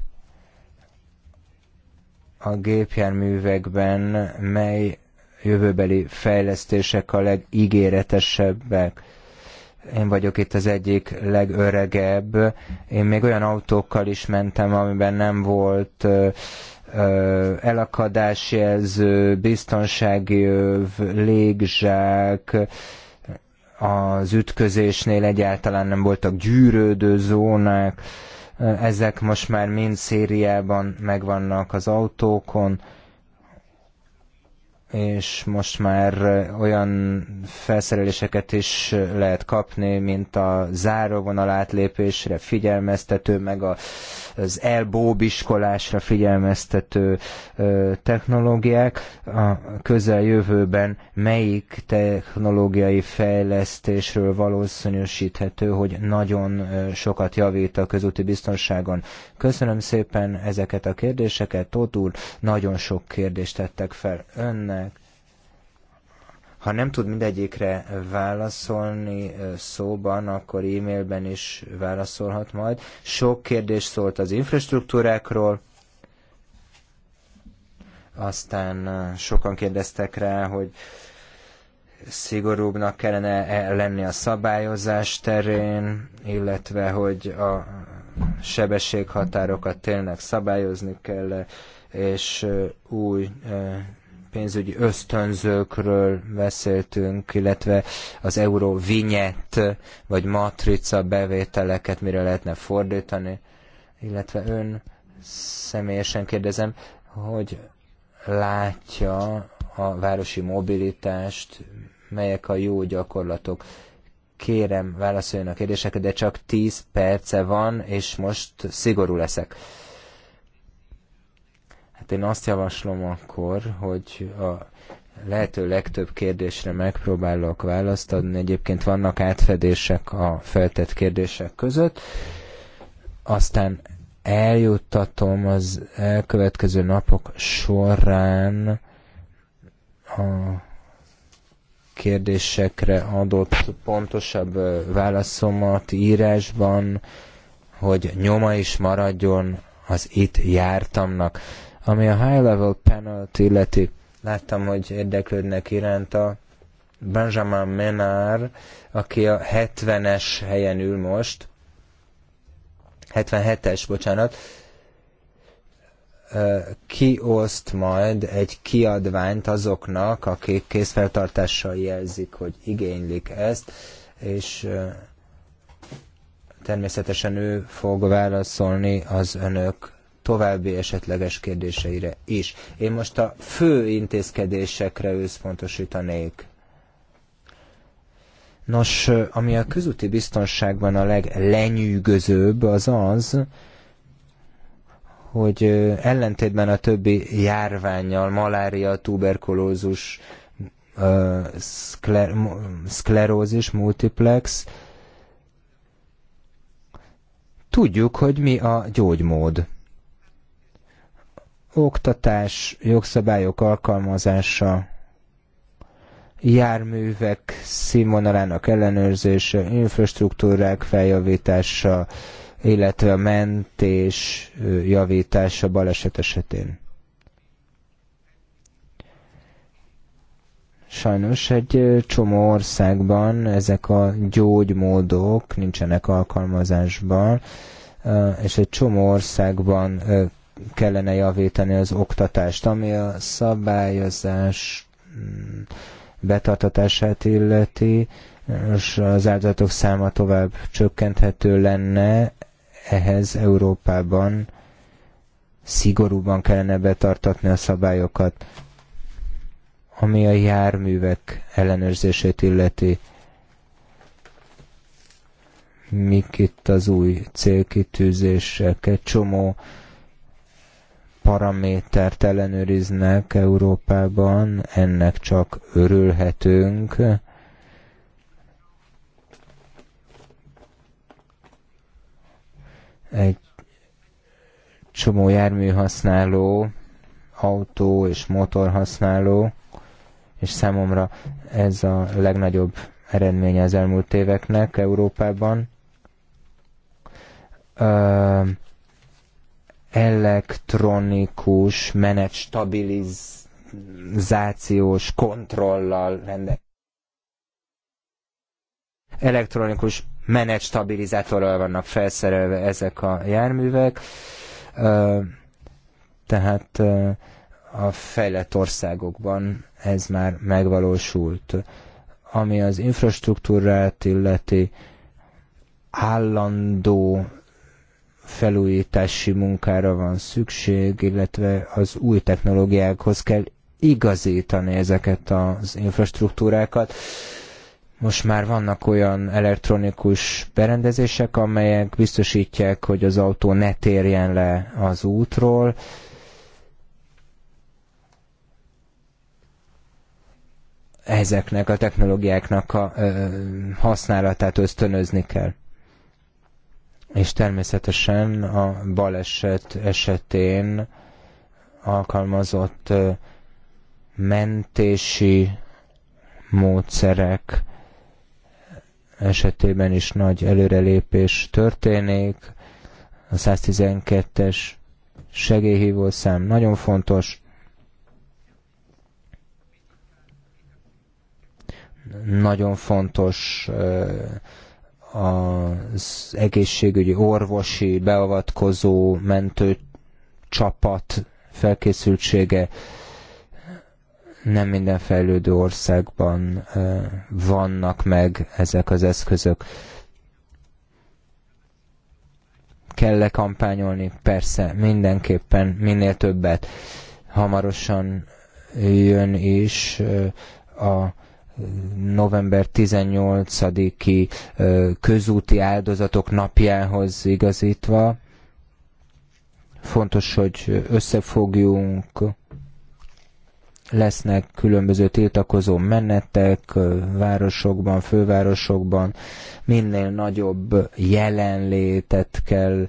a gépjárművekben mely jövőbeli fejlesztések a legígéretesebbek. Én vagyok itt az egyik legöregebb. Én még olyan autókkal is mentem, amiben nem volt elakadásjelző, biztonsági öv, légzsák, az ütközésnél egyáltalán nem voltak gyűrődő zónák, ezek most már mind szériában megvannak az autókon, és most már olyan felszereléseket is lehet kapni, mint a záróvonal átlépésre figyelmeztető, meg a az elbóbiskolásra figyelmeztető technológiák. A közeljövőben melyik technológiai fejlesztésről valószínűsíthető, hogy nagyon sokat javít a közúti biztonságon? Köszönöm szépen ezeket a kérdéseket, Tóth úr, nagyon sok kérdést tettek fel önnek ha nem tud mindegyikre válaszolni szóban, akkor e-mailben is válaszolhat majd. Sok kérdés szólt az infrastruktúrákról, aztán sokan kérdeztek rá, hogy szigorúbbnak kellene -e lenni a szabályozás terén, illetve hogy a sebességhatárokat tényleg szabályozni kell, és új pénzügyi ösztönzőkről beszéltünk, illetve az euró vagy matrica bevételeket mire lehetne fordítani, illetve ön személyesen kérdezem, hogy látja a városi mobilitást, melyek a jó gyakorlatok. Kérem, válaszoljon a kérdésekre, de csak 10 perce van, és most szigorú leszek. Hát én azt javaslom akkor, hogy a lehető legtöbb kérdésre megpróbálok választ adni. Egyébként vannak átfedések a feltett kérdések között. Aztán eljuttatom az elkövetkező napok során a kérdésekre adott pontosabb válaszomat írásban, hogy nyoma is maradjon az itt jártamnak. Ami a High Level panel illeti, láttam, hogy érdeklődnek iránta, Benjamin Menard, aki a 70-es helyen ül most, 77-es, bocsánat, kioszt majd egy kiadványt azoknak, akik készfeltartással jelzik, hogy igénylik ezt, és természetesen ő fog válaszolni az önök további esetleges kérdéseire is. Én most a fő intézkedésekre összpontosítanék. Nos, ami a közúti biztonságban a leglenyűgözőbb, az az, hogy ellentétben a többi járványjal, malária, tuberkulózus, szkler, szklerózis, multiplex, tudjuk, hogy mi a gyógymód. Oktatás, jogszabályok alkalmazása, járművek színvonalának ellenőrzése, infrastruktúrák feljavítása, illetve a mentés javítása baleset esetén. Sajnos egy csomó országban ezek a gyógymódok nincsenek alkalmazásban, és egy csomó országban kellene javítani az oktatást, ami a szabályozás mm, betartatását illeti, és az áldozatok száma tovább csökkenthető lenne, ehhez Európában szigorúban kellene betartatni a szabályokat, ami a járművek ellenőrzését illeti. Mik itt az új célkitűzések? Egy csomó paramétert ellenőriznek Európában, ennek csak örülhetünk. Egy csomó járműhasználó, autó és motorhasználó, és számomra ez a legnagyobb eredménye az elmúlt éveknek Európában elektronikus menet stabilizációs kontrollal rendelkezik. Elektronikus menet stabilizátorral vannak felszerelve ezek a járművek, tehát a fejlett országokban ez már megvalósult. Ami az infrastruktúrát illeti, állandó felújítási munkára van szükség, illetve az új technológiákhoz kell igazítani ezeket az infrastruktúrákat. Most már vannak olyan elektronikus berendezések, amelyek biztosítják, hogy az autó ne térjen le az útról, ezeknek a technológiáknak a ö, használatát ösztönözni kell. És természetesen a baleset esetén alkalmazott mentési módszerek esetében is nagy előrelépés történik. A 112-es segélyhívószám nagyon fontos. Nagyon fontos az egészségügyi orvosi beavatkozó mentő csapat felkészültsége nem minden fejlődő országban vannak meg ezek az eszközök. Kell-e kampányolni? Persze, mindenképpen minél többet. Hamarosan jön is a november 18-i közúti áldozatok napjához igazítva. Fontos, hogy összefogjunk, lesznek különböző tiltakozó menetek városokban, fővárosokban, minél nagyobb jelenlétet kell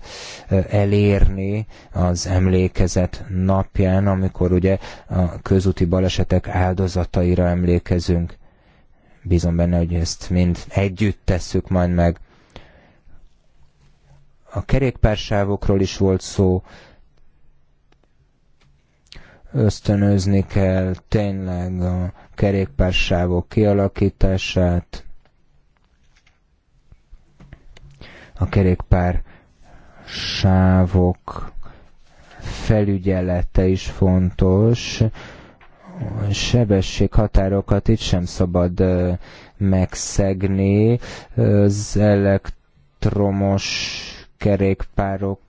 elérni az emlékezet napján, amikor ugye a közúti balesetek áldozataira emlékezünk. Bízom benne, hogy ezt mind együtt tesszük majd meg. A kerékpársávokról is volt szó, ösztönözni kell tényleg a kerékpársávok kialakítását, a kerékpár sávok felügyelete is fontos sebességhatárokat itt sem szabad megszegni. Az elektromos kerékpárok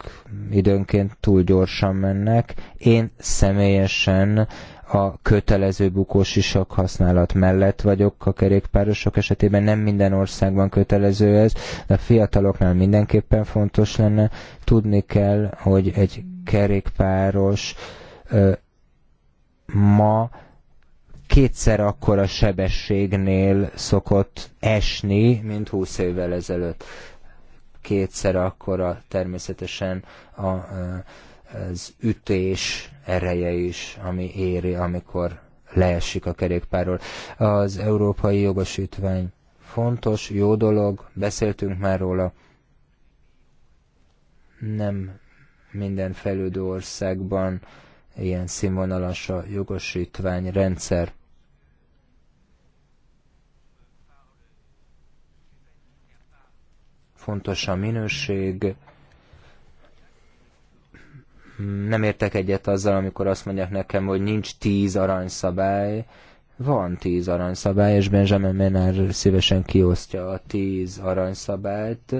időnként túl gyorsan mennek. Én személyesen a kötelező bukós használat mellett vagyok a kerékpárosok esetében. Nem minden országban kötelező ez, de a fiataloknál mindenképpen fontos lenne. Tudni kell, hogy egy kerékpáros ma kétszer akkora sebességnél szokott esni, mint 20 évvel ezelőtt. Kétszer akkora természetesen a, az ütés ereje is, ami éri, amikor leesik a kerékpárról. Az európai jogosítvány fontos, jó dolog, beszéltünk már róla. Nem minden fejlődő országban uh, ilyen színvonalas a jogosítványrendszer. Fontos a minőség. Nem értek egyet azzal, amikor azt mondják nekem, hogy nincs tíz aranyszabály. Van tíz aranyszabály, és Benjamin Menard szívesen kiosztja a tíz aranyszabályt,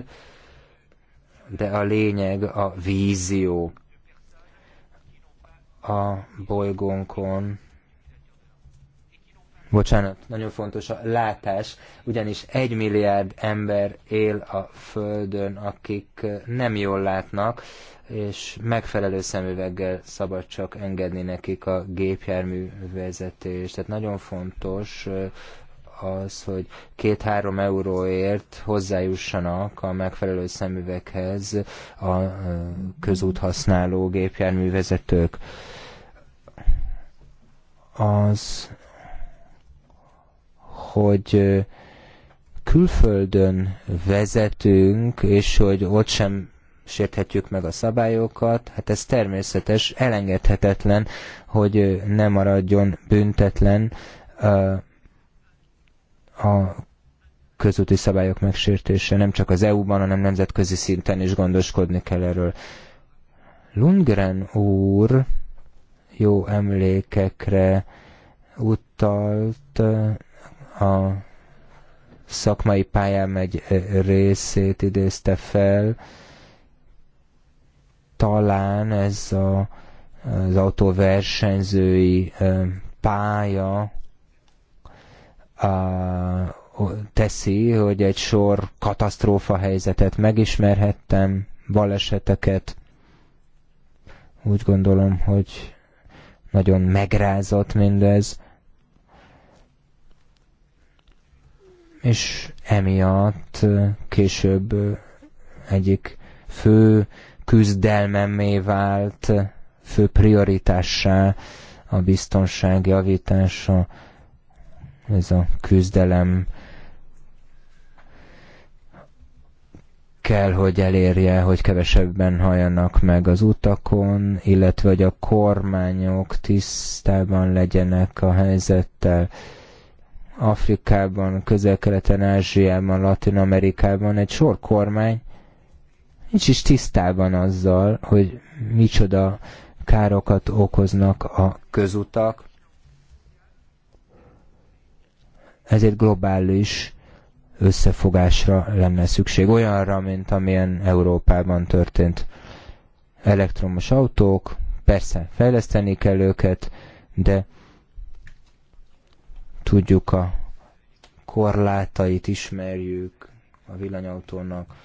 de a lényeg a vízió a bolygónkon. Bocsánat, nagyon fontos a látás, ugyanis egy milliárd ember él a Földön, akik nem jól látnak, és megfelelő szemüveggel szabad csak engedni nekik a gépjármű vezetést. Tehát nagyon fontos az, hogy két-három euróért hozzájussanak a megfelelő szemüveghez a közúthasználó gépjárművezetők. Az, hogy külföldön vezetünk, és hogy ott sem sérthetjük meg a szabályokat, hát ez természetes, elengedhetetlen, hogy ne maradjon büntetlen a közúti szabályok megsértése nem csak az EU-ban, hanem nemzetközi szinten is gondoskodni kell erről. Lundgren úr jó emlékekre utalt a szakmai pályám egy részét idézte fel. Talán ez a, az autóversenyzői pálya teszi, hogy egy sor katasztrófa helyzetet megismerhettem, baleseteket. Úgy gondolom, hogy nagyon megrázott mindez. És emiatt később egyik fő küzdelmemé vált, fő prioritássá a biztonság javítása ez a küzdelem kell, hogy elérje, hogy kevesebben halljanak meg az utakon, illetve hogy a kormányok tisztában legyenek a helyzettel. Afrikában, közel-keleten, Ázsiában, Latin-Amerikában egy sor kormány nincs is tisztában azzal, hogy micsoda károkat okoznak a közutak, Ezért globális összefogásra lenne szükség, olyanra, mint amilyen Európában történt. Elektromos autók, persze fejleszteni kell őket, de tudjuk a korlátait, ismerjük a villanyautónak,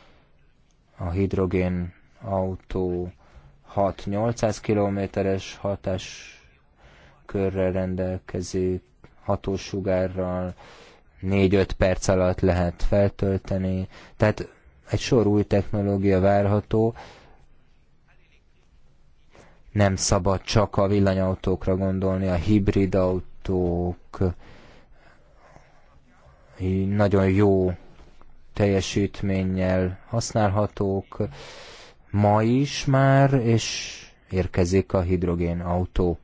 a hidrogén autó 6-800 kilométeres hatáskörrel rendelkezik, hatós 4-5 perc alatt lehet feltölteni, tehát egy sor új technológia várható, nem szabad csak a villanyautókra gondolni, a hibrid autók nagyon jó teljesítménnyel használhatók ma is már, és érkezik a hidrogén autó.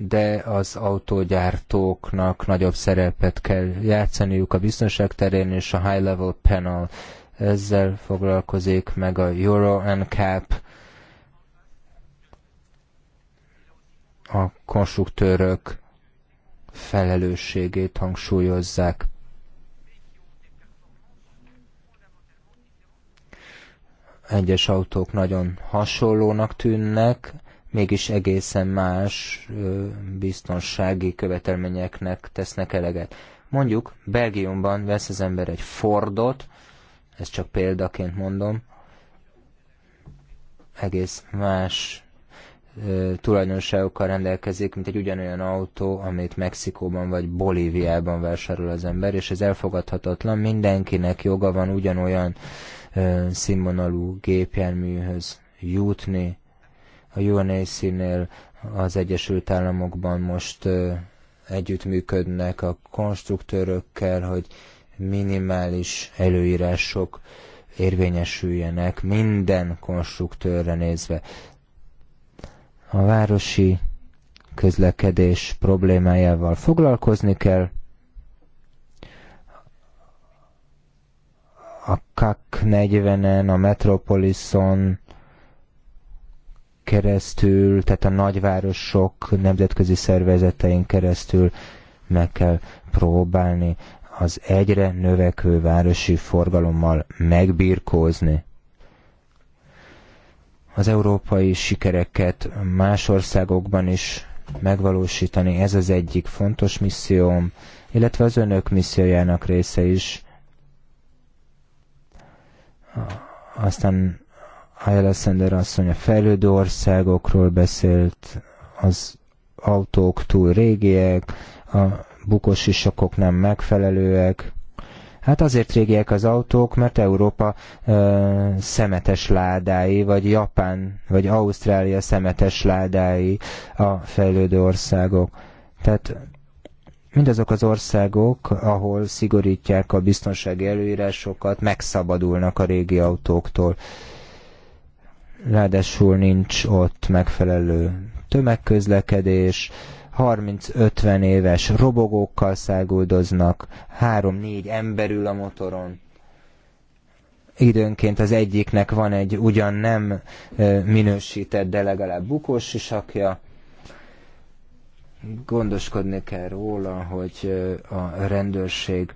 de az autógyártóknak nagyobb szerepet kell játszaniuk a biztonság terén, és a High Level Panel ezzel foglalkozik, meg a Euro NCAP, a konstruktőrök felelősségét hangsúlyozzák. Egyes autók nagyon hasonlónak tűnnek, mégis egészen más biztonsági követelményeknek tesznek eleget. Mondjuk Belgiumban vesz az ember egy Fordot, ezt csak példaként mondom, egész más tulajdonságokkal rendelkezik, mint egy ugyanolyan autó, amit Mexikóban vagy Bolíviában vásárol az ember, és ez elfogadhatatlan, mindenkinek joga van ugyanolyan ö, színvonalú gépjárműhöz jutni a UNAC-nél az Egyesült Államokban most együttműködnek a konstruktőrökkel, hogy minimális előírások érvényesüljenek minden konstruktőrre nézve. A városi közlekedés problémájával foglalkozni kell. A CAC 40-en, a Metropolison keresztül, tehát a nagyvárosok nemzetközi szervezetein keresztül meg kell próbálni az egyre növekvő városi forgalommal megbirkózni. Az európai sikereket más országokban is megvalósítani, ez az egyik fontos misszióm, illetve az önök missziójának része is. Aztán Ayala Sender asszony a fejlődő országokról beszélt, az autók túl régiek, a bukós sokok nem megfelelőek. Hát azért régiek az autók, mert Európa ö, szemetes ládái, vagy Japán, vagy Ausztrália szemetes ládái a fejlődő országok. Tehát mindazok az országok, ahol szigorítják a biztonsági előírásokat, megszabadulnak a régi autóktól. Ö, ráadásul nincs ott megfelelő tömegközlekedés, 30-50 éves robogókkal száguldoznak, 3-4 ember ül a motoron. Időnként az egyiknek van egy ugyan nem minősített, de legalább bukós sisakja. Gondoskodni kell róla, hogy a rendőrség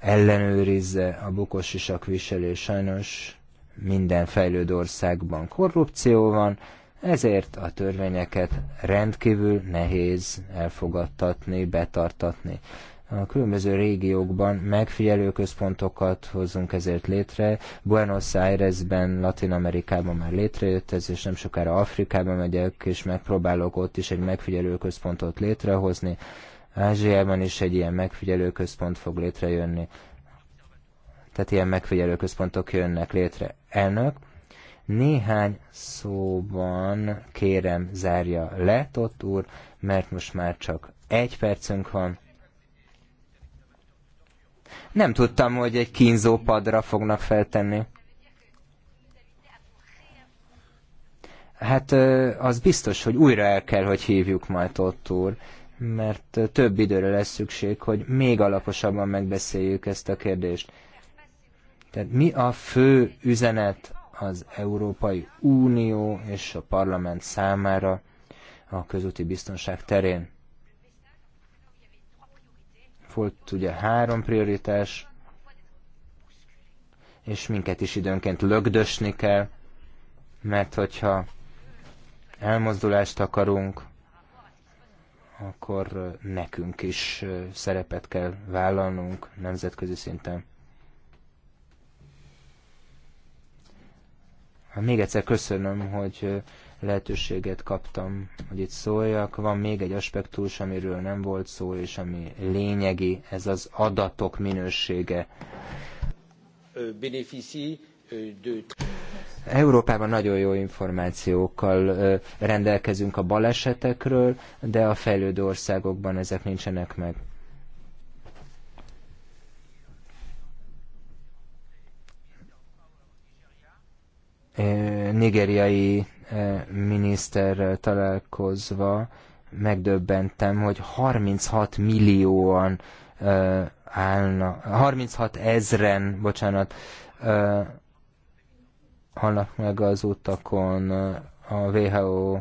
ellenőrizze a bukós sisak viselés. Sajnos minden fejlődő országban korrupció van, ezért a törvényeket rendkívül nehéz elfogadtatni, betartatni. A különböző régiókban megfigyelőközpontokat hozunk ezért létre. Buenos Airesben, Latin Amerikában már létrejött ez, és nem sokára Afrikában megyek, és megpróbálok ott is egy megfigyelőközpontot létrehozni. Ázsiában is egy ilyen megfigyelőközpont fog létrejönni. Tehát ilyen megfigyelőközpontok jönnek létre. Elnök, néhány szóban kérem zárja le, Tott úr, mert most már csak egy percünk van. Nem tudtam, hogy egy kínzó padra fognak feltenni. Hát az biztos, hogy újra el kell, hogy hívjuk majd Tott úr, mert több időre lesz szükség, hogy még alaposabban megbeszéljük ezt a kérdést. Tehát mi a fő üzenet az Európai Unió és a parlament számára a közúti biztonság terén? Volt ugye három prioritás, és minket is időnként lögdösni kell, mert hogyha elmozdulást akarunk, akkor nekünk is szerepet kell vállalnunk nemzetközi szinten. Hát még egyszer köszönöm, hogy lehetőséget kaptam, hogy itt szóljak. Van még egy aspektus, amiről nem volt szó, és ami lényegi, ez az adatok minősége. Európában nagyon jó információkkal rendelkezünk a balesetekről, de a fejlődő országokban ezek nincsenek meg. nigériai miniszter találkozva megdöbbentem, hogy 36 millióan állna, 36 ezren, bocsánat, halnak meg az utakon a WHO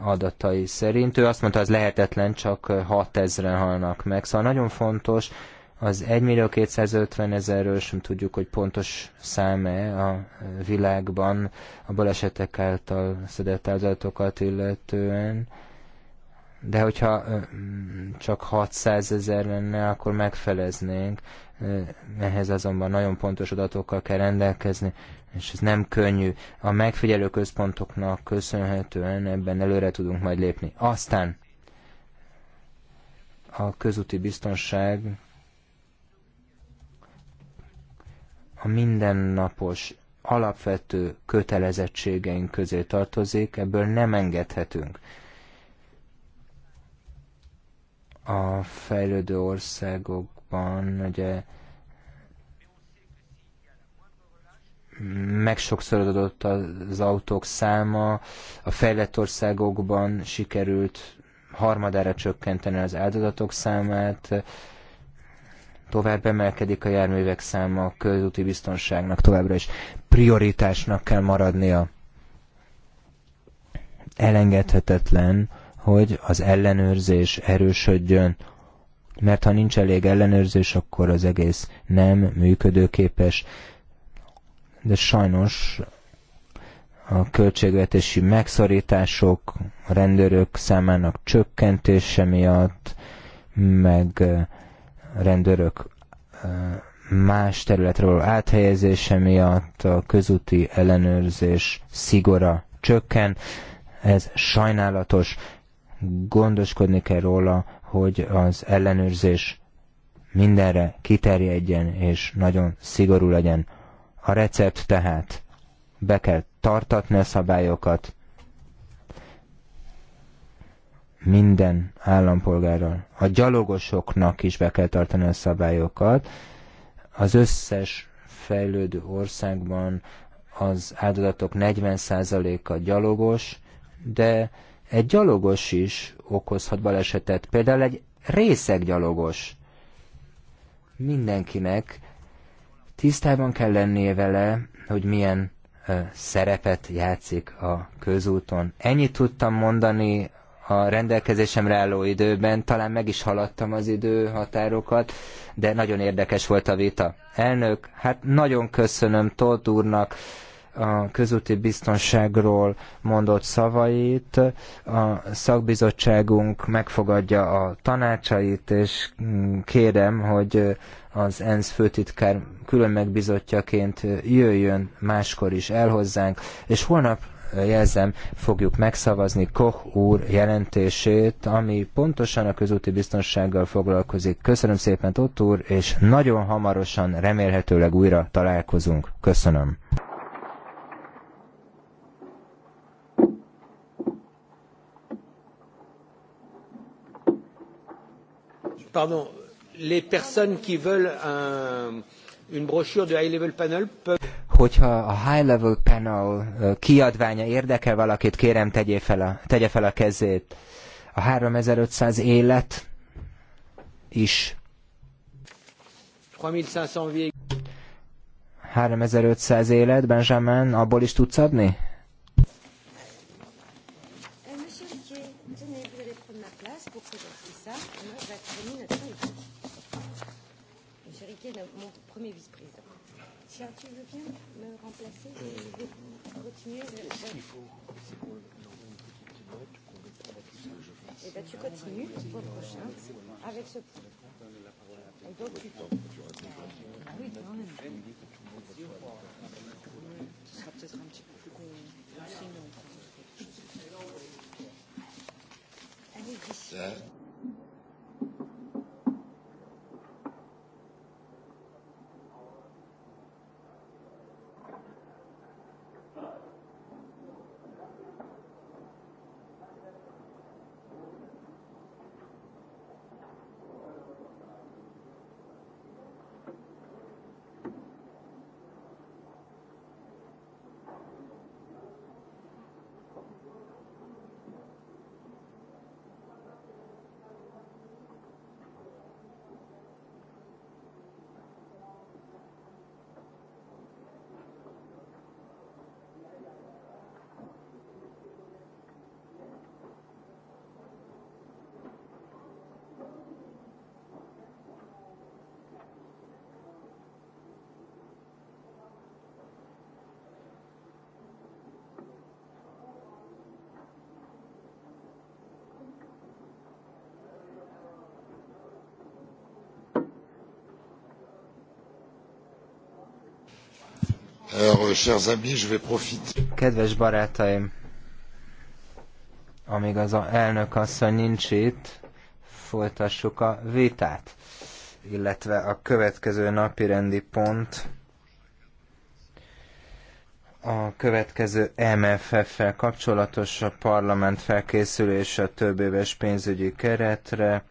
adatai szerint. Ő azt mondta, az lehetetlen, csak 6 ezren halnak meg. Szóval nagyon fontos az 1 millió 250 ezerről sem tudjuk, hogy pontos száme a világban a balesetek által szedett áldozatokat illetően, de hogyha csak 600 ezer lenne, akkor megfeleznénk. Ehhez azonban nagyon pontos adatokkal kell rendelkezni, és ez nem könnyű. A megfigyelő központoknak köszönhetően ebben előre tudunk majd lépni. Aztán a közúti biztonság a mindennapos alapvető kötelezettségeink közé tartozik, ebből nem engedhetünk. A fejlődő országokban ugye megsokszorodott az autók száma, a fejlett országokban sikerült harmadára csökkenteni az áldozatok számát, tovább emelkedik a járművek száma, a közúti biztonságnak továbbra is prioritásnak kell maradnia. Elengedhetetlen, hogy az ellenőrzés erősödjön, mert ha nincs elég ellenőrzés, akkor az egész nem működőképes. De sajnos a költségvetési megszorítások, a rendőrök számának csökkentése miatt, meg rendőrök más területről áthelyezése miatt a közúti ellenőrzés szigora csökken. Ez sajnálatos. Gondoskodni kell róla, hogy az ellenőrzés mindenre kiterjedjen és nagyon szigorú legyen. A recept tehát be kell tartatni a szabályokat, minden állampolgárral. A gyalogosoknak is be kell tartani a szabályokat. Az összes fejlődő országban az áldozatok 40%-a gyalogos, de egy gyalogos is okozhat balesetet. Például egy részeg gyalogos. Mindenkinek tisztában kell lennie vele, hogy milyen szerepet játszik a közúton. Ennyit tudtam mondani a rendelkezésemre álló időben talán meg is haladtam az időhatárokat, de nagyon érdekes volt a vita. Elnök, hát nagyon köszönöm Tóth úrnak a közúti biztonságról mondott szavait. A szakbizottságunk megfogadja a tanácsait, és kérem, hogy az ENSZ főtitkár külön megbizotjaként jöjjön máskor is el hozzánk, és holnap jelzem, fogjuk megszavazni Koch úr jelentését, ami pontosan a közúti biztonsággal foglalkozik. Köszönöm szépen, Tóth úr, és nagyon hamarosan remélhetőleg újra találkozunk. Köszönöm. Pardon, les personnes qui veulent un Hogyha a High Level Panel kiadványa érdekel valakit, kérem tegye fel a, tegye fel a kezét. A 3500 élet is. 3500 élet, Benjamin, abból is tudsz adni? Et eh bien, tu continues au prochain avec ce point. Et donc, tu ah oui, quand même. Ce sera peut-être un petit peu plus qu'on Allez, d'ici. Euh, Kedves barátaim, amíg az a elnök asszony nincs itt, folytassuk a vitát, illetve a következő napi rendi pont a következő MFF-fel kapcsolatos a parlament felkészülése a éves pénzügyi keretre.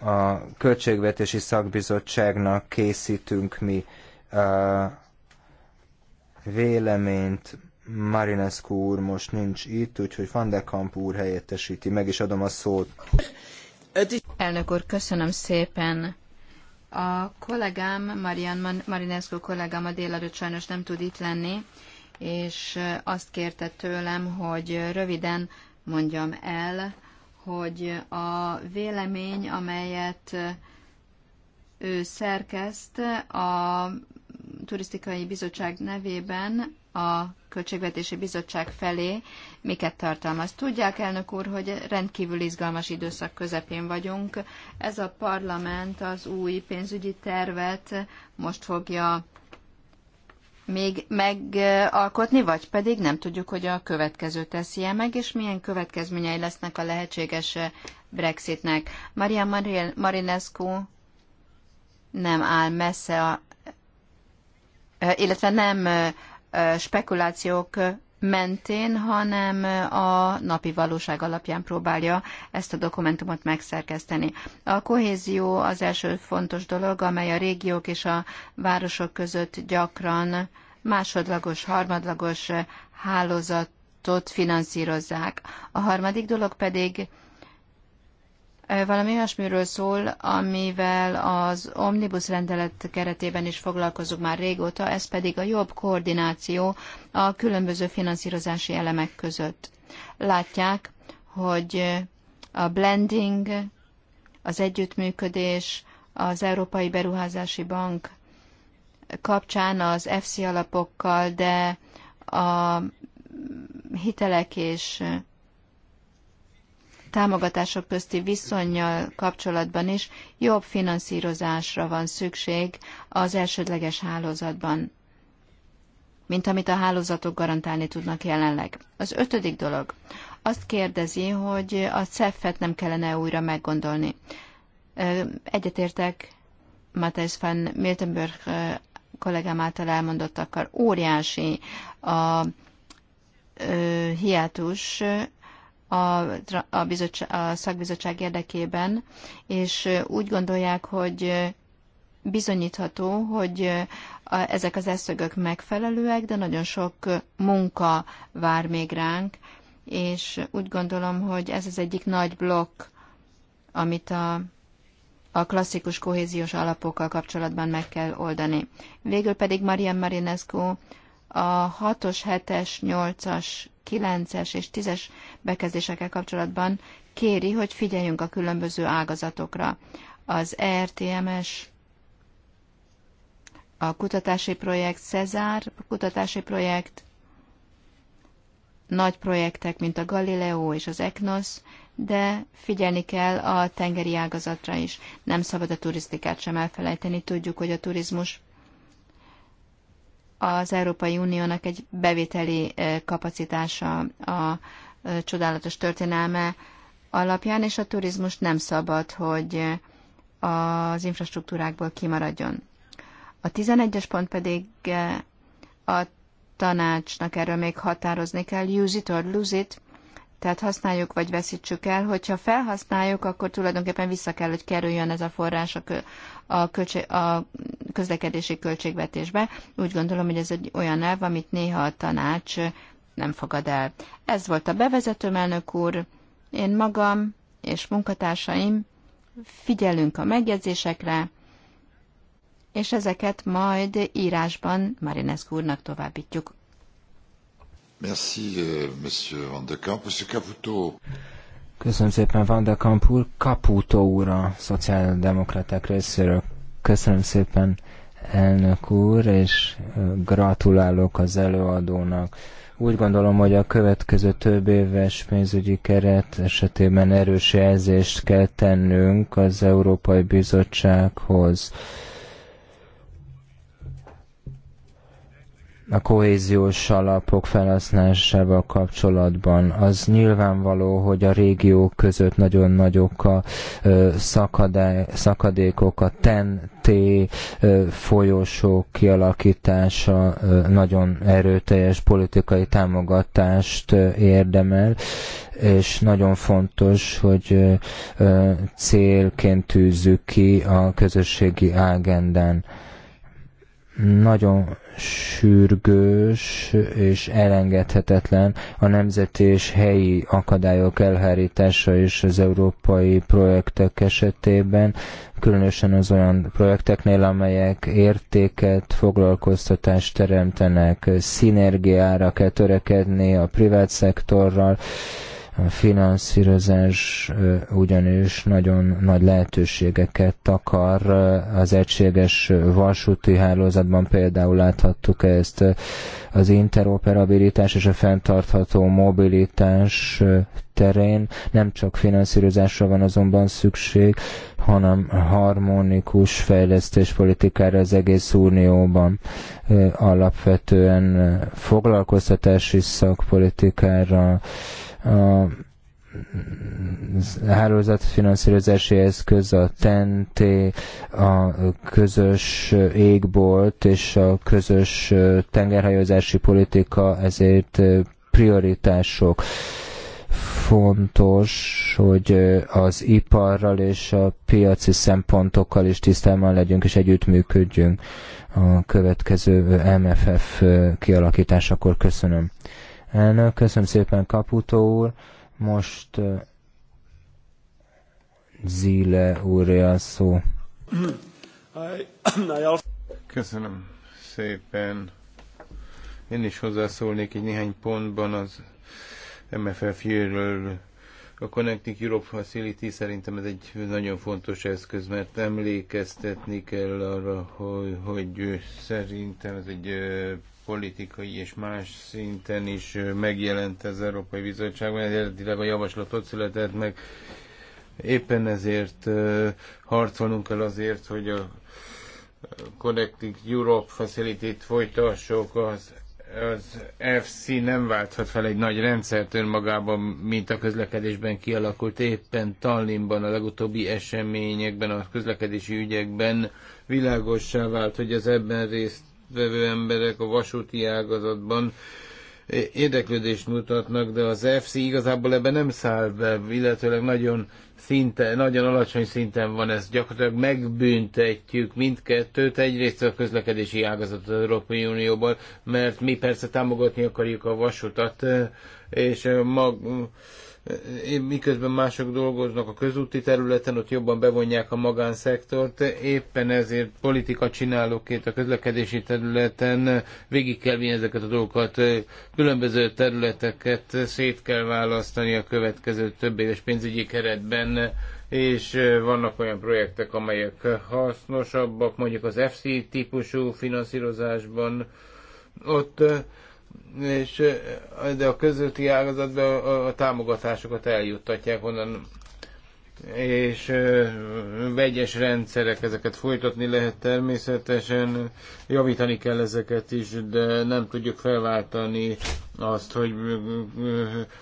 A Költségvetési Szakbizottságnak készítünk mi uh, véleményt. Marinescu úr most nincs itt, úgyhogy Van de Kamp úr helyettesíti. Meg is adom a szót. Elnök úr, köszönöm szépen. A kollégám, Marian Marinescu kollégám a délelőtt sajnos nem tud itt lenni, és azt kérte tőlem, hogy röviden mondjam el, hogy a vélemény, amelyet ő szerkeszt, a Turisztikai Bizottság nevében a Költségvetési Bizottság felé miket tartalmaz. Tudják, elnök úr, hogy rendkívül izgalmas időszak közepén vagyunk. Ez a parlament az új pénzügyi tervet most fogja még megalkotni, vagy pedig nem tudjuk, hogy a következő teszi -e meg, és milyen következményei lesznek a lehetséges Brexitnek. Maria Marinescu nem áll messze a illetve nem spekulációk mentén, hanem a napi valóság alapján próbálja ezt a dokumentumot megszerkeszteni. A kohézió az első fontos dolog, amely a régiók és a városok között gyakran másodlagos, harmadlagos hálózatot finanszírozzák. A harmadik dolog pedig valami olyasmiről szól, amivel az omnibus rendelet keretében is foglalkozunk már régóta, ez pedig a jobb koordináció a különböző finanszírozási elemek között. Látják, hogy a blending, az együttműködés, az Európai Beruházási Bank kapcsán az FC alapokkal, de a hitelek és támogatások közti viszonyjal kapcsolatban is jobb finanszírozásra van szükség az elsődleges hálózatban, mint amit a hálózatok garantálni tudnak jelenleg. Az ötödik dolog. Azt kérdezi, hogy a CEF-et nem kellene újra meggondolni. Egyetértek Matthijs van Miltenburg kollégám által elmondottakkal. Óriási a hiátus a, a, a szakbizottság érdekében, és úgy gondolják, hogy bizonyítható, hogy ezek az eszögök megfelelőek, de nagyon sok munka vár még ránk, és úgy gondolom, hogy ez az egyik nagy blokk, amit a, a klasszikus kohéziós alapokkal kapcsolatban meg kell oldani. Végül pedig Marian Marinescu a 6-os, 7-es, 8-as 9-es és 10-es bekezdésekkel kapcsolatban kéri, hogy figyeljünk a különböző ágazatokra. Az ERTMS, a kutatási projekt, Cezár kutatási projekt, nagy projektek, mint a Galileo és az ECNOS, de figyelni kell a tengeri ágazatra is. Nem szabad a turisztikát sem elfelejteni. Tudjuk, hogy a turizmus az Európai Uniónak egy bevételi kapacitása a csodálatos történelme alapján, és a turizmus nem szabad, hogy az infrastruktúrákból kimaradjon. A 11-es pont pedig a tanácsnak erről még határozni kell, use it or lose it, tehát használjuk vagy veszítsük el, hogyha felhasználjuk, akkor tulajdonképpen vissza kell, hogy kerüljön ez a forrás a, költség, a közlekedési költségvetésbe. Úgy gondolom, hogy ez egy olyan elv, amit néha a tanács nem fogad el. Ez volt a bevezetőm, elnök úr. Én magam és munkatársaim figyelünk a megjegyzésekre, és ezeket majd írásban Marinescu úrnak továbbítjuk. Merci, euh, monsieur Van de Kamp. Monsieur Caputo. Köszönöm szépen Van de Kampur. Caputo úr a szociáldemokraták részéről. Köszönöm szépen elnök úr, és gratulálok az előadónak. Úgy gondolom, hogy a következő több éves pénzügyi keret esetében erős jelzést kell tennünk az Európai Bizottsághoz a kohéziós alapok felhasználásával kapcsolatban. Az nyilvánvaló, hogy a régiók között nagyon nagyok a szakadékok, a TEN-T folyosók kialakítása nagyon erőteljes politikai támogatást érdemel, és nagyon fontos, hogy célként tűzzük ki a közösségi ágendán. Nagyon sürgős és elengedhetetlen a nemzet és helyi akadályok elhárítása is az európai projektek esetében, különösen az olyan projekteknél, amelyek értéket, foglalkoztatást teremtenek, szinergiára kell törekedni a privát szektorral, finanszírozás ugyanis nagyon nagy lehetőségeket takar az egységes vasúti hálózatban például láthattuk ezt az interoperabilitás és a fenntartható mobilitás terén nem csak finanszírozásra van azonban szükség, hanem harmonikus fejlesztéspolitikára az egész unióban, alapvetően foglalkoztatási szakpolitikára, a finanszírozási eszköz, a TNT, a közös égbolt és a közös tengerhajózási politika, ezért prioritások fontos, hogy az iparral és a piaci szempontokkal is tisztában legyünk és együttműködjünk a következő MFF kialakításakor. Köszönöm. Elnök, köszönöm szépen Kaputó úr. Most Zile úr szó. Köszönöm szépen. Én is hozzászólnék egy néhány pontban az MFF-jéről. A Connecting Europe Facility szerintem ez egy nagyon fontos eszköz, mert emlékeztetni kell arra, hogy, hogy szerintem ez egy politikai és más szinten is megjelent az Európai Bizottságban, eredetileg a javaslatot született meg. Éppen ezért harcolnunk kell azért, hogy a Connecting Europe facility folytassuk, az, az FC nem válthat fel egy nagy rendszert önmagában, mint a közlekedésben kialakult. Éppen Tallinnban a legutóbbi eseményekben, a közlekedési ügyekben világossá vált, hogy az ebben részt résztvevő emberek a vasúti ágazatban érdeklődést mutatnak, de az FC igazából ebben nem száll be, illetőleg nagyon szinte, nagyon alacsony szinten van ez, gyakorlatilag megbüntetjük mindkettőt, egyrészt a közlekedési ágazatot az Európai Unióban, mert mi persze támogatni akarjuk a vasutat, és mag, miközben mások dolgoznak a közúti területen, ott jobban bevonják a magánszektort, éppen ezért politika csinálóként a közlekedési területen végig kell vinni ezeket a dolgokat, különböző területeket szét kell választani a következő több éves pénzügyi keretben, és vannak olyan projektek, amelyek hasznosabbak, mondjuk az FC típusú finanszírozásban, ott és de a közötti ágazatban a támogatásokat eljuttatják onnan, és vegyes rendszerek, ezeket folytatni lehet természetesen, javítani kell ezeket is, de nem tudjuk felváltani azt, hogy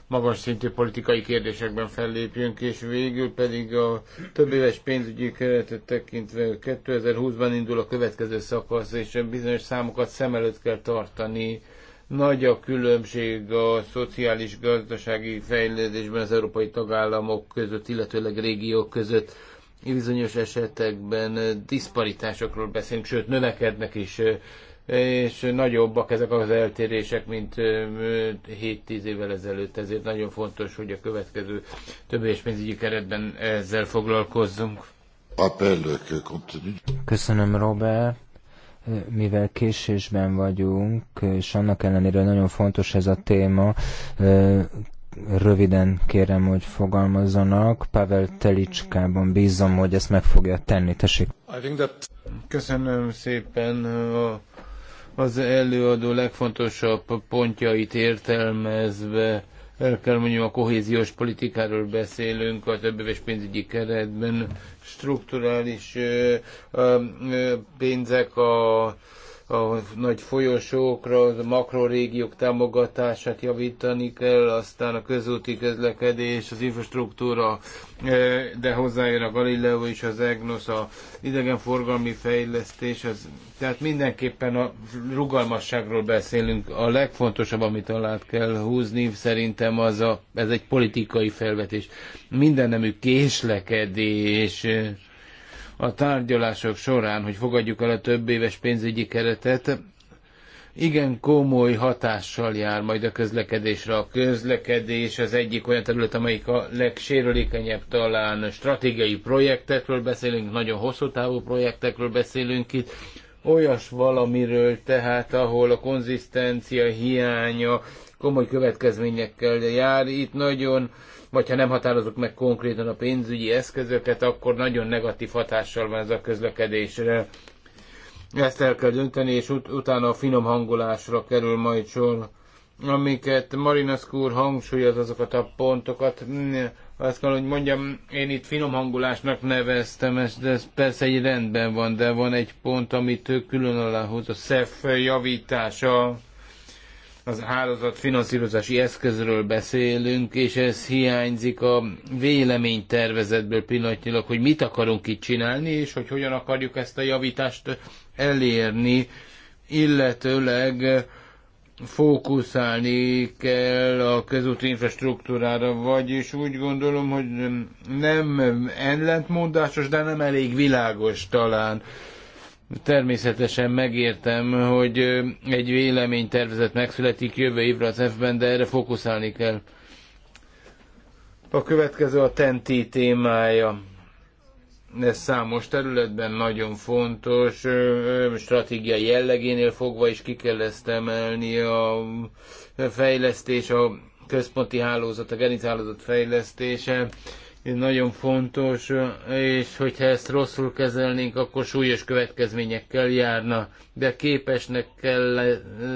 magas szintű politikai kérdésekben fellépjünk, és végül pedig a több éves pénzügyi keretet tekintve 2020-ban indul a következő szakasz, és bizonyos számokat szem előtt kell tartani, nagy a különbség a szociális-gazdasági fejlődésben az európai tagállamok között, illetőleg régiók között. Bizonyos esetekben diszparitásokról beszélünk, sőt növekednek is, és nagyobbak ezek az eltérések, mint 7-10 eh, évvel ezelőtt. Ezért nagyon fontos, hogy a következő több és pénzügyi keretben ezzel foglalkozzunk. Köszönöm, Robert mivel késésben vagyunk, és annak ellenére nagyon fontos ez a téma, röviden kérem, hogy fogalmazzanak. Pavel Telicskában bízom, hogy ezt meg fogja tenni. Tessék. That... Köszönöm szépen. az előadó legfontosabb pontjait értelmezve el kell mondjam, a kohéziós politikáról beszélünk, a többéves pénzügyi keretben, strukturális ö, ö, pénzek a a nagy folyosókra, a makrorégiók támogatását javítani kell, aztán a közúti közlekedés, az infrastruktúra, e, de hozzájön a Galileo és az EGNOS, a idegenforgalmi fejlesztés, az, tehát mindenképpen a rugalmasságról beszélünk. A legfontosabb, amit alá kell húzni, szerintem az a, ez egy politikai felvetés. Mindennemű késlekedés, a tárgyalások során, hogy fogadjuk el a több éves pénzügyi keretet, igen komoly hatással jár majd a közlekedésre. A közlekedés az egyik olyan terület, amelyik a legsérülékenyebb talán stratégiai projektekről beszélünk, nagyon hosszú távú projektekről beszélünk itt, olyas valamiről tehát, ahol a konzisztencia hiánya komoly következményekkel jár. Itt nagyon vagy ha nem határozunk meg konkrétan a pénzügyi eszközöket, akkor nagyon negatív hatással van ez a közlekedésre. Ezt el kell dönteni, és ut- utána a finom hangolásra kerül majd sor. Amiket Marinas úr hangsúlyoz azokat a pontokat, mm, azt kell, hogy mondjam, én itt finom hangulásnak neveztem ezt, de ez persze egy rendben van, de van egy pont, amit ő külön alához, a SZEF javítása, az hálózat finanszírozási eszközről beszélünk, és ez hiányzik a véleménytervezetből pillanatnyilag, hogy mit akarunk itt csinálni, és hogy hogyan akarjuk ezt a javítást elérni, illetőleg fókuszálni kell a közúti infrastruktúrára, vagyis úgy gondolom, hogy nem ellentmondásos, de nem elég világos talán Természetesen megértem, hogy egy véleménytervezet megszületik jövő évre az F-ben, de erre fókuszálni kell. A következő a TENTI témája. Ez számos területben nagyon fontos, stratégiai jellegénél fogva is ki kell ezt emelni, a fejlesztés, a központi hálózat, a gerinchálózat fejlesztése nagyon fontos, és hogyha ezt rosszul kezelnénk, akkor súlyos következményekkel járna. De képesnek kell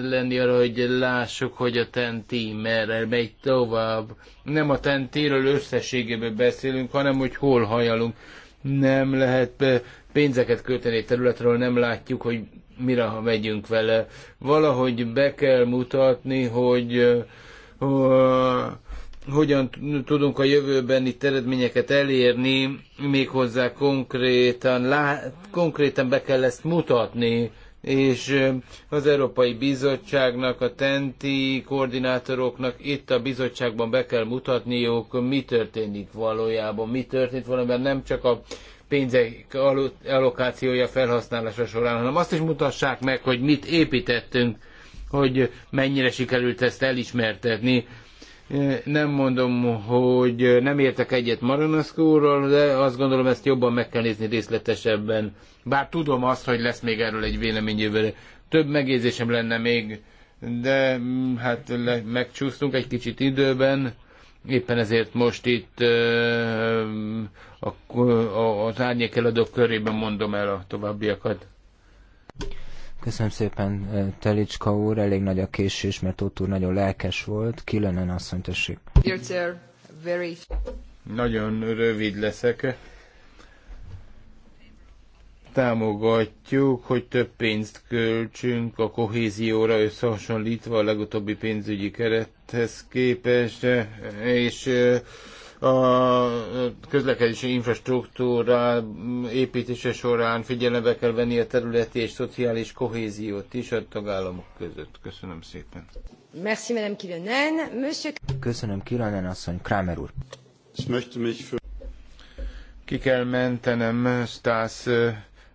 lenni arra, hogy lássuk, hogy a tenti merre megy tovább. Nem a tentéről összességében beszélünk, hanem hogy hol hajalunk. Nem lehet pénzeket költeni egy területről, nem látjuk, hogy mire megyünk vele. Valahogy be kell mutatni, hogy uh, hogyan tudunk a jövőben itt eredményeket elérni, méghozzá konkrétan, lát, konkrétan be kell ezt mutatni, és az Európai Bizottságnak, a TENTI koordinátoroknak itt a bizottságban be kell mutatniuk, mi történik valójában, mi történt valamiben, nem csak a pénzek allokációja felhasználása során, hanem azt is mutassák meg, hogy mit építettünk, hogy mennyire sikerült ezt elismertetni, nem mondom, hogy nem értek egyet Maranaszkóról, de azt gondolom, ezt jobban meg kell nézni részletesebben. Bár tudom azt, hogy lesz még erről egy vélemény jövőre. Több megézésem lenne még, de mm, hát le, megcsúsztunk egy kicsit időben. Éppen ezért most itt a, a, a, az árnyékeladók körében mondom el a továbbiakat. Köszönöm szépen, Telicska úr, elég nagy a késés, mert ott úr nagyon lelkes volt. lenne, asszony, tessék. Nagyon rövid leszek. Támogatjuk, hogy több pénzt költsünk a kohézióra összehasonlítva a legutóbbi pénzügyi kerethez képest, és a közlekedési infrastruktúra építése során figyelembe kell venni a területi és szociális kohéziót is a tagállamok között. Köszönöm szépen. Merci, Madame Kilonen. Monsieur... Köszönöm, Kilonen asszony. Kramer úr. Ki kell mentenem Stász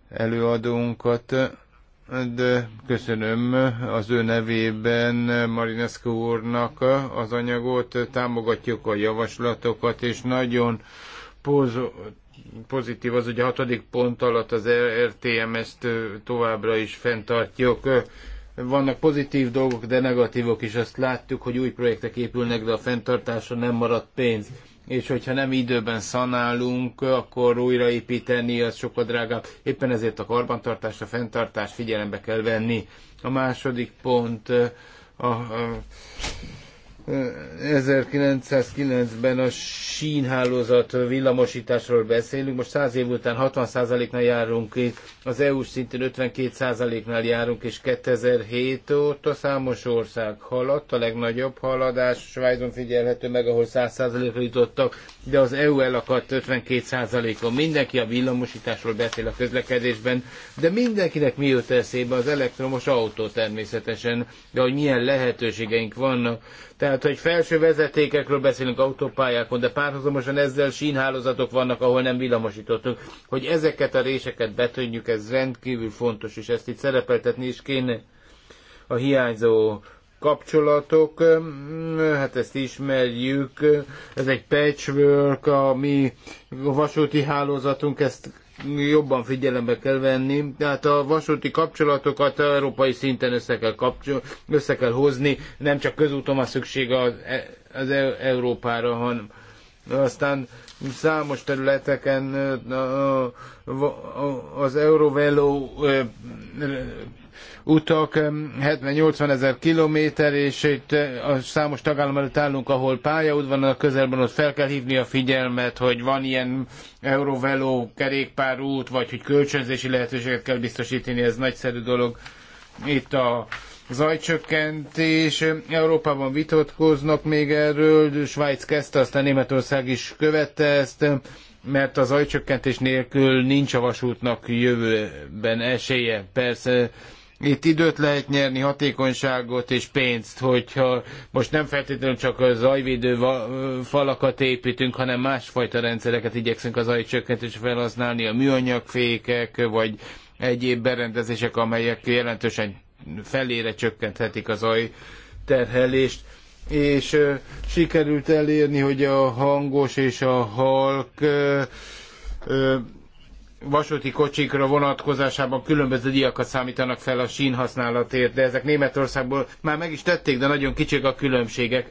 előadónkat de köszönöm az ő nevében Marinescu úrnak az anyagot, támogatjuk a javaslatokat, és nagyon poz pozitív az, hogy a hatodik pont alatt az RTMS-t továbbra is fenntartjuk. Vannak pozitív dolgok, de negatívok is. Azt láttuk, hogy új projektek épülnek, de a fenntartásra nem maradt pénz és hogyha nem időben szanálunk, akkor újraépíteni az sokkal drágább. Éppen ezért a karbantartás, a fenntartás figyelembe kell venni. A második pont eh, a, a 1909-ben a sínhálózat villamosításról beszélünk, most 100 év után 60%-nál járunk, az EU-s 52%-nál járunk, és 2007 óta számos ország haladt, a legnagyobb haladás Svájzon figyelhető meg, ahol 100%-ra jutottak, de az EU elakadt 52%-on. Mindenki a villamosításról beszél a közlekedésben, de mindenkinek mi jut eszébe az elektromos autó természetesen, de hogy milyen lehetőségeink vannak, tehát, hogy felső vezetékekről beszélünk autópályákon, de párhuzamosan ezzel sínhálózatok vannak, ahol nem villamosítottunk. Hogy ezeket a réseket betönjük, ez rendkívül fontos, és ezt itt szerepeltetni is kéne a hiányzó kapcsolatok, mm, hát ezt ismerjük, ez egy patchwork, a mi vasúti hálózatunk ezt jobban figyelembe kell venni, tehát a vasúti kapcsolatokat európai szinten össze kell, kapcsol, össze kell hozni, nem csak közúton van szükség az, e- az e- Európára, hanem aztán számos területeken az Eurovelo utak, 70-80 ezer kilométer, és itt eh, a számos tagállam előtt állunk, ahol van, a közelben, ott fel kell hívni a figyelmet, hogy van ilyen euróveló kerékpárút, vagy hogy kölcsönzési lehetőséget kell biztosítani, ez nagyszerű dolog. Itt a zajcsökkentés. Európában vitatkoznak még erről, Svájc kezdte, aztán Németország is követte ezt, mert a zajcsökkentés nélkül nincs a vasútnak jövőben esélye. Persze itt időt lehet nyerni, hatékonyságot és pénzt, hogyha most nem feltétlenül csak a zajvédő falakat építünk, hanem másfajta rendszereket igyekszünk a zajcsökkentésre felhasználni, a műanyagfékek, vagy egyéb berendezések, amelyek jelentősen felére csökkenthetik az zaj terhelést és ö, sikerült elérni, hogy a hangos és a halk ö, ö, vasúti kocsikra vonatkozásában különböző díjakat számítanak fel a sín használatért, de ezek Németországból már meg is tették, de nagyon kicsik a különbségek.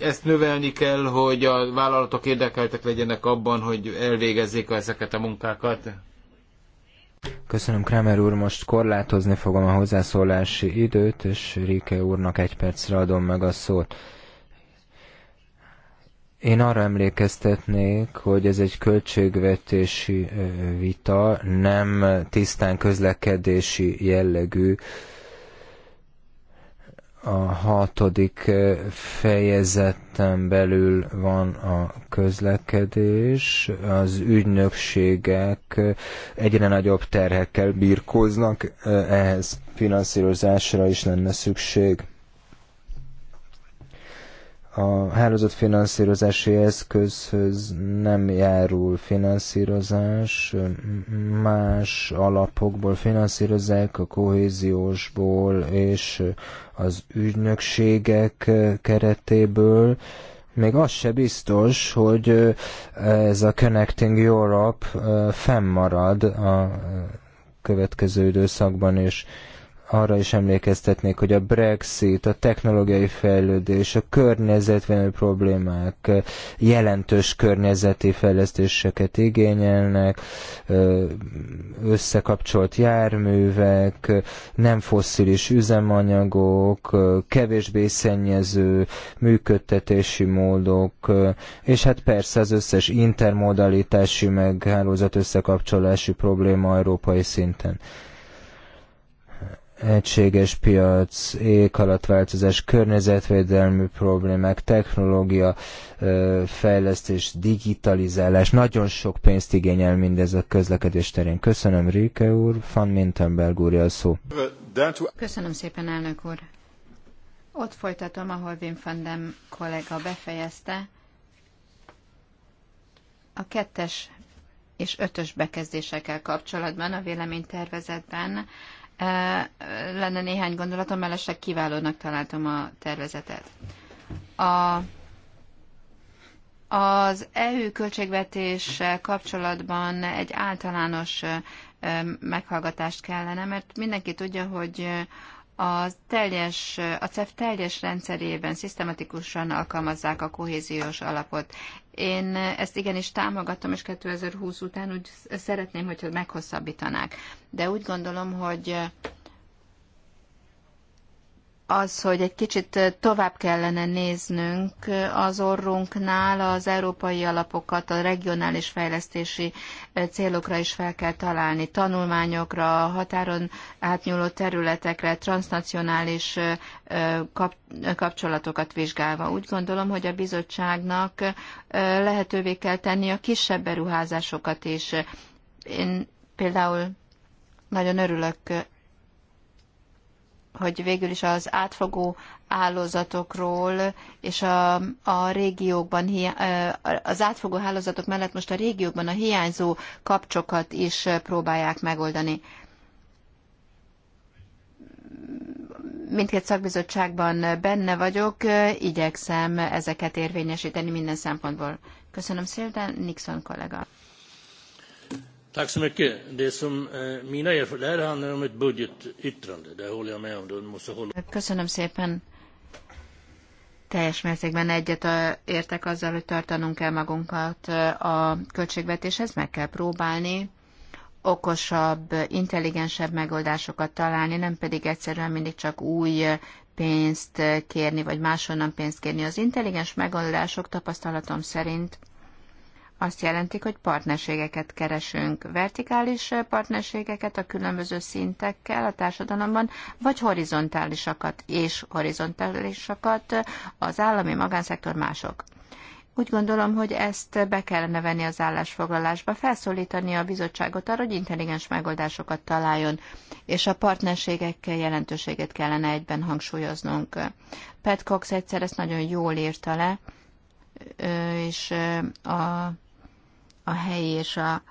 Ezt növelni kell, hogy a vállalatok érdekeltek legyenek abban, hogy elvégezzék ezeket a munkákat. Köszönöm, Kramer úr, most korlátozni fogom a hozzászólási időt, és Rike úrnak egy percre adom meg a szót. Én arra emlékeztetnék, hogy ez egy költségvetési vita, nem tisztán közlekedési jellegű. A hatodik fejezeten belül van a közlekedés, az ügynökségek egyre nagyobb terhekkel birkóznak, ehhez finanszírozásra is lenne szükség a hálózatfinanszírozási eszközhöz nem járul finanszírozás, más alapokból finanszírozák, a kohéziósból és az ügynökségek keretéből. Még az se biztos, hogy ez a Connecting Europe fennmarad a következő időszakban is. És arra is emlékeztetnék, hogy a Brexit, a technológiai fejlődés, a környezetvédelmi problémák jelentős környezeti fejlesztéseket igényelnek, összekapcsolt járművek, nem fosszilis üzemanyagok, kevésbé szennyező működtetési módok, és hát persze az összes intermodalitási meg hálózat összekapcsolási probléma európai szinten egységes piac, éghalatváltozás, környezetvédelmi problémák, technológia, fejlesztés, digitalizálás. Nagyon sok pénzt igényel mindez a közlekedés terén. Köszönöm, Rike úr, Van Mintenberg úr, a szó. Köszönöm szépen, elnök úr. Ott folytatom, ahol Wim van Dem kollega befejezte. A kettes és ötös bekezdésekkel kapcsolatban a véleménytervezetben lenne néhány gondolatom, mellesleg kiválónak találtam a tervezetet. A, az EU költségvetés kapcsolatban egy általános meghallgatást kellene, mert mindenki tudja, hogy a, teljes, a CEF teljes rendszerében szisztematikusan alkalmazzák a kohéziós alapot. Én ezt igenis támogatom, és 2020 után úgy szeretném, hogyha meghosszabbítanák. De úgy gondolom, hogy az, hogy egy kicsit tovább kellene néznünk az orrunknál, az európai alapokat a regionális fejlesztési célokra is fel kell találni, tanulmányokra, határon átnyúló területekre, transnacionális kapcsolatokat vizsgálva. Úgy gondolom, hogy a bizottságnak lehetővé kell tenni a kisebb beruházásokat is. Én például nagyon örülök hogy végül is az átfogó hálózatokról és a, a régiókban, az átfogó hálózatok mellett most a régiókban a hiányzó kapcsokat is próbálják megoldani. Mindkét szakbizottságban benne vagyok, igyekszem ezeket érvényesíteni minden szempontból. Köszönöm szépen, Nixon kollega. Eh, Köszönöm szépen. Teljes mértékben egyet eh, értek azzal, hogy tartanunk kell magunkat eh, a költségvetéshez, meg kell próbálni okosabb, intelligensebb megoldásokat találni, nem pedig egyszerűen mindig csak új pénzt kérni, vagy máshonnan pénzt kérni. Az intelligens megoldások tapasztalatom szerint azt jelentik, hogy partnerségeket keresünk. Vertikális partnerségeket a különböző szintekkel a társadalomban, vagy horizontálisakat és horizontálisakat az állami magánszektor mások. Úgy gondolom, hogy ezt be kellene venni az állásfoglalásba, felszólítani a bizottságot arra, hogy intelligens megoldásokat találjon, és a partnerségekkel jelentőséget kellene egyben hangsúlyoznunk. Pat Cox egyszer ezt nagyon jól írta le, és a a helyi és a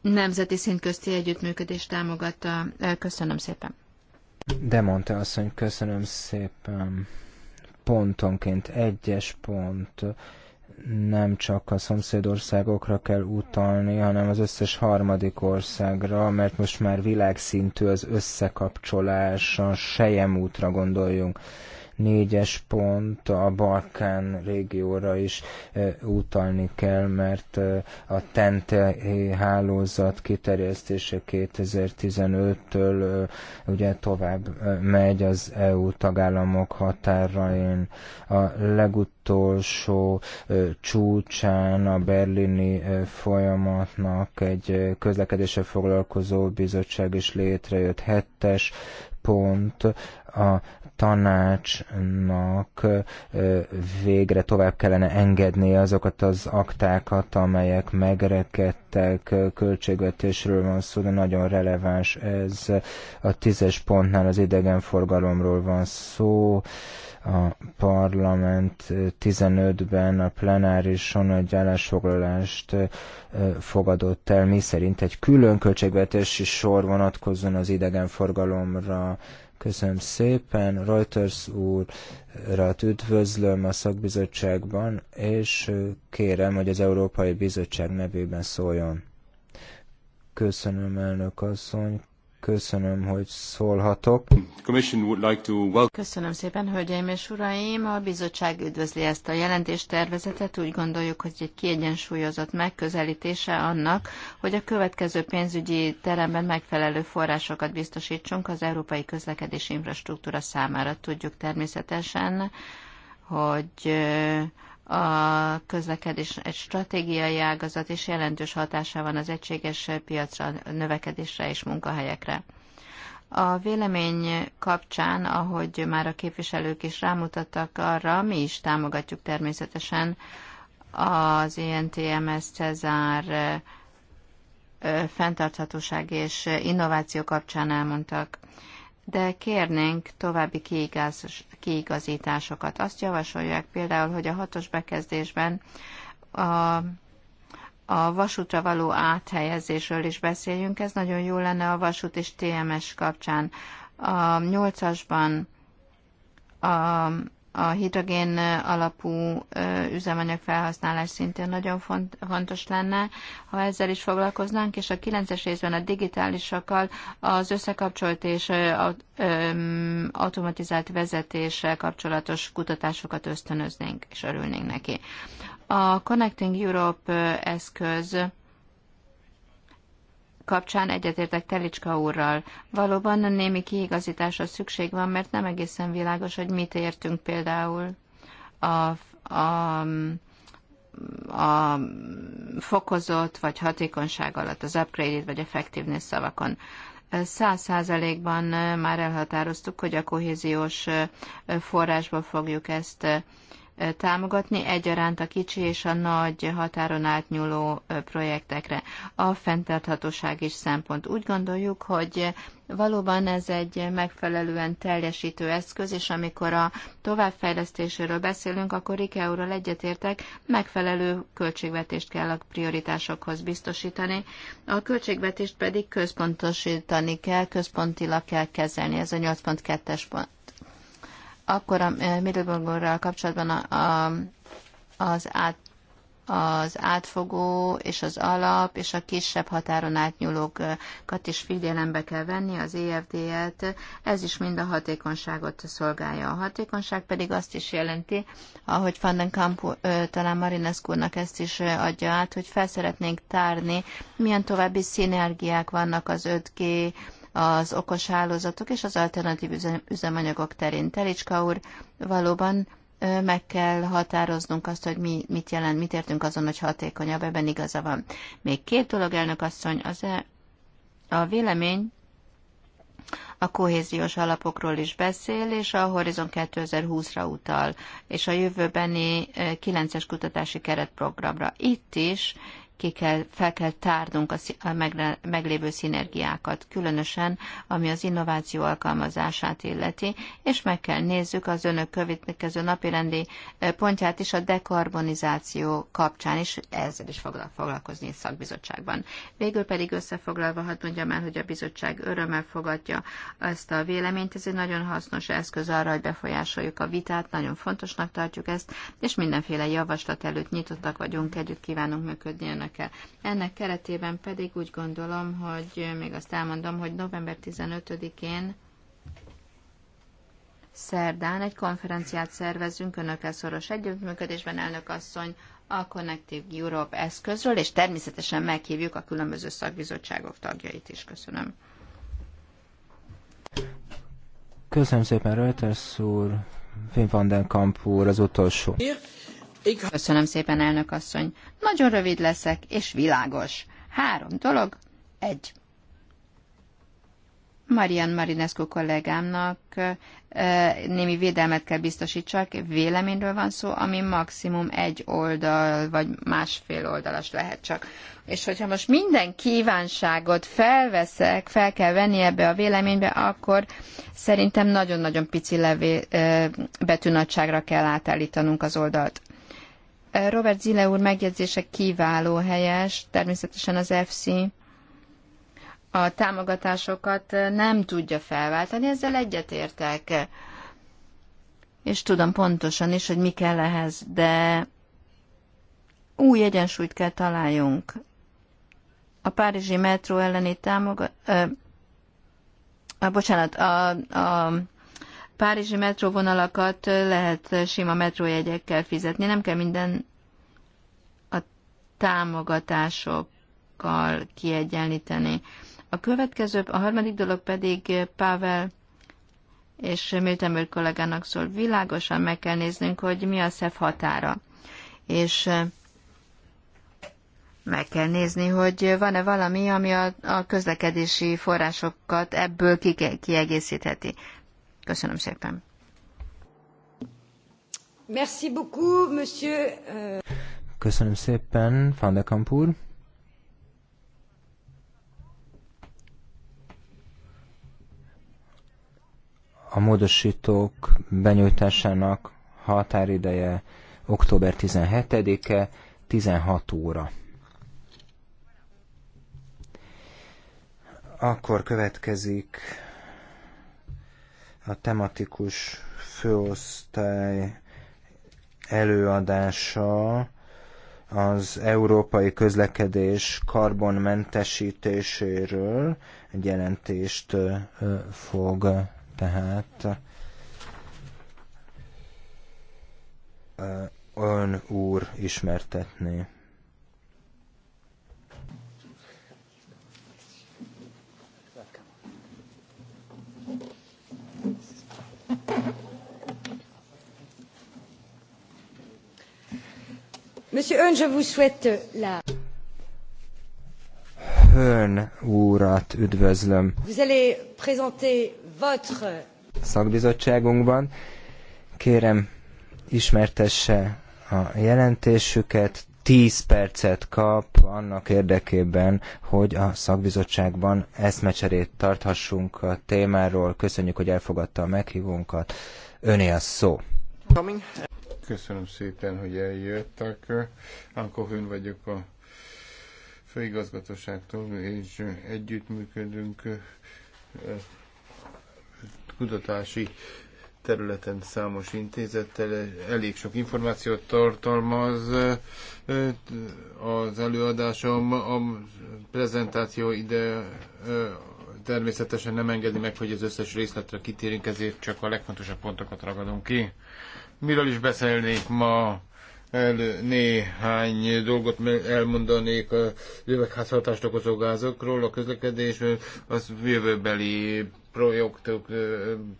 nemzeti szint közti együttműködést támogatta. Köszönöm szépen. De mondta hogy köszönöm szépen. Pontonként egyes pont nem csak a szomszédországokra kell utalni, hanem az összes harmadik országra, mert most már világszintű az összekapcsolás, a sejem útra gondoljunk négyes pont a Balkán régióra is utalni kell, mert a TENT hálózat kiterjesztése 2015-től ugye tovább megy az EU tagállamok határain. A legutolsó csúcsán a berlini folyamatnak egy közlekedése foglalkozó bizottság is létrejött hettes pont a tanácsnak végre tovább kellene engedni azokat az aktákat, amelyek megrekedtek, költségvetésről van szó, de nagyon releváns ez. A tízes pontnál az idegenforgalomról van szó, a parlament 15-ben a plenárison egy állásfoglalást fogadott el, mi szerint egy külön költségvetési sor vonatkozzon az idegenforgalomra, Köszönöm szépen, Reuters úrat üdvözlöm a szakbizottságban, és kérem, hogy az Európai Bizottság nevében szóljon. Köszönöm, elnök asszony, Köszönöm, hogy szólhatok. Köszönöm szépen, hölgyeim és uraim! A bizottság üdvözli ezt a jelentéstervezetet. Úgy gondoljuk, hogy egy kiegyensúlyozott megközelítése annak, hogy a következő pénzügyi teremben megfelelő forrásokat biztosítsunk az európai közlekedési infrastruktúra számára. Tudjuk természetesen, hogy a közlekedés egy stratégiai ágazat, és jelentős hatása van az egységes piacra, növekedésre és munkahelyekre. A vélemény kapcsán, ahogy már a képviselők is rámutattak arra, mi is támogatjuk természetesen az INTMS Cezár fenntarthatóság és innováció kapcsán elmondtak de kérnénk további kiigaz, kiigazításokat. Azt javasolják például, hogy a hatos bekezdésben a a vasútra való áthelyezésről is beszéljünk, ez nagyon jó lenne a vasút és TMS kapcsán. A nyolcasban a a hidrogén alapú üzemanyag felhasználás szintén nagyon font, fontos lenne, ha ezzel is foglalkoznánk, és a 9-es részben a digitálisakkal az összekapcsolt és automatizált vezetéssel kapcsolatos kutatásokat ösztönöznénk, és örülnénk neki. A Connecting Europe eszköz kapcsán egyetértek Telicska úrral. Valóban a némi kiigazításra szükség van, mert nem egészen világos, hogy mit értünk például a, a, a fokozott vagy hatékonyság alatt, az upgraded vagy effectiveness szavakon száz százalékban már elhatároztuk, hogy a kohéziós forrásból fogjuk ezt támogatni egyaránt a kicsi és a nagy határon átnyúló projektekre. A fenntarthatóság is szempont. Úgy gondoljuk, hogy valóban ez egy megfelelően teljesítő eszköz, és amikor a továbbfejlesztéséről beszélünk, akkor IKEA-ról egyetértek, megfelelő költségvetést kell a prioritásokhoz biztosítani. A költségvetést pedig központosítani kell, központilag kell kezelni. Ez a 8.2-es akkor a eh, Middleburgorral kapcsolatban a, a, az, át, az átfogó és az alap és a kisebb határon átnyúlókat is figyelembe kell venni, az EFD-et. Ez is mind a hatékonyságot szolgálja. A hatékonyság pedig azt is jelenti, ahogy Van den Kamp talán Marinescu-nak ezt is adja át, hogy felszeretnénk tárni, milyen további szinergiák vannak az 5G az okos hálózatok és az alternatív üzemanyagok terén. Telicska úr, valóban meg kell határoznunk azt, hogy mi, mit jelent, mit értünk azon, hogy hatékonyabb, ebben igaza van. Még két dolog, elnök asszony, az -e a vélemény a kohéziós alapokról is beszél, és a Horizon 2020-ra utal, és a jövőbeni 9-es kutatási keretprogramra. Itt is ki kell, fel kell tárnunk a, meglévő szinergiákat, különösen ami az innováció alkalmazását illeti, és meg kell nézzük az önök következő napirendi eh, pontját is a dekarbonizáció kapcsán, is ezzel is foglal foglalkozni a szakbizottságban. Végül pedig összefoglalva, hadd mondjam el, hogy a bizottság örömmel fogadja ezt a véleményt, ez egy nagyon hasznos eszköz arra, hogy befolyásoljuk a vitát, nagyon fontosnak tartjuk ezt, és mindenféle javaslat előtt nyitottak vagyunk, együtt kívánunk működni önök érnek el. Ennek keretében pedig úgy gondolom, hogy még azt elmondom, hogy november 15-én szerdán egy konferenciát szervezünk önökkel szoros együttműködésben, elnök asszony, a Connective Europe eszközről, és természetesen meghívjuk a különböző szakbizottságok tagjait is. Köszönöm. Köszönöm szépen, Reuters úr, Finn van den Kamp úr, az utolsó. Köszönöm szépen, elnök asszony. Nagyon rövid leszek, és világos. Három dolog. Egy. Marian Marinescu kollégámnak némi védelmet kell biztosítsak, véleményről van szó, ami maximum egy oldal vagy másfél oldalas lehet csak. És hogyha most minden kívánságot felveszek, fel kell venni ebbe a véleménybe, akkor szerintem nagyon-nagyon pici levé, betűnagyságra kell átállítanunk az oldalt. Robert Zile úr megjegyzése kiváló helyes, természetesen az FC a támogatásokat nem tudja felváltani, ezzel egyetértek. És tudom pontosan is, hogy mi kell ehhez, de új egyensúlyt kell találjunk. A Párizsi metró elleni támogat... Ö, a, bocsánat, a, a Párizsi metróvonalakat lehet sima metrójegyekkel fizetni, nem kell minden a támogatásokkal kiegyenlíteni. A következő, a harmadik dolog pedig Pável és Miltemőr kollégának szól, világosan meg kell néznünk, hogy mi a SZEF határa. És meg kell nézni, hogy van-e valami, ami a, a közlekedési forrásokat ebből kiegészítheti. Köszönöm szépen. Merci beaucoup, monsieur. Euh. Köszönöm szépen, Van de Kampur. A módosítók benyújtásának határideje október 17-e, 16 óra. Akkor következik a tematikus főosztály előadása az európai közlekedés karbonmentesítéséről egy jelentést fog tehát ön úr ismertetni. Monsieur Hön, je vous souhaite la... Hön úrat üdvözlöm. Vous allez présenter votre... Szakbizottságunkban. Kérem, ismertesse a jelentésüket, 10 percet kap annak érdekében, hogy a szakbizottságban eszmecserét tarthassunk a témáról. Köszönjük, hogy elfogadta a meghívónkat. Öné a szó. Köszönöm szépen, hogy eljöttek. Anko Hőn vagyok a főigazgatóságtól, és együttműködünk eh, kutatási területen számos intézettel elég sok információt tartalmaz az előadásom. A prezentáció ide természetesen nem engedi meg, hogy az összes részletre kitérünk, ezért csak a legfontosabb pontokat ragadunk ki. Miről is beszélnék ma? elő néhány dolgot elmondanék a jövegházhatást okozó gázokról, a közlekedésről, az jövőbeli projektok,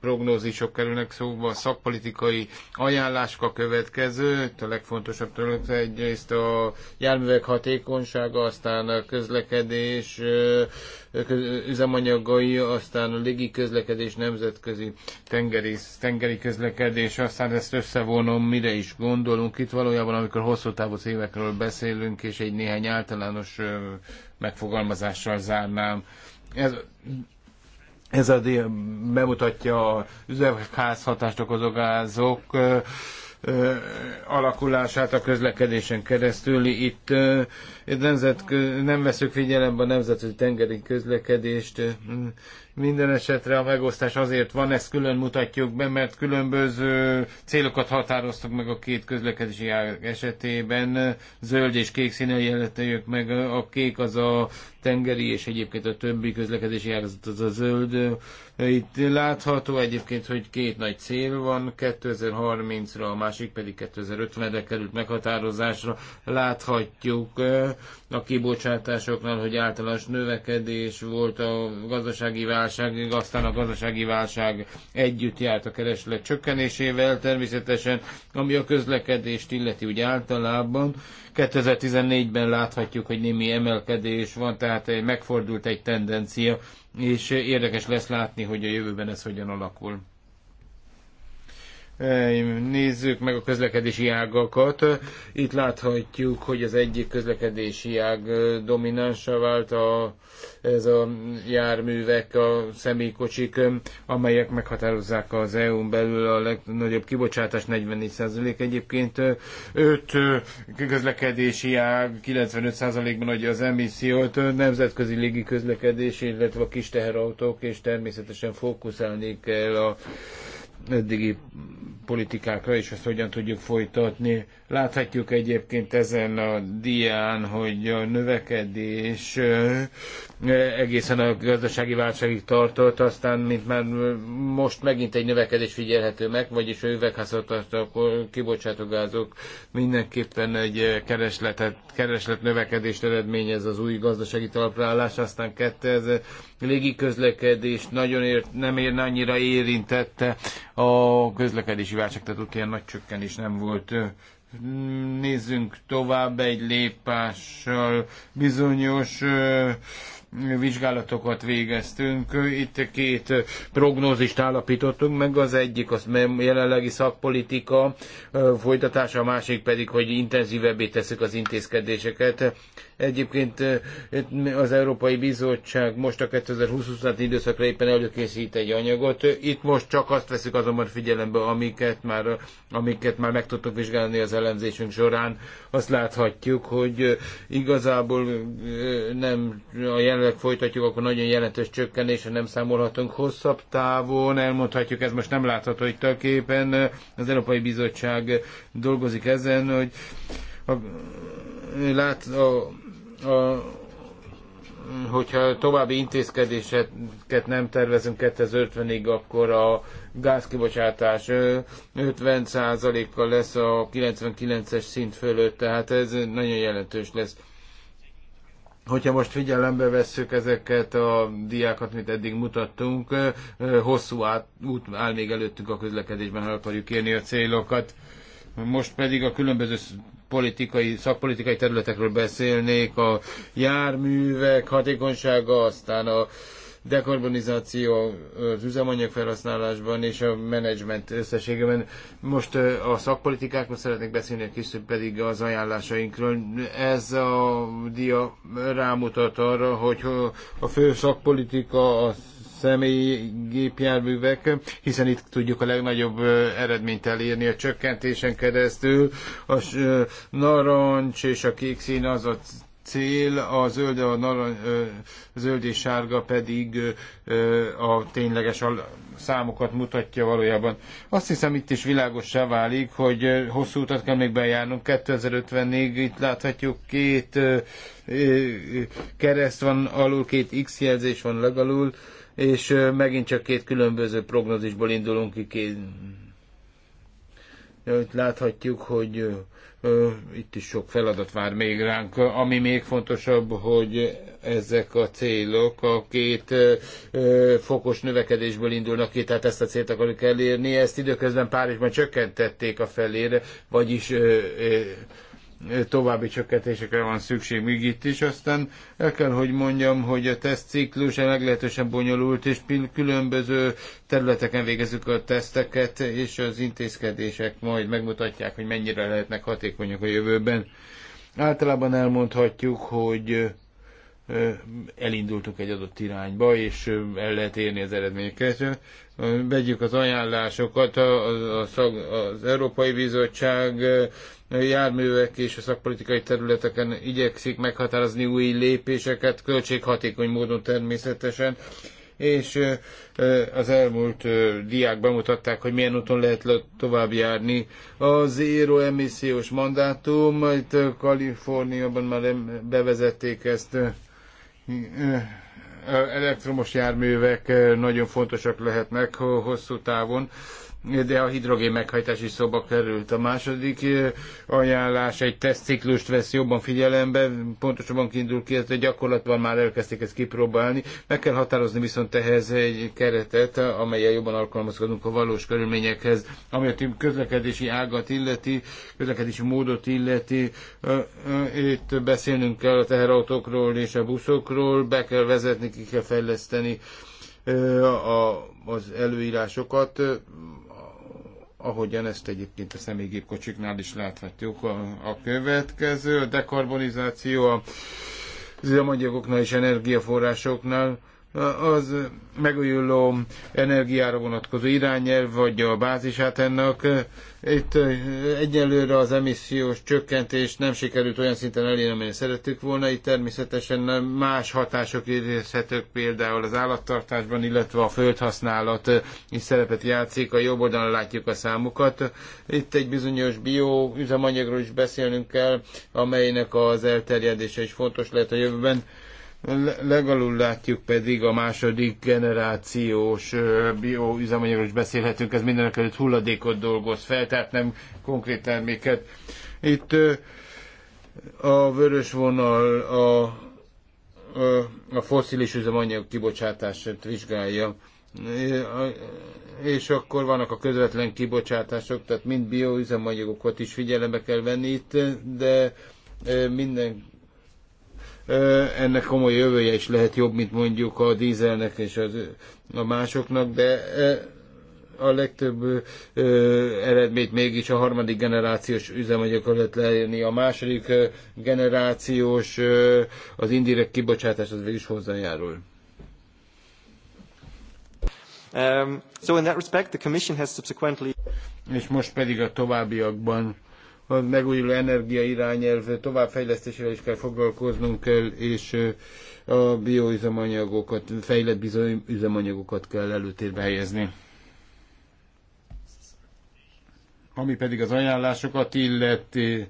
prognózisok kerülnek szóba, szakpolitikai ajánlások a következő, a legfontosabb tőlük egyrészt a járművek hatékonysága, aztán a közlekedés üzemanyagai, aztán a légi közlekedés, nemzetközi tengeri, tengeri közlekedés, aztán ezt összevonom, mire is gondolunk. Itt valójában, amikor hosszú távú évekről beszélünk, és egy néhány általános megfogalmazással zárnám. Ez ez a bemutatja az üvegházhatást okozó gázok alakulását a közlekedésen keresztül. Itt nemzet, nem veszük figyelembe a nemzetközi tengeri közlekedést. Minden esetre a megosztás azért van, ezt külön mutatjuk be, mert különböző célokat határoztak meg a két közlekedési ág esetében. Zöld és kék színen jelentőjük meg. A kék az a tengeri, és egyébként a többi közlekedési ágazat az a zöld. Itt látható egyébként, hogy két nagy cél van, 2030-ra, a másik pedig 2050-re került meghatározásra. Láthatjuk eh, a kibocsátásoknál, hogy általános növekedés volt a gazdasági válság válságig, aztán a gazdasági válság együtt járt a kereslet csökkenésével természetesen, ami a közlekedést illeti úgy általában. 2014-ben láthatjuk, hogy némi emelkedés van, tehát megfordult egy tendencia, és érdekes lesz látni, hogy a jövőben ez hogyan alakul. Nézzük meg a közlekedési ágakat. Itt láthatjuk, hogy az egyik közlekedési ág dominánsa vált a, ez a járművek, a személykocsik, amelyek meghatározzák az EU-n belül a legnagyobb kibocsátás 44% egyébként. 5 közlekedési ág 95%-ban adja az emissziót, nemzetközi légi közlekedés, illetve a kis teherautók, és természetesen fókuszálni kell a eddigi politikákra, és ezt hogyan tudjuk folytatni. Láthatjuk egyébként ezen a dián, hogy a növekedés egészen a gazdasági válságig tartott, aztán mint már most megint egy növekedés figyelhető meg, vagyis a üvegházhatatlanok, kibocsátogázok mindenképpen egy keresletet, kereslet növekedést eredményez az új gazdasági talprálás, aztán légi légiközlekedés nagyon ért, nem ér, annyira érintette a közlekedési válság, tehát ott ilyen nagy csökkenés nem volt Nézzünk tovább egy lépással. Bizonyos vizsgálatokat végeztünk. Itt két prognózist állapítottunk meg, az egyik az jelenlegi szakpolitika folytatása, a másik pedig, hogy intenzívebbé teszük az intézkedéseket. Egyébként az Európai Bizottság most a 2020 as időszakra éppen előkészít egy anyagot. Itt most csak azt veszük azonban figyelembe, amiket már, amiket már meg tudtuk vizsgálni az elemzésünk során. Azt láthatjuk, hogy igazából nem a jelenleg folytatjuk, akkor nagyon jelentős csökkenésre nem számolhatunk hosszabb távon. Elmondhatjuk, ez most nem látható, hogy képen az Európai Bizottság dolgozik ezen, hogy a, lát, a, a, hogyha további intézkedéseket nem tervezünk 2050-ig, akkor a gázkibocsátás 50%-kal lesz a 99-es szint fölött, tehát ez nagyon jelentős lesz. Hogyha most figyelembe vesszük ezeket a diákat, amit eddig mutattunk, hosszú át, út áll még előttünk a közlekedésben, el akarjuk érni a célokat. Most pedig a különböző politikai, szakpolitikai területekről beszélnék, a járművek hatékonysága, aztán a dekarbonizáció az üzemanyag felhasználásban és a menedzsment összességében. Most a szakpolitikákról szeretnék beszélni, a később pedig az ajánlásainkról. Ez a dia rámutat arra, hogy a fő szakpolitika az személyi gépjárművek, hiszen itt tudjuk a legnagyobb eredményt elérni a csökkentésen keresztül. A narancs és a kék szín az a cél, a zöld, a narancs, zöld és sárga pedig a tényleges számokat mutatja valójában. Azt hiszem itt is világosá válik, hogy hosszú utat kell még bejárnunk. 2050-ig itt láthatjuk két kereszt van alul, két X jelzés van legalul, és megint csak két különböző prognózisból indulunk ki. Két... Itt láthatjuk, hogy itt is sok feladat vár még ránk. Ami még fontosabb, hogy ezek a célok a két fokos növekedésből indulnak ki, tehát ezt a célt akarjuk elérni, ezt időközben Párizsban csökkentették a felére, vagyis további csökkentésekre van szükség még itt is. Aztán el kell, hogy mondjam, hogy a tesztciklus meglehetősen bonyolult, és különböző területeken végezzük a teszteket, és az intézkedések majd megmutatják, hogy mennyire lehetnek hatékonyak a jövőben. Általában elmondhatjuk, hogy elindultunk egy adott irányba, és el lehet érni az eredményeket vegyük az ajánlásokat, a, a szag, az Európai Bizottság járművek és a szakpolitikai területeken igyekszik meghatározni új lépéseket, költséghatékony módon természetesen, és az elmúlt diák bemutatták, hogy milyen úton lehet tovább járni. A zéro emissziós mandátum, majd Kaliforniában már bevezették ezt elektromos járművek nagyon fontosak lehetnek hosszú távon de a hidrogén meghajtás is szóba került. A második eh, ajánlás egy tesztciklust vesz jobban figyelembe, pontosabban kiindul ki, hogy gyakorlatban már elkezdték ezt kipróbálni. Meg kell határozni viszont ehhez egy keretet, amelyel jobban alkalmazkodunk a valós körülményekhez, ami a közlekedési ágat illeti, közlekedési módot illeti. Eh, eh, itt beszélnünk kell a teherautókról és a buszokról, be kell vezetni, ki kell fejleszteni a, az előírásokat, ahogyan ezt egyébként a személygépkocsiknál is láthatjuk. A, a következő, a dekarbonizáció, a üzemanyagoknál és energiaforrásoknál az megújuló energiára vonatkozó irányelv, vagy a bázisát ennek. Itt egyelőre az emissziós csökkentés nem sikerült olyan szinten elérni, amilyen szerettük volna. Itt természetesen más hatások érezhetők, például az állattartásban, illetve a földhasználat is szerepet játszik. A jobb oldalon látjuk a számokat. Itt egy bizonyos bioüzemanyagról is beszélnünk kell, amelynek az elterjedése is fontos lehet a jövőben. Legalul látjuk pedig a második generációs bioüzemanyagról is beszélhetünk, ez mindenek előtt hulladékot dolgoz fel, tehát nem konkrét terméket. Itt a vörös vonal a, a, a foszilis üzemanyag kibocsátását vizsgálja és akkor vannak a közvetlen kibocsátások, tehát mind bioüzemanyagokat is figyelembe kell venni itt, de minden ennek komoly jövője is lehet jobb, mint mondjuk a dízelnek és az, a másoknak, de a legtöbb ö, eredményt mégis a harmadik generációs üzemanyag lehet leírni. A második ö, generációs ö, az indirekt kibocsátás az végig is hozzájárul. Um, so in that respect, the Commission has subsequently... És most pedig a továbbiakban a megújuló energia irányelv továbbfejlesztésével is kell foglalkoznunk kell, és a bioüzemanyagokat, fejlett bioüzemanyagokat kell előtérbe helyezni. Ami pedig az ajánlásokat illeti,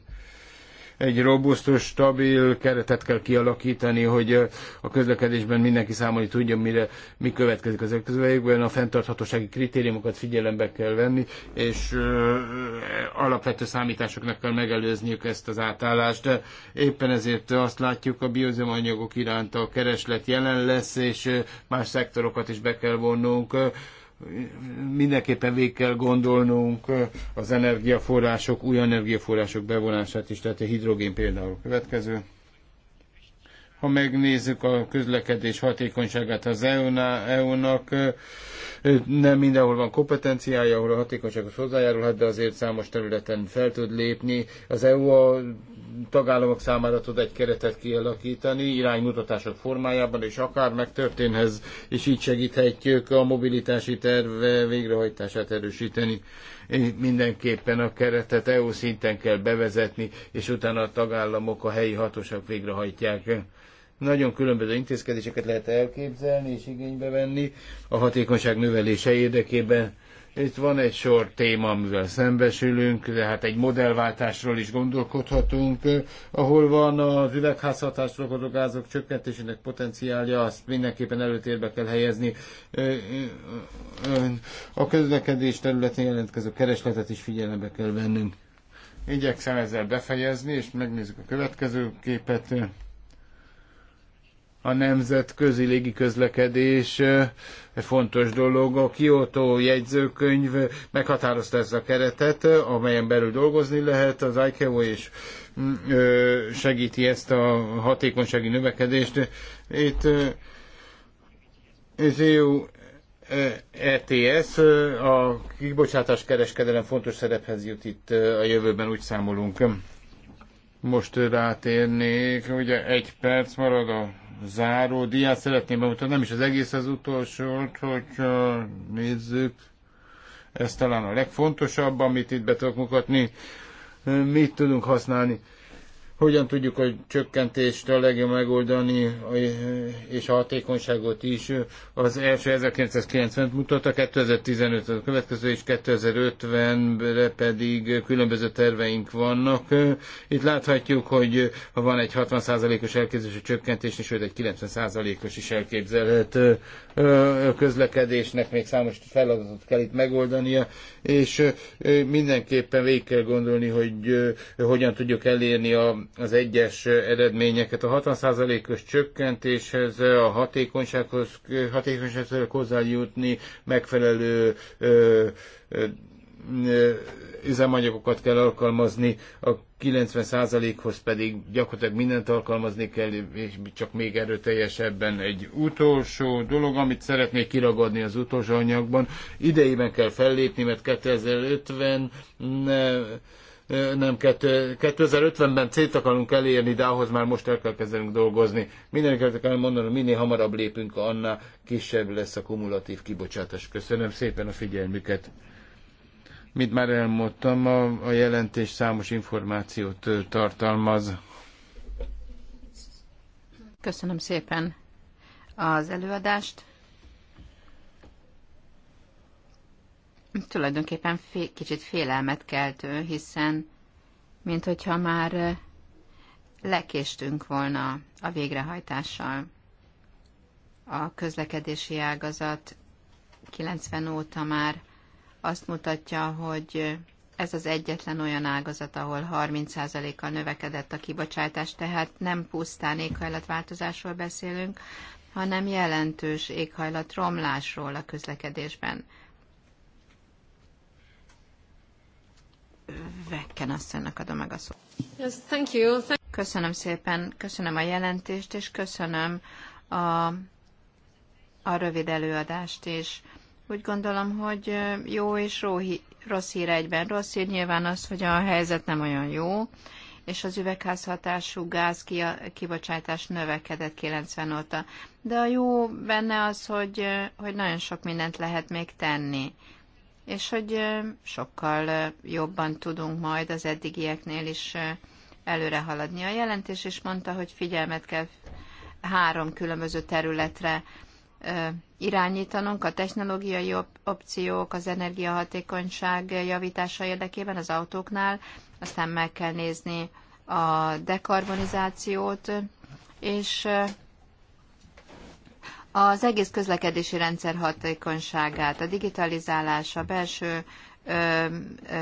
egy robusztus, stabil keretet kell kialakítani, hogy a közlekedésben mindenki számolni tudja, mire mi következik az elközelőjükben. A fenntarthatósági kritériumokat figyelembe kell venni, és ö, alapvető számításoknak kell megelőzniük ezt az átállást. Éppen ezért azt látjuk, a bioüzemanyagok iránt a kereslet jelen lesz, és más szektorokat is be kell vonnunk mindenképpen végig kell gondolnunk az energiaforrások, új energiaforrások bevonását is, tehát a hidrogén például következő. Ha megnézzük a közlekedés hatékonyságát az EU-nak, e nem mindenhol van kompetenciája, ahol a hatékonysághoz hozzájárulhat, de azért számos területen fel tud lépni. Az EU a tagállamok számára tud egy keretet kialakítani, iránymutatások formájában, és akár megtörténhez, és így segíthetjük a mobilitási terve végrehajtását erősíteni. Mindenképpen a keretet EU szinten kell bevezetni, és utána a tagállamok, a helyi hatóság végrehajtják nagyon különböző intézkedéseket lehet elképzelni és igénybe venni a hatékonyság növelése érdekében. Itt van egy sor téma, amivel szembesülünk, de hát egy modellváltásról is gondolkodhatunk, ahol van az üvegházhatásról okozó gázok csökkentésének potenciálja, azt mindenképpen előtérbe kell helyezni. A közlekedés területén jelentkező keresletet is figyelembe kell vennünk. Igyekszem ezzel befejezni, és megnézzük a következő képet a nemzetközi közlekedés fontos dolog. A Kyoto jegyzőkönyv meghatározta ezt a keretet, amelyen belül dolgozni lehet. Az ICAO és mm, segíti ezt a hatékonysági növekedést. Itt az EU ETS, a kibocsátás kereskedelem fontos szerephez jut itt a jövőben, úgy számolunk. Most rátérnék, ugye egy perc marad a záró diát szeretném bemutatni, nem is az egész az utolsó, hogy nézzük, ez talán a legfontosabb, amit itt be tudok mutatni, mit tudunk használni hogyan tudjuk a csökkentést a legjobb megoldani, és a hatékonyságot is. Az első 1990-t mutatta, 2015 a következő, és 2050-re pedig különböző terveink vannak. Itt láthatjuk, hogy ha van egy 60%-os elképzelésű csökkentés, és sőt egy 90%-os is elképzelhet közlekedésnek még számos feladatot kell itt megoldania, és mindenképpen végig kell gondolni, hogy hogyan tudjuk elérni a az egyes eredményeket. A 60%-os csökkentéshez, a hatékonysághoz, hatékonysághoz hozzájutni, megfelelő ö, ö, üzemanyagokat kell alkalmazni, a 90%-hoz pedig gyakorlatilag mindent alkalmazni kell, és csak még erőteljesebben egy utolsó dolog, amit szeretnék kiragadni az utolsó anyagban. Idejében kell fellépni, mert 2050 ne nem 2050-ben célt akarunk elérni, de ahhoz már most el kell kezdenünk dolgozni. Mindenkinek kell mondanom, minél hamarabb lépünk, annál kisebb lesz a kumulatív kibocsátás. Köszönöm szépen a figyelmüket. Mint már elmondtam, a, a jelentés számos információt tartalmaz. Köszönöm szépen az előadást. tulajdonképpen fél, kicsit félelmet keltő, hiszen mint hogyha már eh, lekéstünk volna a végrehajtással. A közlekedési ágazat 90 óta már azt mutatja, hogy ez az egyetlen olyan ágazat, ahol 30%-kal növekedett a kibocsátás, tehát nem pusztán éghajlatváltozásról beszélünk, hanem jelentős éghajlatromlásról a közlekedésben. Vekken asszonynak adom meg a szót. Yes, thank you. Thank- köszönöm szépen, köszönöm a jelentést, és köszönöm a, a rövid előadást is. Úgy gondolom, hogy jó és rossz hír egyben. Rossz hír nyilván az, hogy a helyzet nem olyan jó, és az üvegházhatású gáz kibocsátás növekedett 90 óta. De a jó benne az, hogy, hogy nagyon sok mindent lehet még tenni és hogy sokkal jobban tudunk majd az eddigieknél is előre haladni. A jelentés is mondta, hogy figyelmet kell három különböző területre irányítanunk, a technológiai op- opciók, az energiahatékonyság javítása érdekében az autóknál, aztán meg kell nézni a dekarbonizációt, és az egész közlekedési rendszer hatékonyságát, a digitalizálás, a belső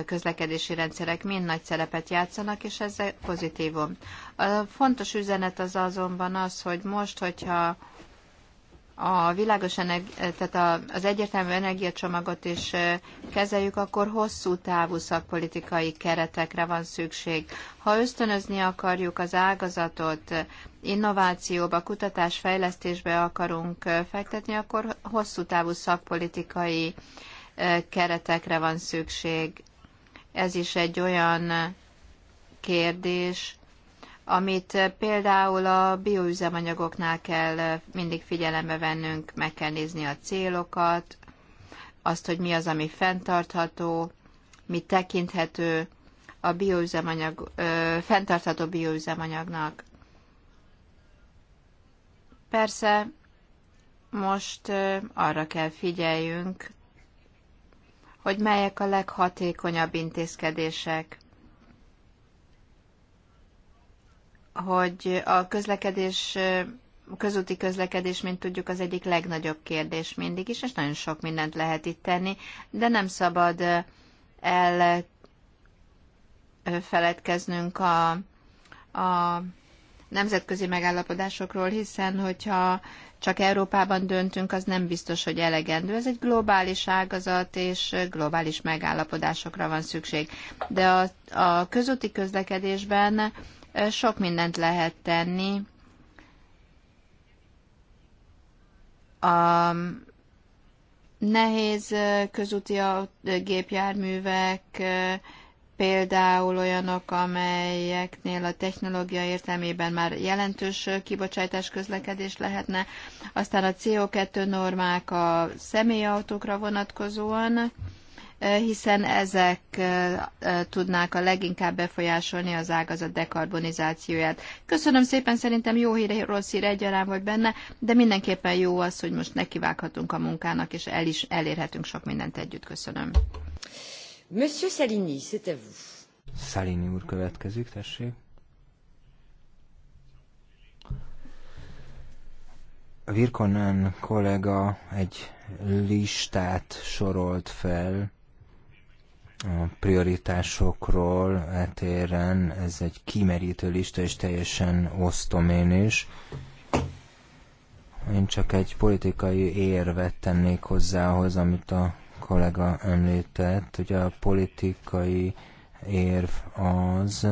közlekedési rendszerek mind nagy szerepet játszanak, és ez pozitívum. A fontos üzenet az azonban az, hogy most, hogyha a világos energi- eh, tehát az egyértelmű energiacsomagot is eh, kezeljük, akkor hosszú távú szakpolitikai keretekre van szükség. Ha ösztönözni akarjuk az ágazatot, innovációba, kutatás, fejlesztésbe akarunk eh, fektetni, akkor hosszú távú szakpolitikai keretekre van szükség. Ez is egy olyan kérdés, amit eh, például a bioüzemanyagoknál kell eh, mindig figyelembe vennünk, meg kell nézni a célokat, azt, hogy mi az, ami fenntartható, mi tekinthető a bioüzemanyag, ö, eh, fenntartható bioüzemanyagnak. Persze most ö, arra kell figyeljünk, hogy melyek a leghatékonyabb intézkedések hogy a közlekedés, a közúti közlekedés, mint tudjuk, az egyik legnagyobb kérdés mindig is, és nagyon sok mindent lehet itt tenni, de nem szabad elfeledkeznünk a, a nemzetközi megállapodásokról, hiszen hogyha csak Európában döntünk, az nem biztos, hogy elegendő. Ez egy globális ágazat, és globális megállapodásokra van szükség. De a, a közúti közlekedésben sok mindent lehet tenni. A nehéz közúti gépjárművek például olyanok, amelyeknél a technológia értelmében már jelentős kibocsátás közlekedés lehetne, aztán a CO2 normák a személyautókra vonatkozóan, Eh, hiszen ezek eh, eh, tudnák a leginkább befolyásolni az ágazat dekarbonizációját. Köszönöm szépen, szerintem jó hír, rossz hír egyaránt vagy benne, de mindenképpen jó az, hogy most nekivághatunk a munkának, és el is elérhetünk sok mindent együtt. Köszönöm. Monsieur Salini, c'était vous. Salini úr következik, tessék. Virkonen kollega egy listát sorolt fel, a prioritásokról eltéren ez egy kimerítő lista, és teljesen osztom én is. Én csak egy politikai érvet tennék ahhoz, amit a kollega említett. Ugye a politikai érv az,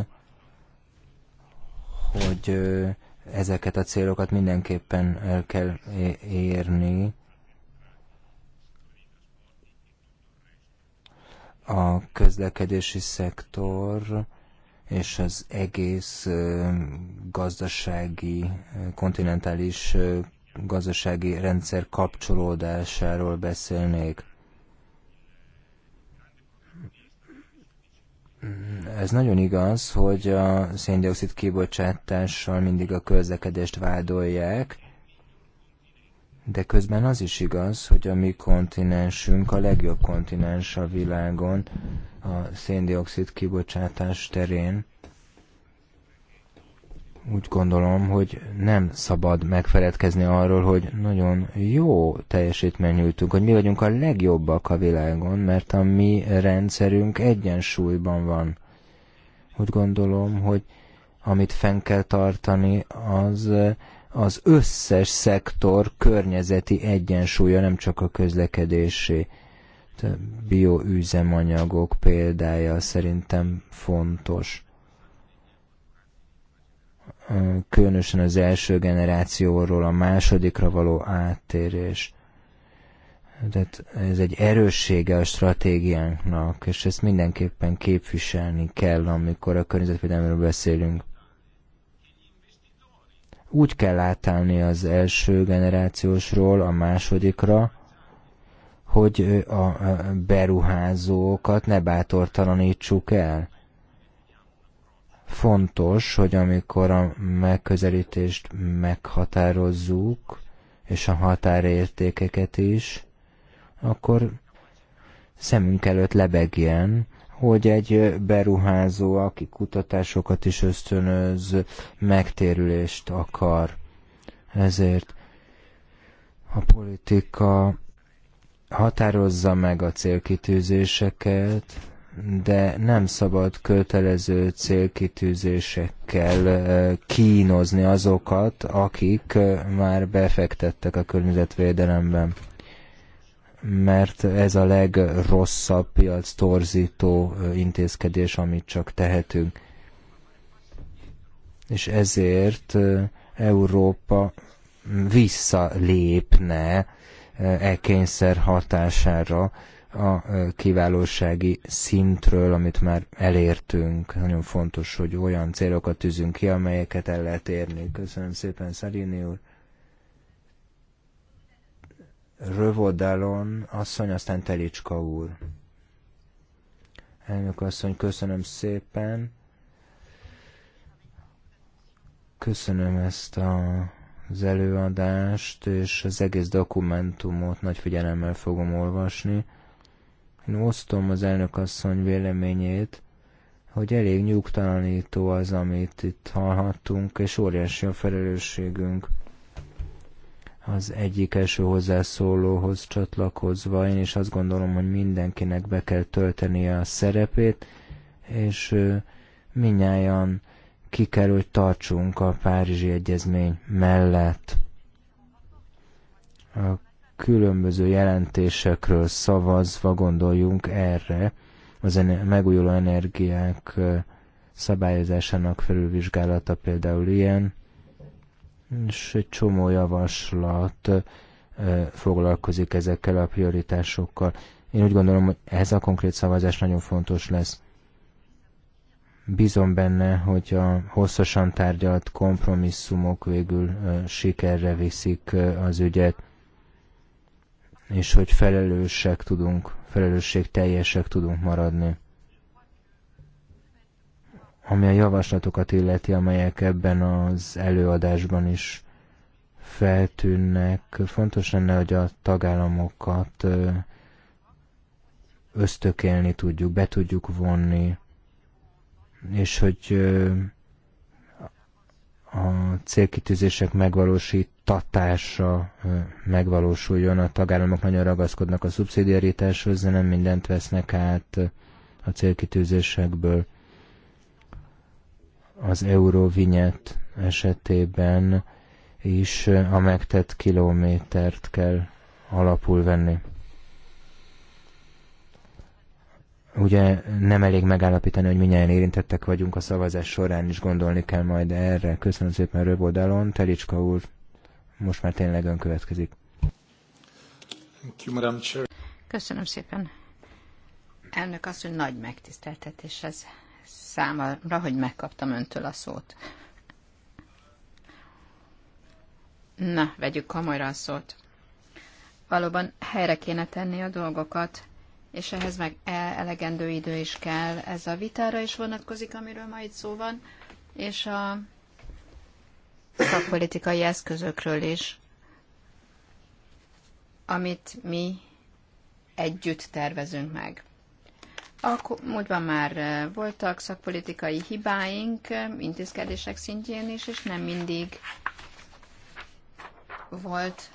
hogy ezeket a célokat mindenképpen el kell érni, a közlekedési szektor és az egész gazdasági, kontinentális gazdasági rendszer kapcsolódásáról beszélnék. Ez nagyon igaz, hogy a széndiokszid kibocsátással mindig a közlekedést vádolják, de közben az is igaz, hogy a mi kontinensünk a legjobb kontinens a világon a széndiokszid kibocsátás terén. Úgy gondolom, hogy nem szabad megfeledkezni arról, hogy nagyon jó teljesítmény nyújtunk, hogy mi vagyunk a legjobbak a világon, mert a mi rendszerünk egyensúlyban van. Úgy gondolom, hogy amit fenn kell tartani, az az összes szektor környezeti egyensúlya, nem csak a közlekedési Bioüzemanyagok példája szerintem fontos. Különösen az első generációról a másodikra való áttérés. Tehát ez egy erőssége a stratégiánknak, és ezt mindenképpen képviselni kell, amikor a környezetvédelemről beszélünk úgy kell átállni az első generációsról a másodikra, hogy a beruházókat ne bátortalanítsuk el. Fontos, hogy amikor a megközelítést meghatározzuk, és a határértékeket is, akkor szemünk előtt lebegjen, hogy egy beruházó, aki kutatásokat is ösztönöz, megtérülést akar. Ezért a politika határozza meg a célkitűzéseket, de nem szabad kötelező célkitűzésekkel kínozni azokat, akik már befektettek a környezetvédelemben mert ez a legrosszabb piac torzító intézkedés, amit csak tehetünk. És ezért Európa visszalépne e kényszer hatására a kiválósági szintről, amit már elértünk. Nagyon fontos, hogy olyan célokat tűzünk ki, amelyeket el lehet érni. Köszönöm szépen, Szerini úr! Rövodalon asszony, aztán Telicska úr. Elnök asszony, köszönöm szépen. Köszönöm ezt a, az előadást, és az egész dokumentumot nagy figyelemmel fogom olvasni. Én osztom az elnök asszony véleményét, hogy elég nyugtalanító az, amit itt hallhattunk, és óriási a felelősségünk az egyik első hozzászólóhoz csatlakozva, én is azt gondolom, hogy mindenkinek be kell töltenie a szerepét, és minnyáján ki kell, hogy tartsunk a Párizsi Egyezmény mellett. A különböző jelentésekről szavazva gondoljunk erre, az megújuló energiák szabályozásának felülvizsgálata például ilyen, és egy csomó javaslat foglalkozik ezekkel a prioritásokkal. Én úgy gondolom, hogy ez a konkrét szavazás nagyon fontos lesz. Bízom benne, hogy a hosszasan tárgyalt kompromisszumok végül sikerre viszik az ügyet, és hogy felelősek tudunk, teljesek tudunk maradni ami a javaslatokat illeti, amelyek ebben az előadásban is feltűnnek, fontos lenne, hogy a tagállamokat ösztökélni tudjuk, be tudjuk vonni, és hogy a célkitűzések megvalósítatása megvalósuljon. A tagállamok nagyon ragaszkodnak a szubszidiaritáshoz, de nem mindent vesznek át a célkitűzésekből az euróvinyet esetében is a megtett kilométert kell alapul venni. Ugye nem elég megállapítani, hogy minnyáján érintettek vagyunk a szavazás során is gondolni kell majd erre. Köszönöm szépen röbb oldalon. Telicska úr, most már tényleg ön következik. Köszönöm szépen. Elnök hogy nagy megtiszteltetés ez számára, hogy megkaptam öntől a szót. Na, vegyük komolyra a szót. Valóban helyre kéne tenni a dolgokat, és ehhez meg e- elegendő idő is kell. Ez a vitára is vonatkozik, amiről ma itt szó van, és a szakpolitikai eszközökről is, amit mi együtt tervezünk meg. Akkor múltban már eh, voltak szakpolitikai hibáink, eh, intézkedések szintjén is, és nem mindig volt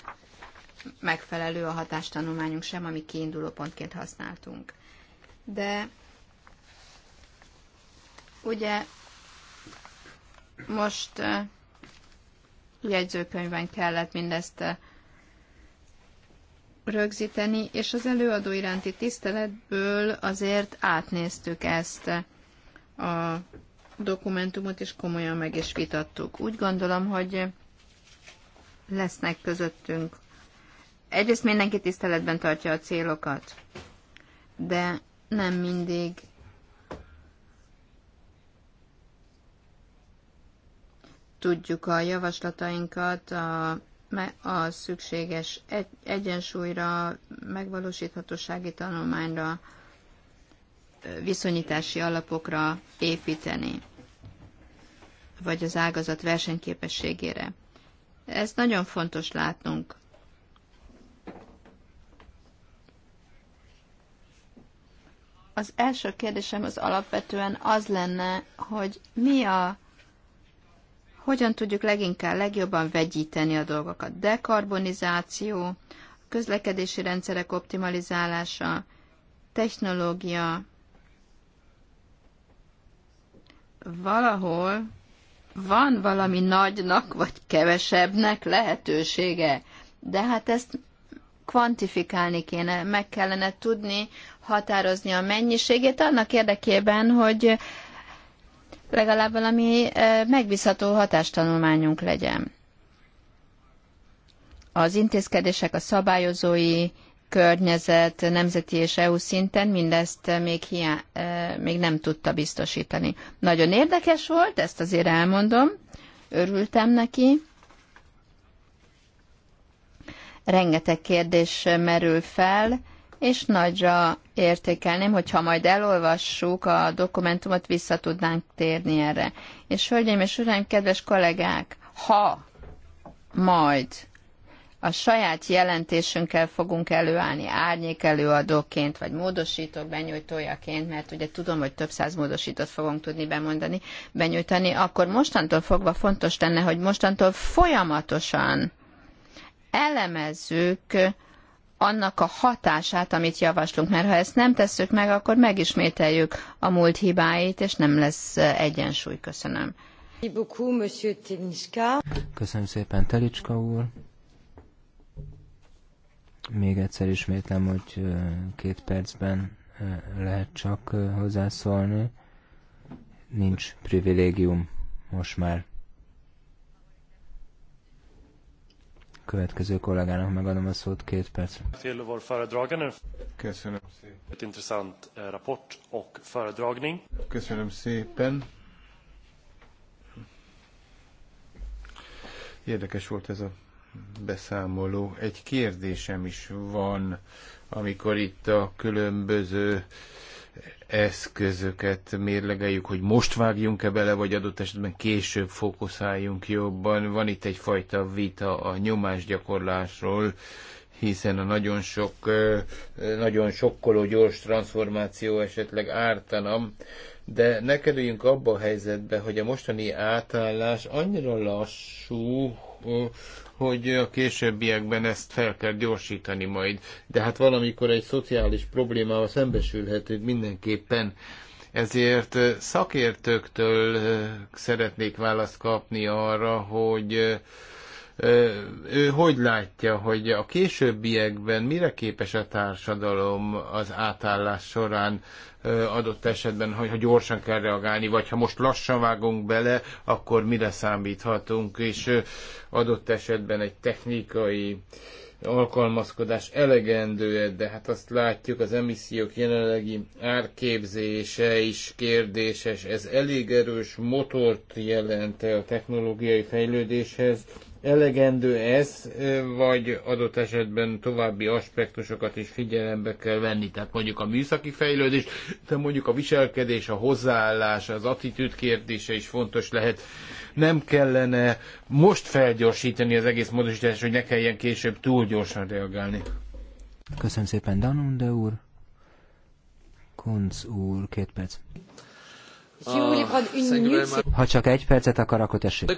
megfelelő a hatástanulmányunk sem, ami kiinduló pontként használtunk. De ugye most eh, jegyzőkönyvben kellett mindezt rögzíteni, és az előadó iránti tiszteletből azért átnéztük ezt a dokumentumot, és komolyan meg is vitattuk. Úgy gondolom, hogy lesznek közöttünk. Egyrészt mindenki tiszteletben tartja a célokat, de nem mindig tudjuk a javaslatainkat a a szükséges egyensúlyra, megvalósíthatósági tanulmányra, viszonyítási alapokra építeni, vagy az ágazat versenyképességére. Ez nagyon fontos látnunk. Az első kérdésem az alapvetően az lenne, hogy mi a hogyan tudjuk leginkább legjobban vegyíteni a dolgokat. Dekarbonizáció, közlekedési rendszerek optimalizálása, technológia, valahol van valami nagynak vagy kevesebbnek lehetősége, de hát ezt kvantifikálni kéne, meg kellene tudni határozni a mennyiségét annak érdekében, hogy legalább valami megbízható hatástanulmányunk legyen. Az intézkedések, a szabályozói környezet nemzeti és EU szinten mindezt még, hiá- még nem tudta biztosítani. Nagyon érdekes volt, ezt azért elmondom, örültem neki. Rengeteg kérdés merül fel, és nagyra értékelném, hogyha majd elolvassuk a dokumentumot, vissza tudnánk térni erre. És hölgyeim és uraim, kedves kollégák, ha majd a saját jelentésünkkel fogunk előállni árnyék előadóként, vagy módosítók benyújtójaként, mert ugye tudom, hogy több száz módosítót fogunk tudni bemondani, benyújtani, akkor mostantól fogva fontos lenne, hogy mostantól folyamatosan elemezzük annak a hatását, amit javaslunk, mert ha ezt nem tesszük meg, akkor megismételjük a múlt hibáit, és nem lesz eh, egyensúly. Köszönöm. Köszönöm szépen, Telicska úr. Még egyszer ismétlem, hogy eh, két percben eh, lehet csak hozzászólni. Nincs privilégium most már. következő kollégának megadom a szót két perc. Köszönöm szépen. Eh, rapport och föredragning. Köszönöm szépen. Érdekes volt ez a beszámoló. Egy kérdésem is van, amikor itt a különböző eszközöket mérlegeljük, hogy most vágjunk-e bele, vagy adott esetben később fókuszáljunk jobban. Van itt egyfajta vita a nyomásgyakorlásról, hiszen a nagyon sok, nagyon sokkoló gyors transformáció esetleg ártanam, de ne kerüljünk abba a helyzetbe, hogy a mostani átállás annyira lassú, hogy a későbbiekben ezt fel kell gyorsítani majd. De hát valamikor egy szociális problémával szembesülhetünk mindenképpen. Ezért szakértőktől szeretnék választ kapni arra, hogy ő hogy látja, hogy a későbbiekben mire képes a társadalom az átállás során adott esetben, hogyha ha gyorsan kell reagálni, vagy ha most lassan vágunk bele, akkor mire számíthatunk, és adott esetben egy technikai alkalmazkodás elegendő -e, de hát azt látjuk, az emissziók jelenlegi árképzése is kérdéses. Ez elég erős motort jelent a technológiai fejlődéshez. Elegendő ez, vagy adott esetben további aspektusokat is figyelembe kell venni, tehát mondjuk a műszaki fejlődés, de mondjuk a viselkedés, a hozzáállás, az attitűd kérdése is fontos lehet nem kellene most felgyorsítani az egész módosítást, hogy ne kelljen később túl gyorsan reagálni. Köszönöm szépen, Danunde úr. Kunc úr, két perc. Ah, ha csak egy percet akar, akkor tessék.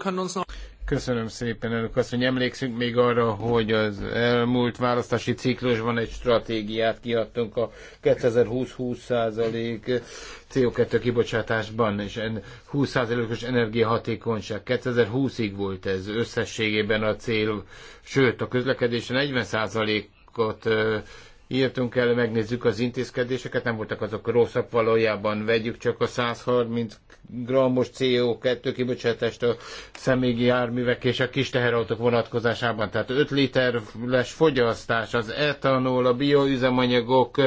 Köszönöm szépen, azt, hogy Emlékszünk még arra, hogy az elmúlt választási ciklusban egy stratégiát kiadtunk a 2020-20% CO2 kibocsátásban, és 20%-os energiahatékonyság. 2020-ig volt ez összességében a cél, sőt a közlekedésen 40%-ot írtunk el, megnézzük az intézkedéseket, nem voltak azok rosszak valójában, vegyük csak a 130 grammos CO2 kibocsátást a személyi járművek és a kis teherautók vonatkozásában, tehát 5 literes fogyasztás, az etanol, a bioüzemanyagok,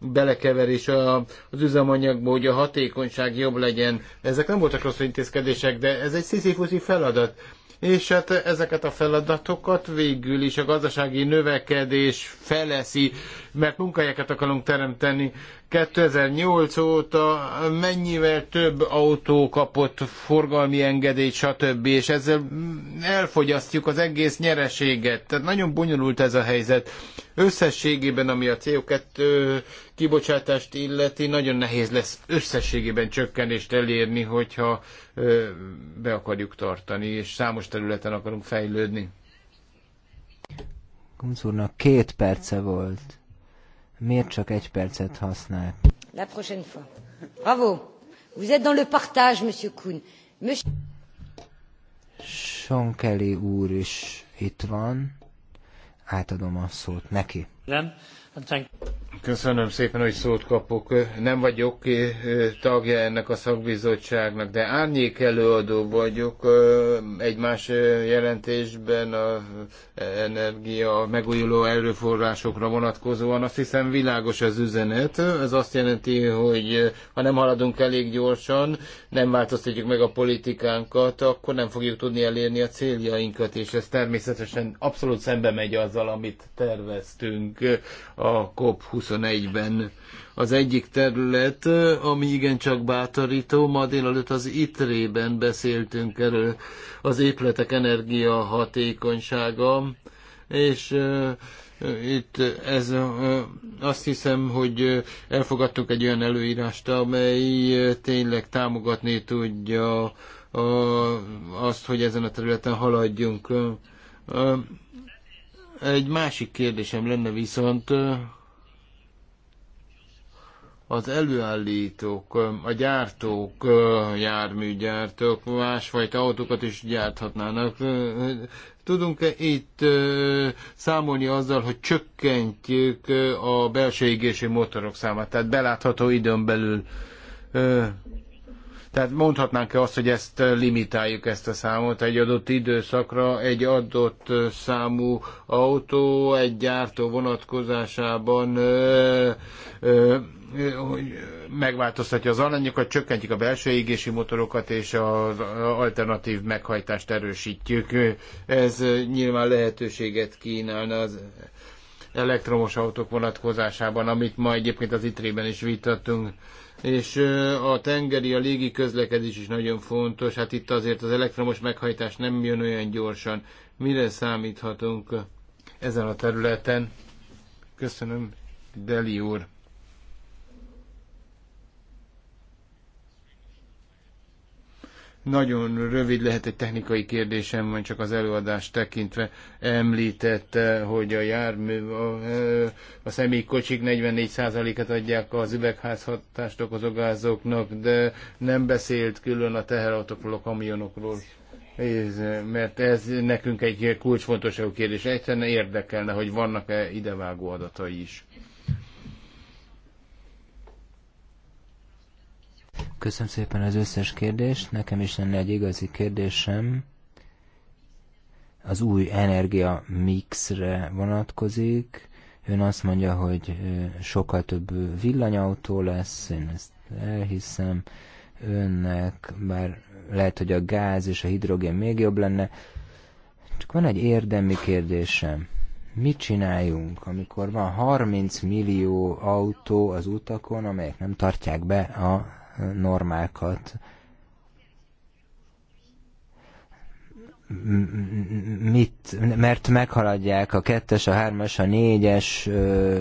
belekeverés az üzemanyagból hogy a hatékonyság jobb legyen. Ezek nem voltak rossz intézkedések, de ez egy sziszifuszi feladat és hát ezeket a feladatokat végül is a gazdasági növekedés feleszi, mert munkahelyeket akarunk teremteni. 2008 óta mennyivel több autó kapott forgalmi engedélyt, stb. És ezzel elfogyasztjuk az egész nyereséget. Tehát nagyon bonyolult ez a helyzet. Összességében, ami a CO2 kibocsátást illeti, nagyon nehéz lesz összességében csökkenést elérni, hogyha be akarjuk tartani, és számos területen akarunk fejlődni. Kunz két perce volt. Miért csak egy percet használ? La prochaine fois. Bravo. Vous êtes dans le partage, monsieur Kuhn. Monsieur... Sean Kelly úr is itt van. Átadom a szót neki. Hát Köszönöm szépen, hogy szót kapok. Nem vagyok eh, tagja ennek a szakbizottságnak, de árnyék előadó vagyok eh, más eh, jelentésben a energia megújuló erőforrásokra vonatkozóan. Azt hiszem világos az üzenet. Ez azt jelenti, hogy ha nem haladunk elég gyorsan, nem változtatjuk meg a politikánkat, akkor nem fogjuk tudni elérni a céljainkat, és ez természetesen abszolút szembe megy azzal, amit terveztünk a COP20 21 ben Az egyik terület, ami igencsak bátorító, ma délelőtt az ITRE-ben beszéltünk erről, az épületek energiahatékonysága, és itt ez, azt hiszem, hogy elfogadtuk egy olyan előírást, amely tényleg támogatni tudja azt, hogy ezen a területen haladjunk. Egy másik kérdésem lenne viszont, az előállítók, a gyártók, járműgyártók másfajta autókat is gyárthatnának. Tudunk-e itt számolni azzal, hogy csökkentjük a belső égési motorok számát, tehát belátható időn belül? Tehát mondhatnánk-e azt, hogy ezt limitáljuk ezt a számot egy adott időszakra, egy adott számú autó, egy gyártó vonatkozásában ö, ö, hogy megváltoztatja az alanyokat, csökkentjük a belső égési motorokat, és az alternatív meghajtást erősítjük. Ez nyilván lehetőséget kínálna az elektromos autók vonatkozásában, amit ma egyébként az ITRE-ben is vitattunk. És a tengeri, a légi közlekedés is nagyon fontos. Hát itt azért az elektromos meghajtás nem jön olyan gyorsan. Mire számíthatunk ezen a területen? Köszönöm, Deli úr. Nagyon rövid lehet egy technikai kérdésem, vagy csak az előadást tekintve említette, hogy a jármű, a, eh, a személykocsik 44%-et adják az üvegházhatást okozó gázoknak, de nem beszélt külön a teherautókról, a kamionokról. Ez, mert ez nekünk egy kulcsfontosságú kérdés. Egyszerűen érdekelne, hogy vannak-e idevágó adatai is. Köszönöm szépen az összes kérdést. Nekem is lenne egy igazi kérdésem. Az új energia mixre vonatkozik. Ön azt mondja, hogy sokkal több villanyautó lesz, én ezt elhiszem önnek, bár lehet, hogy a gáz és a hidrogén még jobb lenne. Csak van egy érdemi kérdésem. Mit csináljunk, amikor van 30 millió autó az utakon, amelyek nem tartják be a normákat. Mit, mert meghaladják a kettes, a hármas, a négyes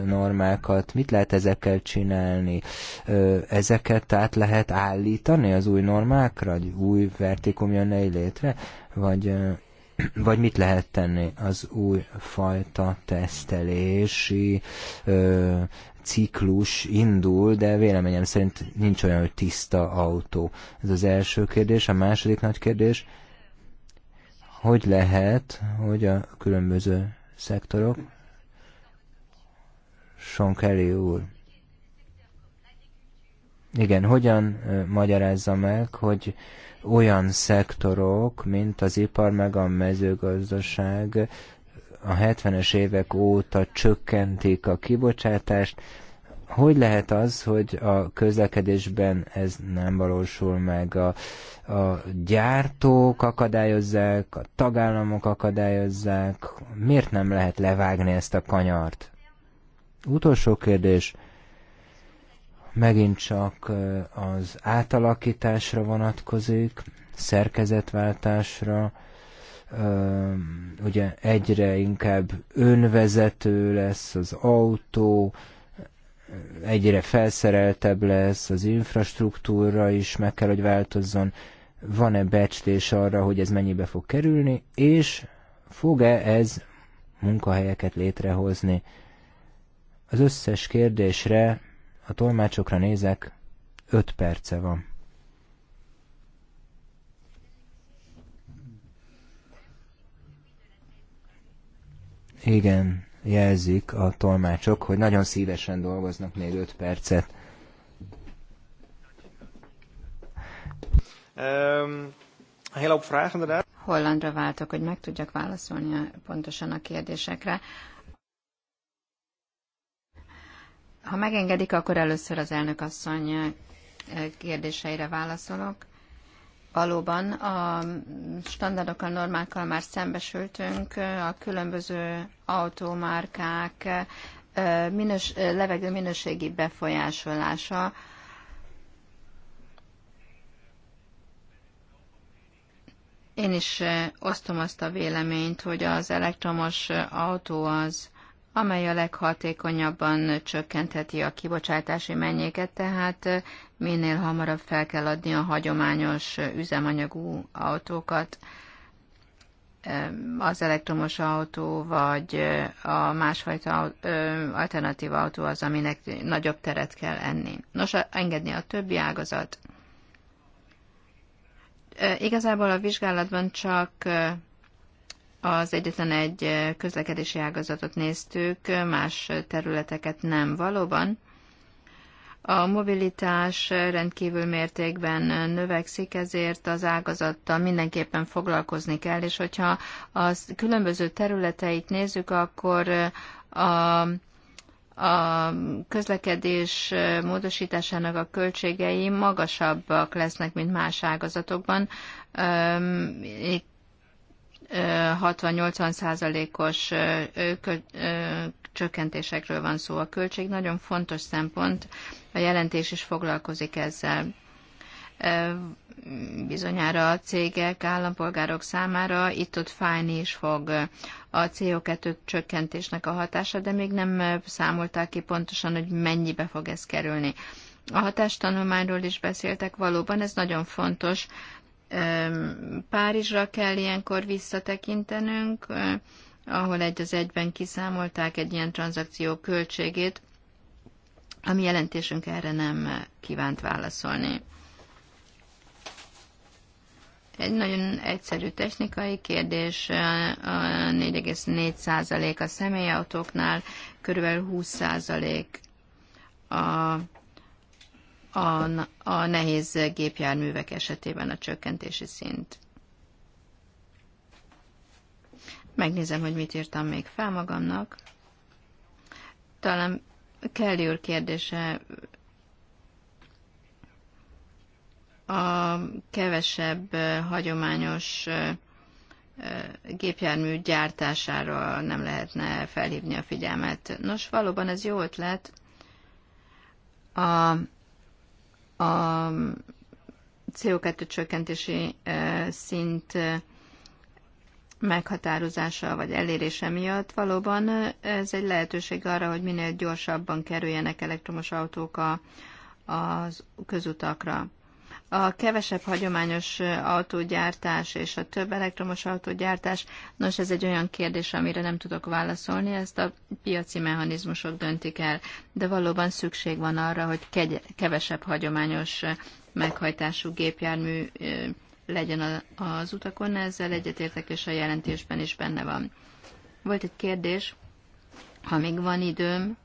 normákat, mit lehet ezekkel csinálni? Ezeket át lehet állítani az új normákra, vagy új vertikum jönne létre? Vagy vagy mit lehet tenni az új fajta tesztelési ciklus indul, de véleményem szerint nincs olyan, hogy tiszta autó. Ez az első kérdés. A második nagy kérdés, hogy lehet, hogy a különböző szektorok, Sean Kelly úr, igen, hogyan magyarázza meg, hogy olyan szektorok, mint az ipar meg a mezőgazdaság a 70-es évek óta csökkentik a kibocsátást. Hogy lehet az, hogy a közlekedésben ez nem valósul meg? A, a gyártók akadályozzák, a tagállamok akadályozzák. Miért nem lehet levágni ezt a kanyart? Utolsó kérdés megint csak az átalakításra vonatkozik, szerkezetváltásra, ugye egyre inkább önvezető lesz az autó, egyre felszereltebb lesz, az infrastruktúra is meg kell, hogy változzon, van-e becslés arra, hogy ez mennyibe fog kerülni, és fog-e ez munkahelyeket létrehozni. Az összes kérdésre, a tolmácsokra nézek, 5 perce van. Igen, jelzik a tolmácsok, hogy nagyon szívesen dolgoznak még 5 percet. Ehm, Hollandra váltok, hogy meg tudjak válaszolni pontosan a kérdésekre. Ha megengedik, akkor először az elnök asszony eh, kérdéseire válaszolok valóban a standardokkal, normákkal már szembesültünk, a különböző automárkák minős, levegő minőségi befolyásolása, Én is osztom azt a véleményt, hogy az elektromos autó az amely a leghatékonyabban csökkentheti a kibocsátási mennyéket, tehát minél hamarabb fel kell adni a hagyományos üzemanyagú autókat, az elektromos autó, vagy a másfajta alternatív autó az, aminek nagyobb teret kell enni. Nos, engedni a többi ágazat. Igazából a vizsgálatban csak az egyetlen egy közlekedési ágazatot néztük, más területeket nem valóban. A mobilitás rendkívül mértékben növekszik, ezért az ágazattal mindenképpen foglalkozni kell, és hogyha a különböző területeit nézzük, akkor a, a közlekedés módosításának a költségei magasabbak lesznek, mint más ágazatokban. 60-80 os csökkentésekről van szó. A költség nagyon fontos szempont, a jelentés is foglalkozik ezzel. Bizonyára a cégek, állampolgárok számára itt-ott fájni is fog a CO2 csökkentésnek a hatása, de még nem számolták ki pontosan, hogy mennyibe fog ez kerülni. A hatástanulmányról is beszéltek valóban, ez nagyon fontos, Párizsra kell ilyenkor visszatekintenünk, ahol egy az egyben kiszámolták egy ilyen tranzakció költségét, ami jelentésünk erre nem kívánt válaszolni. Egy nagyon egyszerű technikai kérdés, a 4,4% a személyautóknál, körülbelül 20% a a, a nehéz gépjárművek esetében a csökkentési szint. Megnézem, hogy mit írtam még fel magamnak. Talán Kelly úr kérdése a kevesebb hagyományos gépjármű gyártására nem lehetne felhívni a figyelmet. Nos, valóban ez jó ötlet. A a CO2 csökkentési szint meghatározása vagy elérése miatt valóban ez egy lehetőség arra, hogy minél gyorsabban kerüljenek elektromos autók a, az közutakra a kevesebb hagyományos autógyártás és a több elektromos autógyártás, nos ez egy olyan kérdés, amire nem tudok válaszolni, ezt a piaci mechanizmusok döntik el, de valóban szükség van arra, hogy kevesebb hagyományos meghajtású gépjármű legyen az utakon, ezzel egyetértek, és a jelentésben is benne van. Volt egy kérdés, ha még van időm,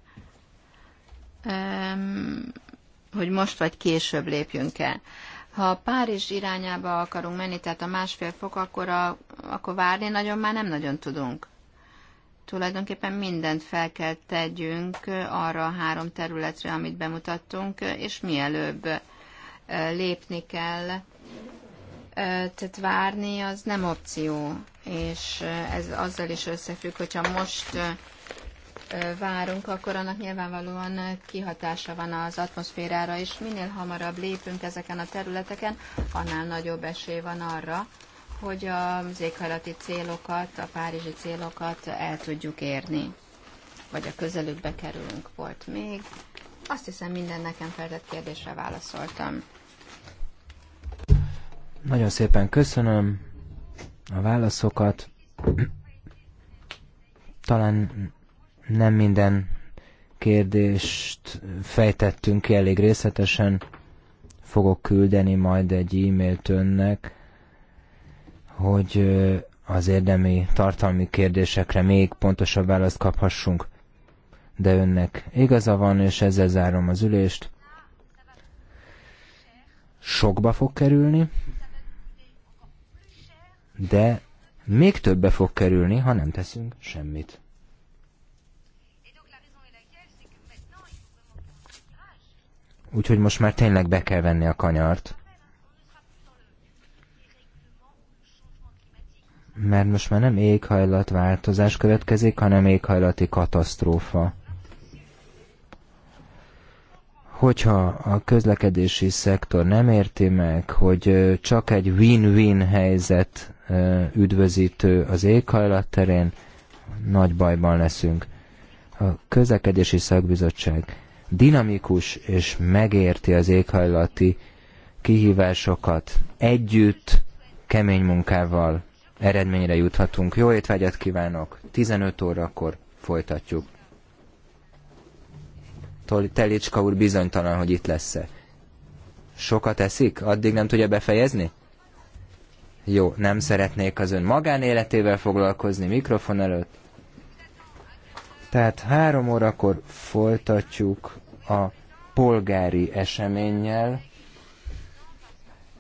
hogy most vagy később lépjünk el ha Párizs irányába akarunk menni, tehát a másfél fok, akkor, a, akkor várni nagyon már nem nagyon tudunk. Tulajdonképpen mindent fel kell tegyünk arra a három területre, amit bemutattunk, és mielőbb lépni kell. Tehát várni az nem opció, és ez azzal is összefügg, hogyha most várunk, akkor annak nyilvánvalóan kihatása van az atmoszférára, és minél hamarabb lépünk ezeken a területeken, annál nagyobb esély van arra, hogy az éghajlati célokat, a párizsi célokat el tudjuk érni, vagy a közelükbe kerülünk volt még. Azt hiszem minden nekem feltett kérdésre válaszoltam. Nagyon szépen köszönöm a válaszokat. Talán nem minden kérdést fejtettünk ki elég részletesen. Fogok küldeni majd egy e-mailt önnek, hogy az érdemi tartalmi kérdésekre még pontosabb választ kaphassunk. De önnek igaza van, és ezzel zárom az ülést. Sokba fog kerülni, de még többe fog kerülni, ha nem teszünk semmit. Úgyhogy most már tényleg be kell venni a kanyart. Mert most már nem éghajlatváltozás következik, hanem éghajlati katasztrófa. Hogyha a közlekedési szektor nem érti meg, hogy csak egy win-win helyzet üdvözítő az éghajlat terén, nagy bajban leszünk. A közlekedési szakbizottság dinamikus és megérti az éghajlati kihívásokat. Együtt, kemény munkával eredményre juthatunk. Jó étvágyat kívánok! 15 órakor folytatjuk. Telicska úr bizonytalan, hogy itt lesz-e. Sokat eszik? Addig nem tudja befejezni? Jó, nem szeretnék az ön magánéletével foglalkozni mikrofon előtt. Tehát három órakor folytatjuk a polgári eseménnyel,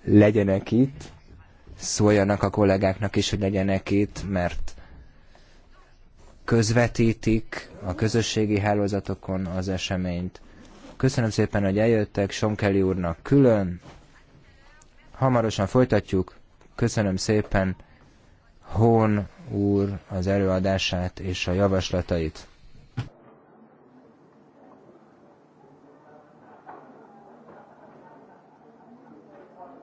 legyenek itt, szóljanak a kollégáknak is, hogy legyenek itt, mert közvetítik a közösségi hálózatokon az eseményt. Köszönöm szépen, hogy eljöttek, Sonkeli úrnak külön. Hamarosan folytatjuk. Köszönöm szépen Hón úr az előadását és a javaslatait.